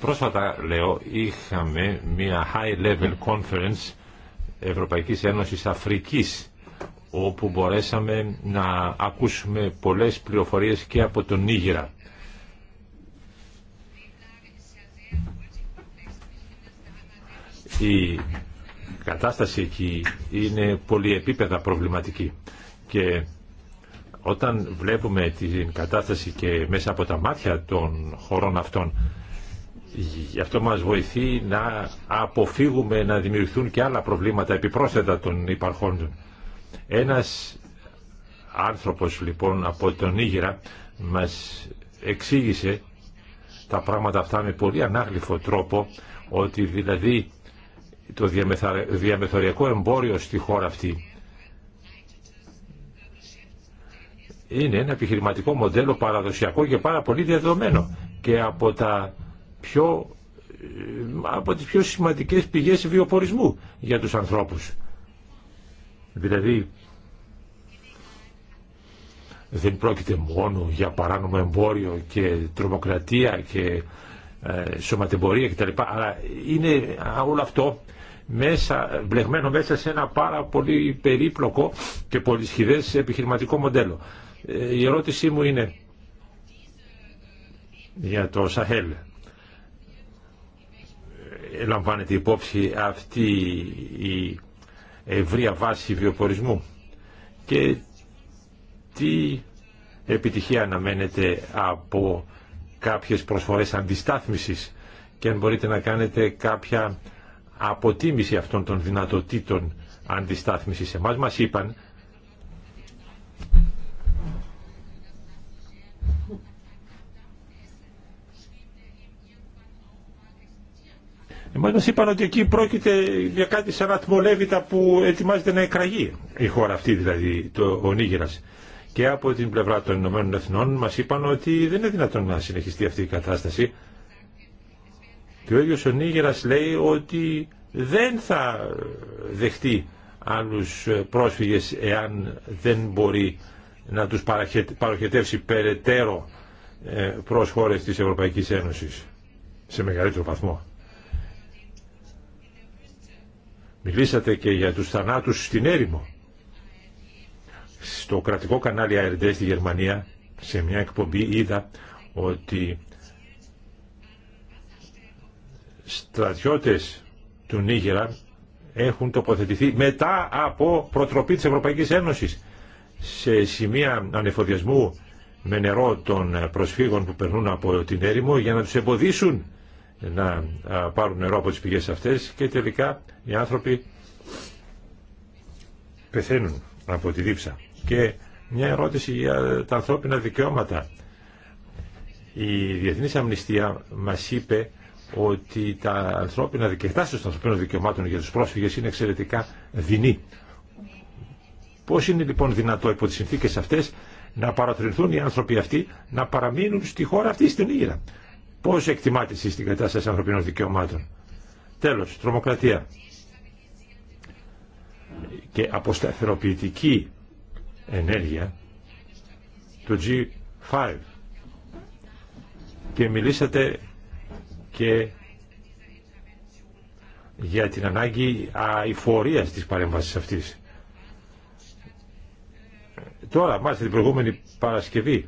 Πρόσφατα λέω είχαμε μια high level conference Ευρωπαϊκής Ένωσης Αφρικής όπου μπορέσαμε να ακούσουμε πολλές πληροφορίες και από τον Νίγηρα. Η κατάσταση εκεί είναι πολυεπίπεδα προβληματική και όταν βλέπουμε την κατάσταση και μέσα από τα μάτια των χωρών αυτών γι' αυτό μας βοηθεί να αποφύγουμε να δημιουργηθούν και άλλα προβλήματα επιπρόσθετα των υπαρχόντων. Ένας άνθρωπος λοιπόν από τον Ήγηρα μας εξήγησε τα πράγματα αυτά με πολύ ανάγλυφο τρόπο ότι δηλαδή το διαμεθοριακό εμπόριο στη χώρα αυτή είναι ένα επιχειρηματικό μοντέλο παραδοσιακό και πάρα πολύ διαδεδομένο και από, τα πιο, ε, από τις πιο σημαντικές πηγές βιοπορισμού για τους ανθρώπους. Δηλαδή δεν πρόκειται μόνο για παράνομο εμπόριο και τρομοκρατία και ε, σωματεμπορία κτλ. Αλλά είναι όλο αυτό μέσα, μπλεγμένο μέσα σε ένα πάρα πολύ περίπλοκο και πολυσχηδές επιχειρηματικό μοντέλο. Ε, η ερώτησή μου είναι για το Σαχέλ. Ε, λαμβάνεται υπόψη αυτή η ευρεία βάση βιοπορισμού και τι επιτυχία αναμένεται από κάποιες προσφορές αντιστάθμισης και αν μπορείτε να κάνετε κάποια αποτίμηση αυτών των δυνατοτήτων αντιστάθμισης. Εμάς μας είπαν Μα είπαν ότι εκεί πρόκειται για κάτι σαν ατμολέβητα που ετοιμάζεται να εκραγεί η χώρα αυτή δηλαδή, το, ο Νίγηρας. Και από την πλευρά των Ηνωμένων Εθνών μας είπαν ότι δεν είναι δυνατόν να συνεχιστεί αυτή η κατάσταση. Και ο ίδιος ο Νίγηρας λέει ότι δεν θα δεχτεί άλλους πρόσφυγες εάν δεν μπορεί να τους παροχετεύσει περαιτέρω ε, προς χώρες της Ευρωπαϊκής Ένωσης σε μεγαλύτερο βαθμό. Μιλήσατε και για τους θανάτους στην έρημο. Στο κρατικό κανάλι ARD στη Γερμανία, σε μια εκπομπή είδα ότι στρατιώτες του Νίγερα έχουν τοποθετηθεί μετά από προτροπή της Ευρωπαϊκής Ένωσης σε σημεία ανεφοδιασμού με νερό των προσφύγων που περνούν από την έρημο για να τους εμποδίσουν να πάρουν νερό από τις πηγές αυτές και τελικά οι άνθρωποι πεθαίνουν από τη δίψα. Και μια ερώτηση για τα ανθρώπινα δικαιώματα. Η Διεθνής Αμνηστία μας είπε ότι τα ανθρώπινα δικαιώματα των ανθρωπίνων δικαιωμάτων για τους πρόσφυγες είναι εξαιρετικά δεινή. Πώς είναι λοιπόν δυνατό υπό τις συνθήκες αυτές να παρατηρηθούν οι άνθρωποι αυτοί να παραμείνουν στη χώρα αυτή στην Ήγυρα. Πώς εκτιμάτε εσείς την κατάσταση ανθρωπίνων δικαιωμάτων. Τέλος, τρομοκρατία και αποσταθεροποιητική ενέργεια το G5 και μιλήσατε και για την ανάγκη αηφορίας της παρέμβασης αυτής. Τώρα, μάλιστα την προηγούμενη Παρασκευή,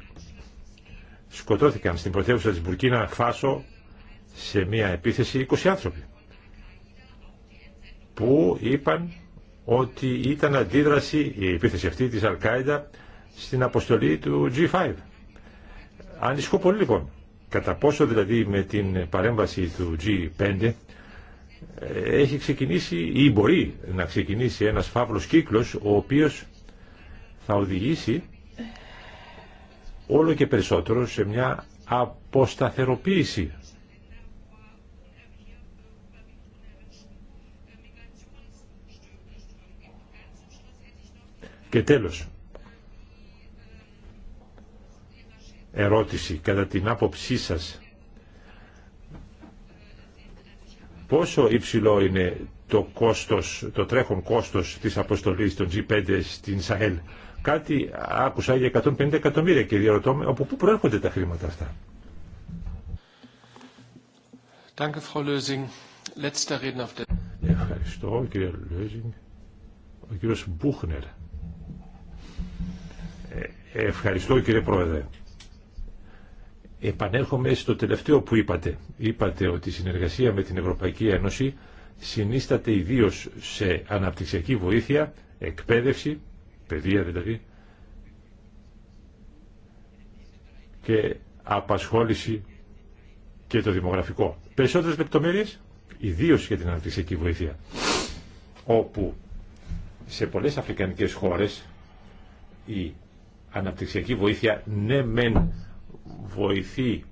σκοτώθηκαν στην πρωτεύουσα της Μπουρκίνα Φάσο σε μια επίθεση 20 άνθρωποι που είπαν ότι ήταν αντίδραση η επίθεση αυτή της Αλκάιντα στην αποστολή του G5. Ανησυχώ πολύ λοιπόν. Κατά πόσο δηλαδή με την παρέμβαση του G5 ε, έχει ξεκινήσει ή μπορεί να ξεκινήσει ένας φαύλος κύκλος ο οποίος θα οδηγήσει όλο και περισσότερο σε μια αποσταθεροποίηση Και τέλος, ερώτηση κατά την άποψή σας πόσο υψηλό είναι το κόστος, το τρέχον κόστος της αποστολής των G5 στην Σαέλ. Κάτι άκουσα για 150 εκατομμύρια και διαρωτώ με από πού προέρχονται τα χρήματα αυτά. Ευχαριστώ κύριε Λέζινγκ. Ο κύριος Μπούχνερ. Ε, ευχαριστώ κύριε Πρόεδρε. Επανέρχομαι στο τελευταίο που είπατε. Είπατε ότι η συνεργασία με την Ευρωπαϊκή Ένωση συνίσταται ιδίως σε αναπτυξιακή βοήθεια, εκπαίδευση, παιδεία δηλαδή, και απασχόληση και το δημογραφικό. Περισσότερες λεπτομέρειες, ιδίως για την αναπτυξιακή βοήθεια, όπου σε πολλές αφρικανικές χώρες η αναπτυξιακή βοήθεια ναι μεν βοηθεί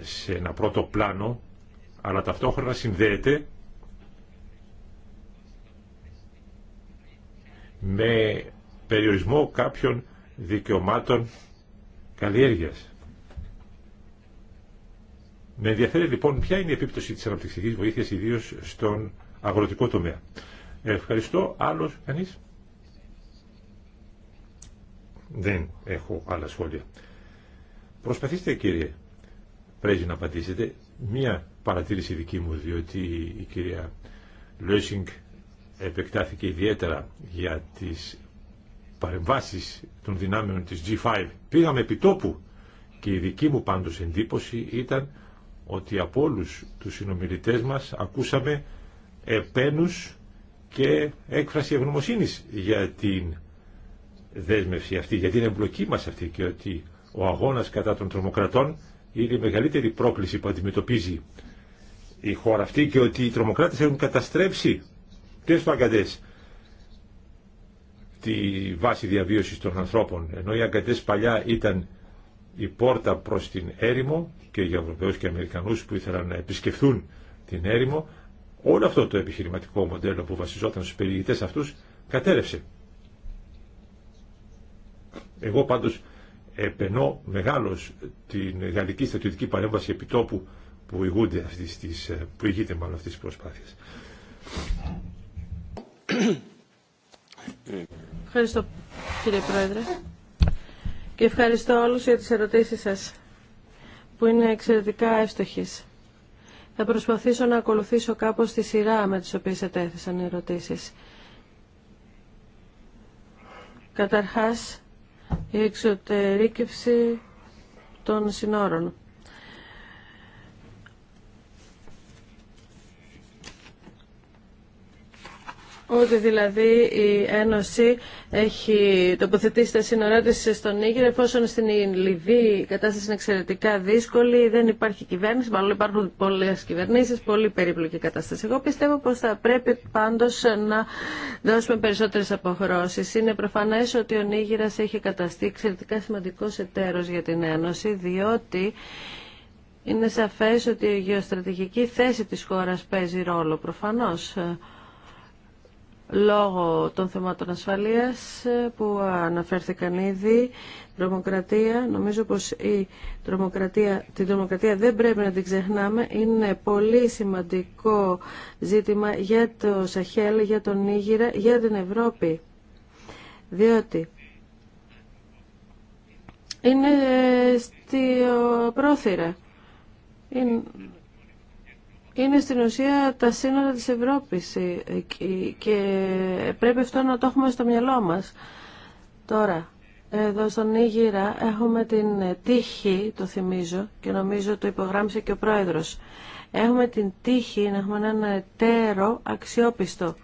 σε ένα πρώτο πλάνο αλλά ταυτόχρονα συνδέεται με περιορισμό κάποιων δικαιωμάτων καλλιέργειας. Με ενδιαφέρει λοιπόν ποια είναι η επίπτωση της αναπτυξιακής βοήθειας ιδίως στον αγροτικό τομέα. Ευχαριστώ. Άλλος κανείς. Δεν έχω άλλα σχόλια. Προσπαθήστε κύριε Πρέζη να απαντήσετε. Μία παρατήρηση δική μου, διότι η κυρία Λέσινγκ επεκτάθηκε ιδιαίτερα για τις παρεμβάσεις των δυνάμεων της G5. Πήγαμε επί τόπου και η δική μου πάντως εντύπωση ήταν ότι από όλου τους συνομιλητές μας ακούσαμε επένους και έκφραση ευγνωμοσύνης για την δέσμευση αυτή, γιατί είναι εμπλοκή μα αυτή και ότι ο αγώνα κατά των τρομοκρατών είναι η μεγαλύτερη πρόκληση που αντιμετωπίζει η χώρα αυτή και ότι οι τρομοκράτε έχουν καταστρέψει τις Αγκαντέ τη βάση διαβίωση των ανθρώπων ενώ οι Αγκαντέ παλιά ήταν η πόρτα προ την έρημο και για Ευρωπαίου και Αμερικανού που ήθελαν να επισκεφθούν την έρημο όλο αυτό το επιχειρηματικό μοντέλο που βασιζόταν στου περιηγητές αυτού κατέρευσε. Εγώ πάντως επενώ μεγάλο την γαλλική στρατιωτική παρέμβαση επιτόπου που ηγούνται αυτής της, ε, που ηγείται μάλλον αυτή τη προσπάθεια. Ευχαριστώ κύριε Πρόεδρε και ευχαριστώ όλους για τις ερωτήσεις σας που είναι εξαιρετικά εύστοχες. Θα προσπαθήσω να ακολουθήσω κάπως τη σειρά με τις οποίες ετέθησαν οι ερωτήσεις. Καταρχάς, η εξωτερήκευση των συνόρων. ότι δηλαδή η Ένωση έχει τοποθετήσει τα σύνορά της στον Νίγηρο εφόσον στην Λιβύη η κατάσταση είναι εξαιρετικά δύσκολη, δεν υπάρχει κυβέρνηση, μάλλον υπάρχουν πολλές κυβερνήσεις, πολύ περίπλοκη κατάσταση. Εγώ πιστεύω πως θα πρέπει πάντως να δώσουμε περισσότερες αποχρώσεις. Είναι προφανές ότι ο Νίγηρας έχει καταστεί εξαιρετικά σημαντικός εταίρος για την Ένωση, διότι είναι σαφές ότι η γεωστρατηγική θέση της χώρας παίζει ρόλο προφανώς λόγω των θεμάτων ασφαλείας ε, που αναφέρθηκαν ήδη, τρομοκρατία, νομίζω πως η τρομοκρατία, την τρομοκρατία δεν πρέπει να την ξεχνάμε, είναι πολύ σημαντικό ζήτημα για το Σαχέλ, για τον Νίγηρα, για την Ευρώπη. Διότι είναι ε, στη πρόθυρα. Είναι είναι στην ουσία τα σύνορα της Ευρώπης ε, ε, και πρέπει αυτό να το έχουμε στο μυαλό μας. Τώρα, εδώ στον Ήγηρα έχουμε την ε, τύχη, το θυμίζω και νομίζω το υπογράμμισε και ο πρόεδρος. Έχουμε την τύχη να έχουμε έναν εταίρο αξιόπιστο.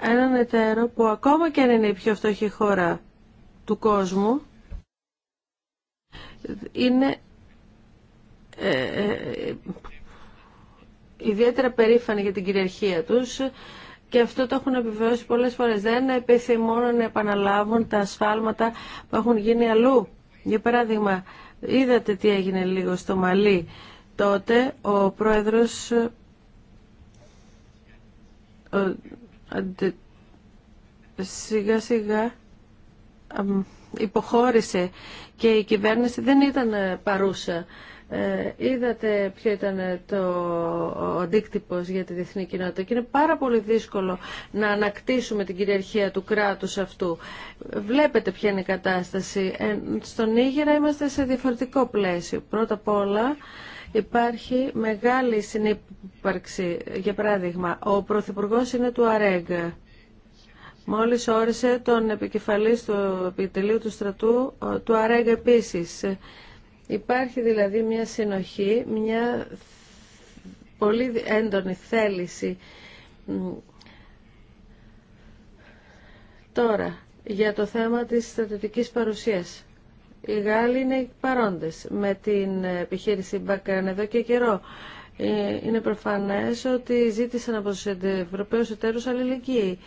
Έναν εταίρο που ακόμα και αν είναι η πιο φτωχή χώρα του κόσμου, είναι ε, ε, ιδιαίτερα περήφανοι για την κυριαρχία τους και αυτό το έχουν επιβεβαιώσει πολλές φορές. Δεν επιθυμούν να επαναλάβουν τα ασφάλματα που έχουν γίνει αλλού. Για παράδειγμα, είδατε τι έγινε λίγο στο Μαλί. Τότε ο πρόεδρος σιγά σιγά υποχώρησε και η κυβέρνηση δεν ήταν ε, παρούσα. Ε, είδατε ποιο ήταν ε, το αντίκτυπο για τη διεθνή κοινότητα και είναι πάρα πολύ δύσκολο να ανακτήσουμε την κυριαρχία του κράτους αυτού. Βλέπετε ποια είναι η κατάσταση. Στον Ήγερα είμαστε σε διαφορετικό πλαίσιο. Πρώτα απ' όλα υπάρχει μεγάλη συνύπαρξη. Για παράδειγμα, ο Πρωθυπουργό είναι του Αρέγκα Μόλις όρισε τον επικεφαλής του επιτελείου του στρατού, του Αρέγ επίσης. Υπάρχει δηλαδή μια συνοχή, μια πολύ έντονη θέληση. Τώρα, για το θέμα της στρατιωτικής παρουσίας. Οι Γάλλοι είναι παρόντες με την επιχείρηση Μπακράν εδώ και καιρό. Ε, είναι προφανές ότι ζήτησαν από τους Ευρωπαίους εταίρους αλληλεγγύη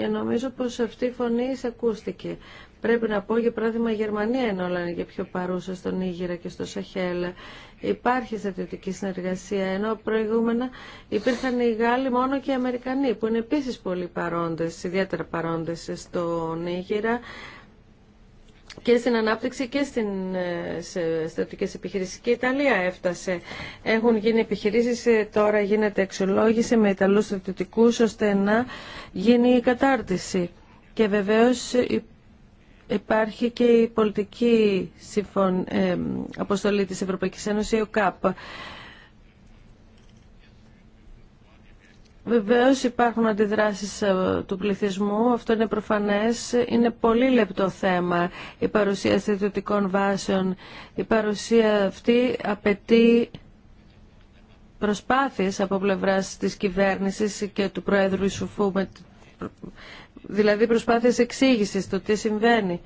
και νομίζω πως αυτή η φωνή εισακούστηκε. Πρέπει να πω για παράδειγμα η Γερμανία είναι όλα και πιο παρούσα στον Ήγηρα και στο Σαχέλ. Υπάρχει στρατιωτική συνεργασία, ενώ προηγούμενα υπήρχαν οι Γάλλοι μόνο και οι Αμερικανοί, που είναι επίσης πολύ παρόντες, ιδιαίτερα παρόντες στον Ήγηρα και στην ανάπτυξη και στην, ε, σε στρατιωτικές επιχειρήσεις. Και η Ιταλία έφτασε. Έχουν γίνει επιχειρήσεις, ε, τώρα γίνεται εξολόγηση με Ιταλούς στρατιωτικούς ώστε να γίνει η κατάρτιση. Και βεβαίως ε, υπάρχει και η πολιτική συμφων... αποστολή της Ευρωπαϊκής Ένωσης, η ΟΚΑΠ. Βεβαίω, υπάρχουν αντιδράσεις ε, του πληθυσμού, αυτό είναι προφανές, είναι πολύ λεπτό θέμα η παρουσία στρατιωτικών βάσεων. Η παρουσία αυτή απαιτεί προσπάθειες από πλευράς της κυβέρνησης και του Προέδρου Ισουφού, δηλαδή προσπάθειες εξήγησης το τι συμβαίνει.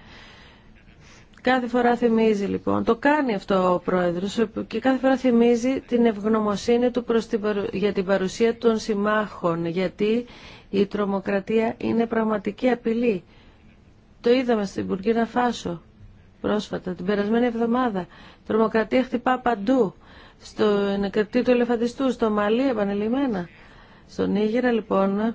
Κάθε φορά θυμίζει λοιπόν, το κάνει αυτό ο Πρόεδρος και κάθε φορά θυμίζει την ευγνωμοσύνη του για την παρουσία των συμμάχων, γιατί η τρομοκρατία είναι πραγματική απειλή. Το είδαμε στην Μπουργκίνα Φάσο πρόσφατα, την περασμένη εβδομάδα. Η τρομοκρατία χτυπά παντού, στο νεκριτή του ελεφαντιστού, στο Μαλί επανελειμμένα. Στον Νίγηρα λοιπόν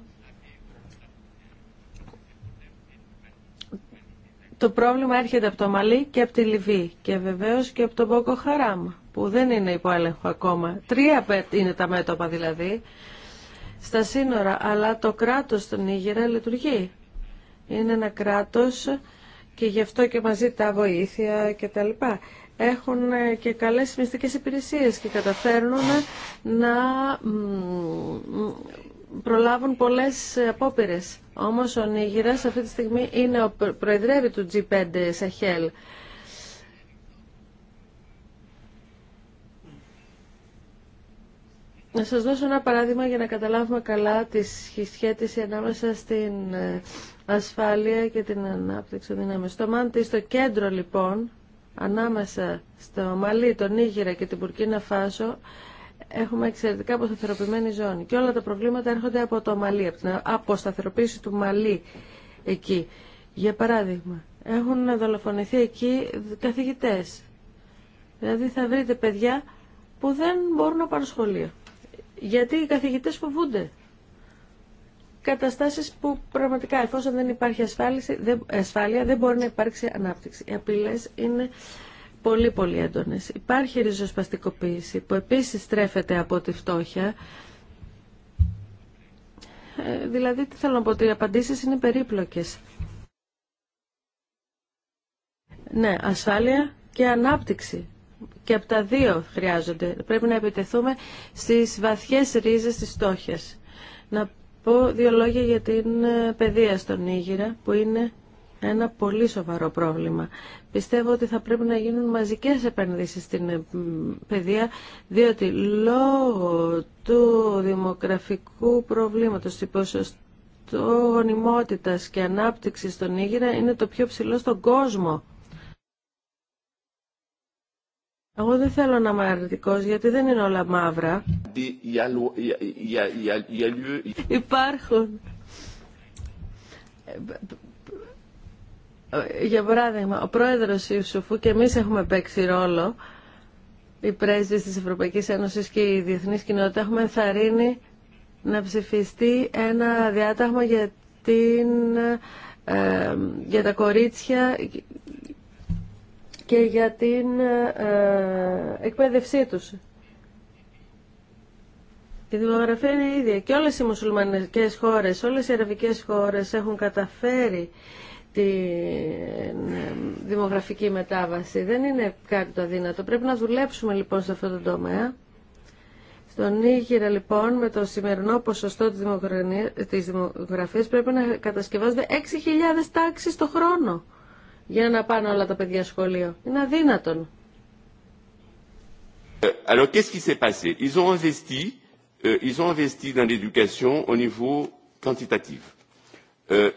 το πρόβλημα έρχεται από το Μαλί και από τη Λιβύη και βεβαίως και από το Μπόκο Χαράμ που δεν είναι υπό έλεγχο ακόμα. Τρία είναι τα μέτωπα δηλαδή στα σύνορα, αλλά το κράτος στον Νίγηρα λειτουργεί. Είναι ένα κράτος και γι' αυτό και μαζί τα βοήθεια και τα λοιπά. Έχουν ε, και καλές μυστικές υπηρεσίες και καταφέρνουν να προλάβουν πολλές απόπειρε. Όμως ο Νίγηρας αυτή τη στιγμή είναι ο προεδρεύει του G5 Σαχέλ. Να σας δώσω ένα παράδειγμα για να καταλάβουμε καλά τη σχέση ανάμεσα στην ε, ασφάλεια και την ανάπτυξη δυνάμεων. Στο Μάντι, στο κέντρο λοιπόν, ανάμεσα στο Μαλί, τον Νίγηρα και την Πουρκίνα Φάσο, έχουμε εξαιρετικά αποσταθεροποιημένη ζώνη και όλα τα προβλήματα έρχονται από το μαλλί, από την αποσταθεροποίηση του μαλλί εκεί. Για παράδειγμα, έχουν δολοφονηθεί εκεί καθηγητές. Δηλαδή θα βρείτε παιδιά που δεν μπορούν να πάρουν σχολείο. Γιατί οι καθηγητές φοβούνται. Καταστάσεις που πραγματικά εφόσον δεν υπάρχει ασφάλεια δεν, ασφάλεια, δεν μπορεί να υπάρξει ανάπτυξη. Οι απειλές είναι πολύ πολύ έντονες. Υπάρχει ριζοσπαστικοποίηση που επίσης στρέφεται από τη φτώχεια. Ε, δηλαδή, τι θέλω να πω, ότι οι απαντήσεις είναι περίπλοκες. Ναι, ασφάλεια και ανάπτυξη. Και από τα δύο χρειάζονται. Πρέπει να επιτεθούμε στις βαθιές ρίζες της φτώχειας. Να πω δύο λόγια για την ε, παιδεία στον Ήγηρα, που είναι ένα πολύ σοβαρό πρόβλημα. Πιστεύω ότι θα πρέπει να γίνουν μαζικές επενδύσεις στην παιδεία, διότι λόγω του δημογραφικού προβλήματος, του ποσοστό γονιμότητας και ανάπτυξης στον Ήγηρα είναι το πιο ψηλό στον κόσμο. Εγώ δεν θέλω να είμαι αρνητικό γιατί δεν είναι όλα μαύρα. Υπάρχουν για παράδειγμα, ο πρόεδρος Ιουσουφού και εμείς έχουμε παίξει ρόλο, οι πρέσβει της Ευρωπαϊκής Ένωσης και η διεθνή κοινότητα έχουμε ενθαρρύνει να ψηφιστεί ένα διάταγμα για, την, ε, για τα κορίτσια και για την ε, εκπαίδευσή τους. Η δημογραφία είναι η ίδια και όλες οι μουσουλμανικές χώρες, όλες οι αραβικές χώρες έχουν καταφέρει την δημογραφική μετάβαση. Δεν είναι κάτι το αδύνατο. Πρέπει να δουλέψουμε λοιπόν σε αυτό το τομέα. Στον Νίγηρα λοιπόν με το σημερινό ποσοστό της δημογραφίας πρέπει να κατασκευάζονται 6.000 τάξεις το χρόνο για να πάνε όλα τα παιδιά σχολείο. Είναι αδύνατον. Ε, alors qu'est-ce qui s'est passé Ils ont investi, euh, ils ont investi dans l'éducation au niveau quantitatif Euh,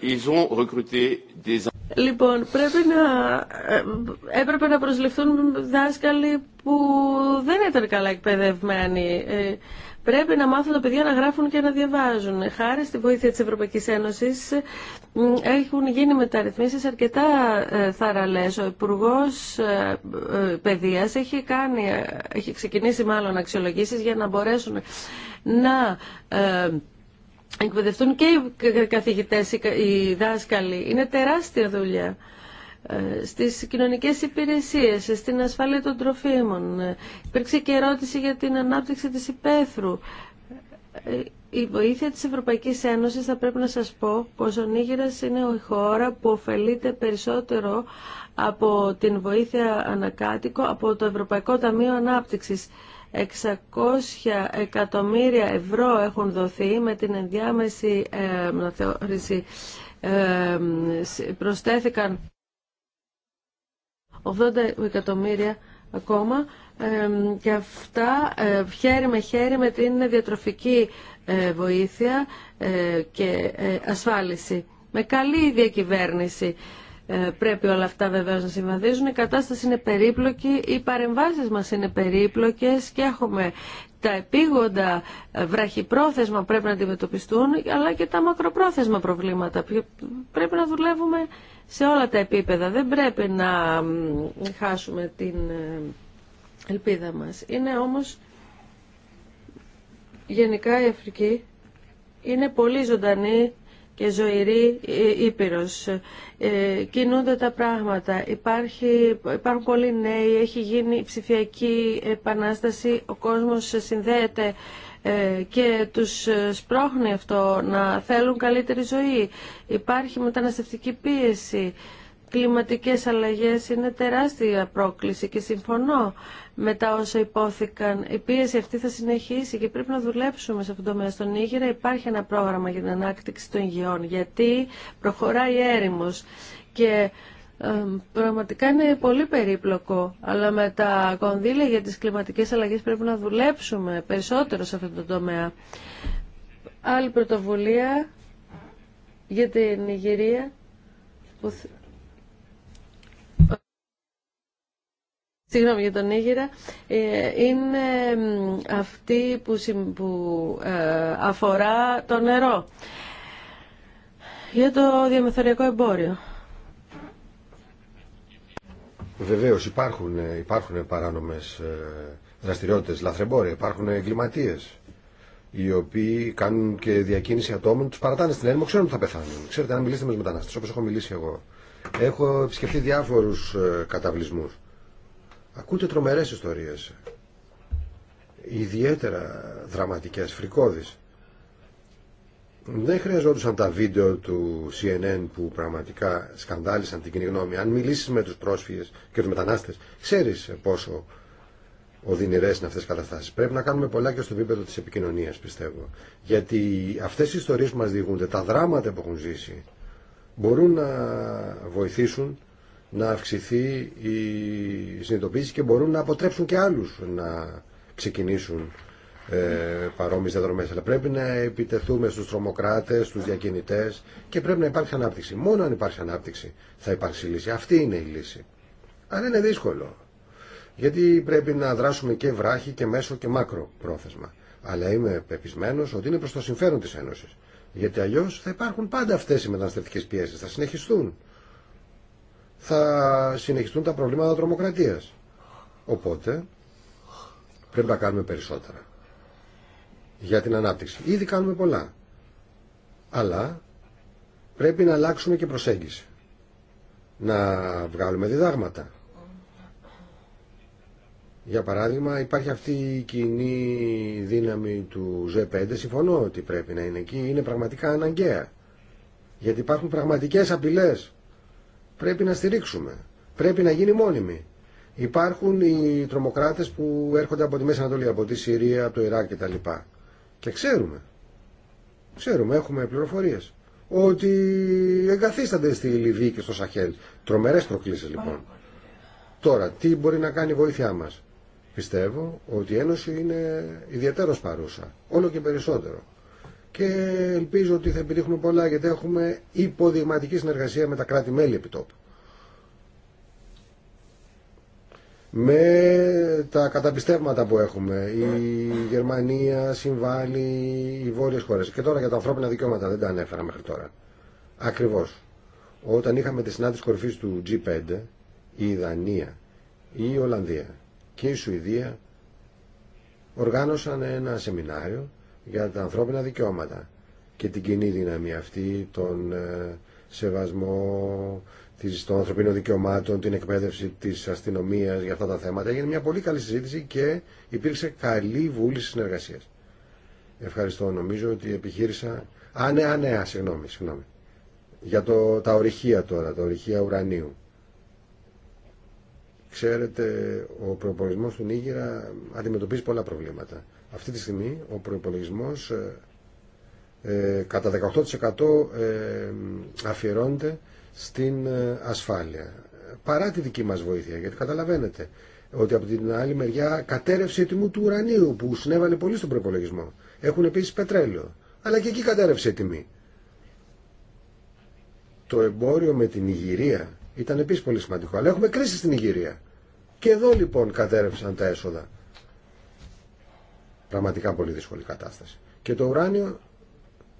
λοιπόν, πρέπει να, ε, έπρεπε να προσληφθούν δάσκαλοι που δεν ήταν καλά εκπαιδευμένοι. Ε, πρέπει να μάθουν τα παιδιά να γράφουν και να διαβάζουν. Χάρη στη βοήθεια της Ευρωπαϊκής Ένωσης ε, έχουν γίνει μεταρρυθμίσεις αρκετά θαραλές. Ο υπουργό Παιδείας έχει, κάνει, ξεκινήσει μάλλον αξιολογήσεις για να μπορέσουν να εκπαιδευτούν και οι καθηγητές, οι δάσκαλοι. Είναι τεράστια δουλειά ε, στις κοινωνικές υπηρεσίες, στην ασφάλεια των τροφίμων. Ε, υπήρξε και ερώτηση για την ανάπτυξη της υπαίθρου. Ε, η βοήθεια της Ευρωπαϊκής Ένωσης θα πρέπει να σας πω πως ο Νίγηρας είναι η χώρα που ωφελείται περισσότερο από την βοήθεια ανακάτοικο από το Ευρωπαϊκό Ταμείο Ανάπτυξης. 600 εκατομμύρια ευρώ έχουν δοθεί με την ενδιάμεση αναθεώρηση. Ε, ε προσθέθηκαν 80 εκατομμύρια ακόμα ε, και αυτά ε, χέρι με χέρι με την διατροφική βοήθεια και ασφάλιση. Με καλή διακυβέρνηση. Ε, πρέπει όλα αυτά βεβαίως να συμβαδίζουν. Η κατάσταση είναι περίπλοκη, οι παρεμβάσεις μας είναι περίπλοκες και έχουμε τα επίγοντα ε, βραχυπρόθεσμα πρέπει να αντιμετωπιστούν, αλλά και τα μακροπρόθεσμα προβλήματα. Πρέπει να δουλεύουμε σε όλα τα επίπεδα. Δεν πρέπει να χάσουμε την ε, ελπίδα μας. Είναι όμως γενικά η Αφρική είναι πολύ ζωντανή και ζωηρή ε, Ήπειρος. Ε, κινούνται τα πράγματα. Υπάρχει, υπάρχουν πολλοί νέοι, έχει γίνει ψηφιακή επανάσταση, ο κόσμος συνδέεται ε, και τους ε, σπρώχνει αυτό να θέλουν καλύτερη ζωή. Υπάρχει μεταναστευτική πίεση κλιματικές αλλαγές είναι τεράστια πρόκληση και συμφωνώ με τα όσα υπόθηκαν. Η πίεση αυτή θα συνεχίσει και πρέπει να δουλέψουμε σε αυτό το τομέα. Στον Ήγηρα υπάρχει ένα πρόγραμμα για την ανάκτηση των γεών, γιατί προχωράει έρημος και πραγματικά είναι πολύ περίπλοκο, αλλά με τα κονδύλια για τις κλιματικές αλλαγές πρέπει να δουλέψουμε περισσότερο σε αυτό το τομέα. Άλλη πρωτοβουλία για την Ιγυρία συγγνώμη για τον Ήγηρα, ε, είναι αυτή που, ε, αφορά το νερό για το διαμεθοριακό εμπόριο. Βεβαίως υπάρχουν, ε, υπάρχουν παράνομες δραστηριότητες, λαθρεμπόρια, υπάρχουν εγκληματίες οι οποίοι κάνουν και διακίνηση ατόμων, τους παρατάνε στην έρημο, ξέρουν ότι θα πεθάνουν. Ξέρετε, αν μιλήσετε με τους μετανάστες, όπως έχω μιλήσει εγώ, έχω επισκεφτεί διάφορους καταβλισμούς Ακούτε τρομερές ιστορίες, ιδιαίτερα δραματικές, φρικώδεις. Δεν χρειαζόντουσαν τα βίντεο του CNN που πραγματικά σκανδάλισαν την κοινή γνώμη. Αν μιλήσεις με τους πρόσφυγες και τους μετανάστες, ξέρεις πόσο οδυνηρές είναι αυτές οι καταστάσεις. Πρέπει να κάνουμε πολλά και στο επίπεδο της επικοινωνίας, πιστεύω. Γιατί αυτές οι ιστορίες που μας διηγούνται, τα δράματα που έχουν ζήσει, μπορούν να βοηθήσουν να αυξηθεί η συνειδητοποίηση και μπορούν να αποτρέψουν και άλλους να ξεκινήσουν ε, παρόμοιες διαδρομές. Αλλά πρέπει να επιτεθούμε στους τρομοκράτες, στους διακινητές και πρέπει να υπάρχει ανάπτυξη. Μόνο αν υπάρχει ανάπτυξη θα υπάρξει λύση. Αυτή είναι η λύση. Αλλά είναι δύσκολο. Γιατί πρέπει να δράσουμε και βράχη και μέσο και μάκρο πρόθεσμα. Αλλά είμαι πεπισμένο ότι είναι προ το συμφέρον τη Ένωση. Γιατί αλλιώ θα υπάρχουν πάντα αυτέ οι μεταναστευτικέ πιέσει. Θα συνεχιστούν θα συνεχιστούν τα προβλήματα τρομοκρατίας. Οπότε πρέπει να κάνουμε περισσότερα για την ανάπτυξη. Ήδη κάνουμε πολλά. Αλλά πρέπει να αλλάξουμε και προσέγγιση. Να βγάλουμε διδάγματα. Για παράδειγμα υπάρχει αυτή η κοινή δύναμη του Z5. Συμφωνώ ότι πρέπει να είναι εκεί. Είναι πραγματικά αναγκαία. Γιατί υπάρχουν πραγματικές απειλές πρέπει να στηρίξουμε. Πρέπει να γίνει μόνιμη. Υπάρχουν οι τρομοκράτες που έρχονται από τη Μέση Ανατολή, από τη Συρία, από το Ιράκ κτλ. Και ξέρουμε, ξέρουμε, έχουμε πληροφορίε. ότι εγκαθίστανται στη Λιβύη και στο Σαχέλ. Τρομερές προκλήσεις λοιπόν. Τώρα, τι μπορεί να κάνει η βοήθειά μα Πιστεύω ότι η Ένωση είναι ιδιαίτερο παρούσα, όλο και περισσότερο και ελπίζω ότι θα επιτύχουμε πολλά γιατί έχουμε υποδειγματική συνεργασία με τα κράτη-μέλη επιτόπου. Με τα καταπιστεύματα που έχουμε, η Γερμανία συμβάλλει, οι βόρειες χώρες. Και τώρα για τα ανθρώπινα δικαιώματα δεν τα ανέφερα μέχρι τώρα. Ακριβώς. Όταν είχαμε τη συνάντηση κορυφής του G5, η Δανία, η Ολλανδία και η Σουηδία οργάνωσαν ένα σεμινάριο για τα ανθρώπινα δικαιώματα και την κοινή δύναμη αυτή, τον ε, σεβασμό των ανθρωπίνων δικαιωμάτων, την εκπαίδευση της αστυνομίας για αυτά τα θέματα. Έγινε μια πολύ καλή συζήτηση και υπήρξε καλή βούληση συνεργασίας. Ευχαριστώ. Νομίζω ότι επιχείρησα... Α, ναι, α, ναι, συγγνώμη, συγγνώμη. Για το, τα ορυχεία τώρα, τα ορυχεία ουρανίου. Ξέρετε, ο προπορισμός του Νίγηρα αντιμετωπίζει πολλά προβλήματα. Αυτή τη στιγμή ο προπολογισμό ε, ε, κατά 18% ε, αφιερώνεται στην ε, ασφάλεια. Παρά τη δική μας βοήθεια, γιατί καταλαβαίνετε ότι από την άλλη μεριά κατέρευσε η τιμή του ουρανίου που συνέβαλε πολύ στον προπολογισμό. Έχουν επίσης πετρέλαιο, αλλά και εκεί κατέρευσε η τιμή. Το εμπόριο με την Ιγυρία ήταν επίσης πολύ σημαντικό, αλλά έχουμε κρίση στην Ιγυρία. Και εδώ λοιπόν κατέρευσαν τα έσοδα. Πραγματικά πολύ δύσκολη κατάσταση. Και το ουράνιο,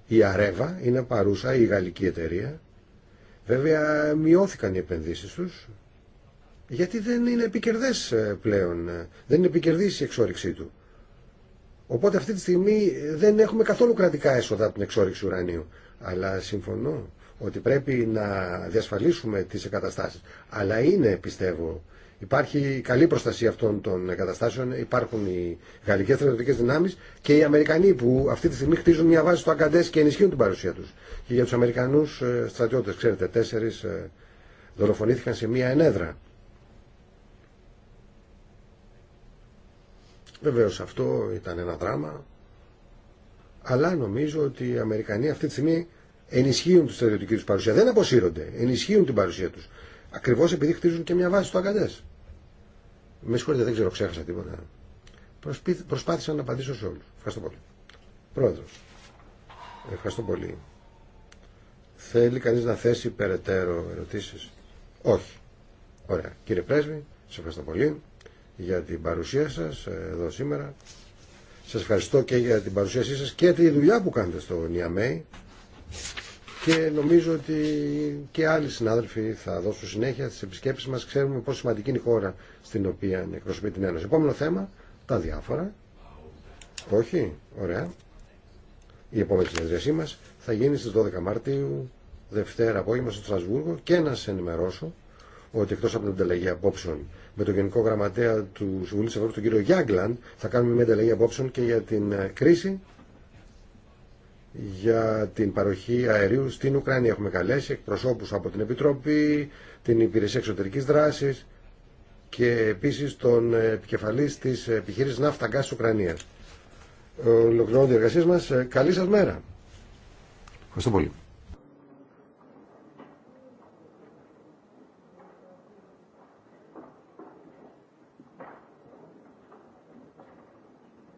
η Αρέβα είναι παρούσα, η γαλλική εταιρεία. Βέβαια μειώθηκαν οι επενδύσεις τους, γιατί δεν είναι επικερδές ε, πλέον, ε, δεν είναι επικερδής η εξόριξή του. Οπότε αυτή τη στιγμή ε, δεν έχουμε καθόλου κρατικά έσοδα από την εξόριξη ουρανίου. Αλλά συμφωνώ ότι πρέπει να διασφαλίσουμε τις εγκαταστάσεις. Αλλά είναι, πιστεύω, Υπάρχει καλή προστασία αυτών των εγκαταστάσεων. Υπάρχουν οι γαλλικέ στρατιωτικέ δυνάμει και οι Αμερικανοί που αυτή τη στιγμή χτίζουν μια βάση στο Αγκαντέ και ενισχύουν την παρουσία του. Και για του Αμερικανού ε, στρατιώτε, ξέρετε, τέσσερι ε, δολοφονήθηκαν σε μια ενέδρα. Βεβαίω, αυτό ήταν ένα δράμα, αλλά νομίζω ότι οι Αμερικανοί αυτή τη στιγμή ενισχύουν τη στρατιωτική του παρουσία. Δεν αποσύρονται, ενισχύουν την παρουσία του. Ακριβώ επειδή χτίζουν και μια βάση στο Αγκαντέ. Με συγχωρείτε, δεν ξέρω, ξέχασα τίποτα. Προσπάθησα να απαντήσω σε όλους. Ευχαριστώ πολύ. Πρόεδρος, ευχαριστώ πολύ. Θέλει κανείς να θέσει περαιτέρω ερωτήσεις. Όχι. Ωραία. Κύριε Πρέσβη, σας ευχαριστώ πολύ για την παρουσία σας εδώ σήμερα. Σας ευχαριστώ και για την παρουσίασή σας και τη δουλειά που κάνετε στο Νιαμέι και νομίζω ότι και άλλοι συνάδελφοι θα δώσουν συνέχεια στις επισκέψεις μας. Ξέρουμε πόσο σημαντική είναι η χώρα στην οποία εκπροσωπεί την Ένωση. Επόμενο θέμα, τα διάφορα. Όχι, ωραία. Η επόμενη συνεδρίασή μας θα γίνει στις 12 Μαρτίου, Δευτέρα απόγευμα στο Στρασβούργο και να σας ενημερώσω ότι εκτός από την ανταλλαγή απόψεων με τον Γενικό Γραμματέα του Συμβουλίου της Ευρώπης, τον κύριο Γιάγκλαντ, θα κάνουμε μια ανταλλαγή απόψεων και για την ε, κρίση για την παροχή αερίου στην Ουκρανία. Έχουμε καλέσει εκπροσώπους από την Επιτροπή, την Υπηρεσία Εξωτερικής Δράσης και επίσης τον επικεφαλής της επιχείρησης Ναύτα Γκάς Ουκρανίας. Ολοκληρώνω τη εργασία μας. Καλή σας μέρα. Ευχαριστώ πολύ.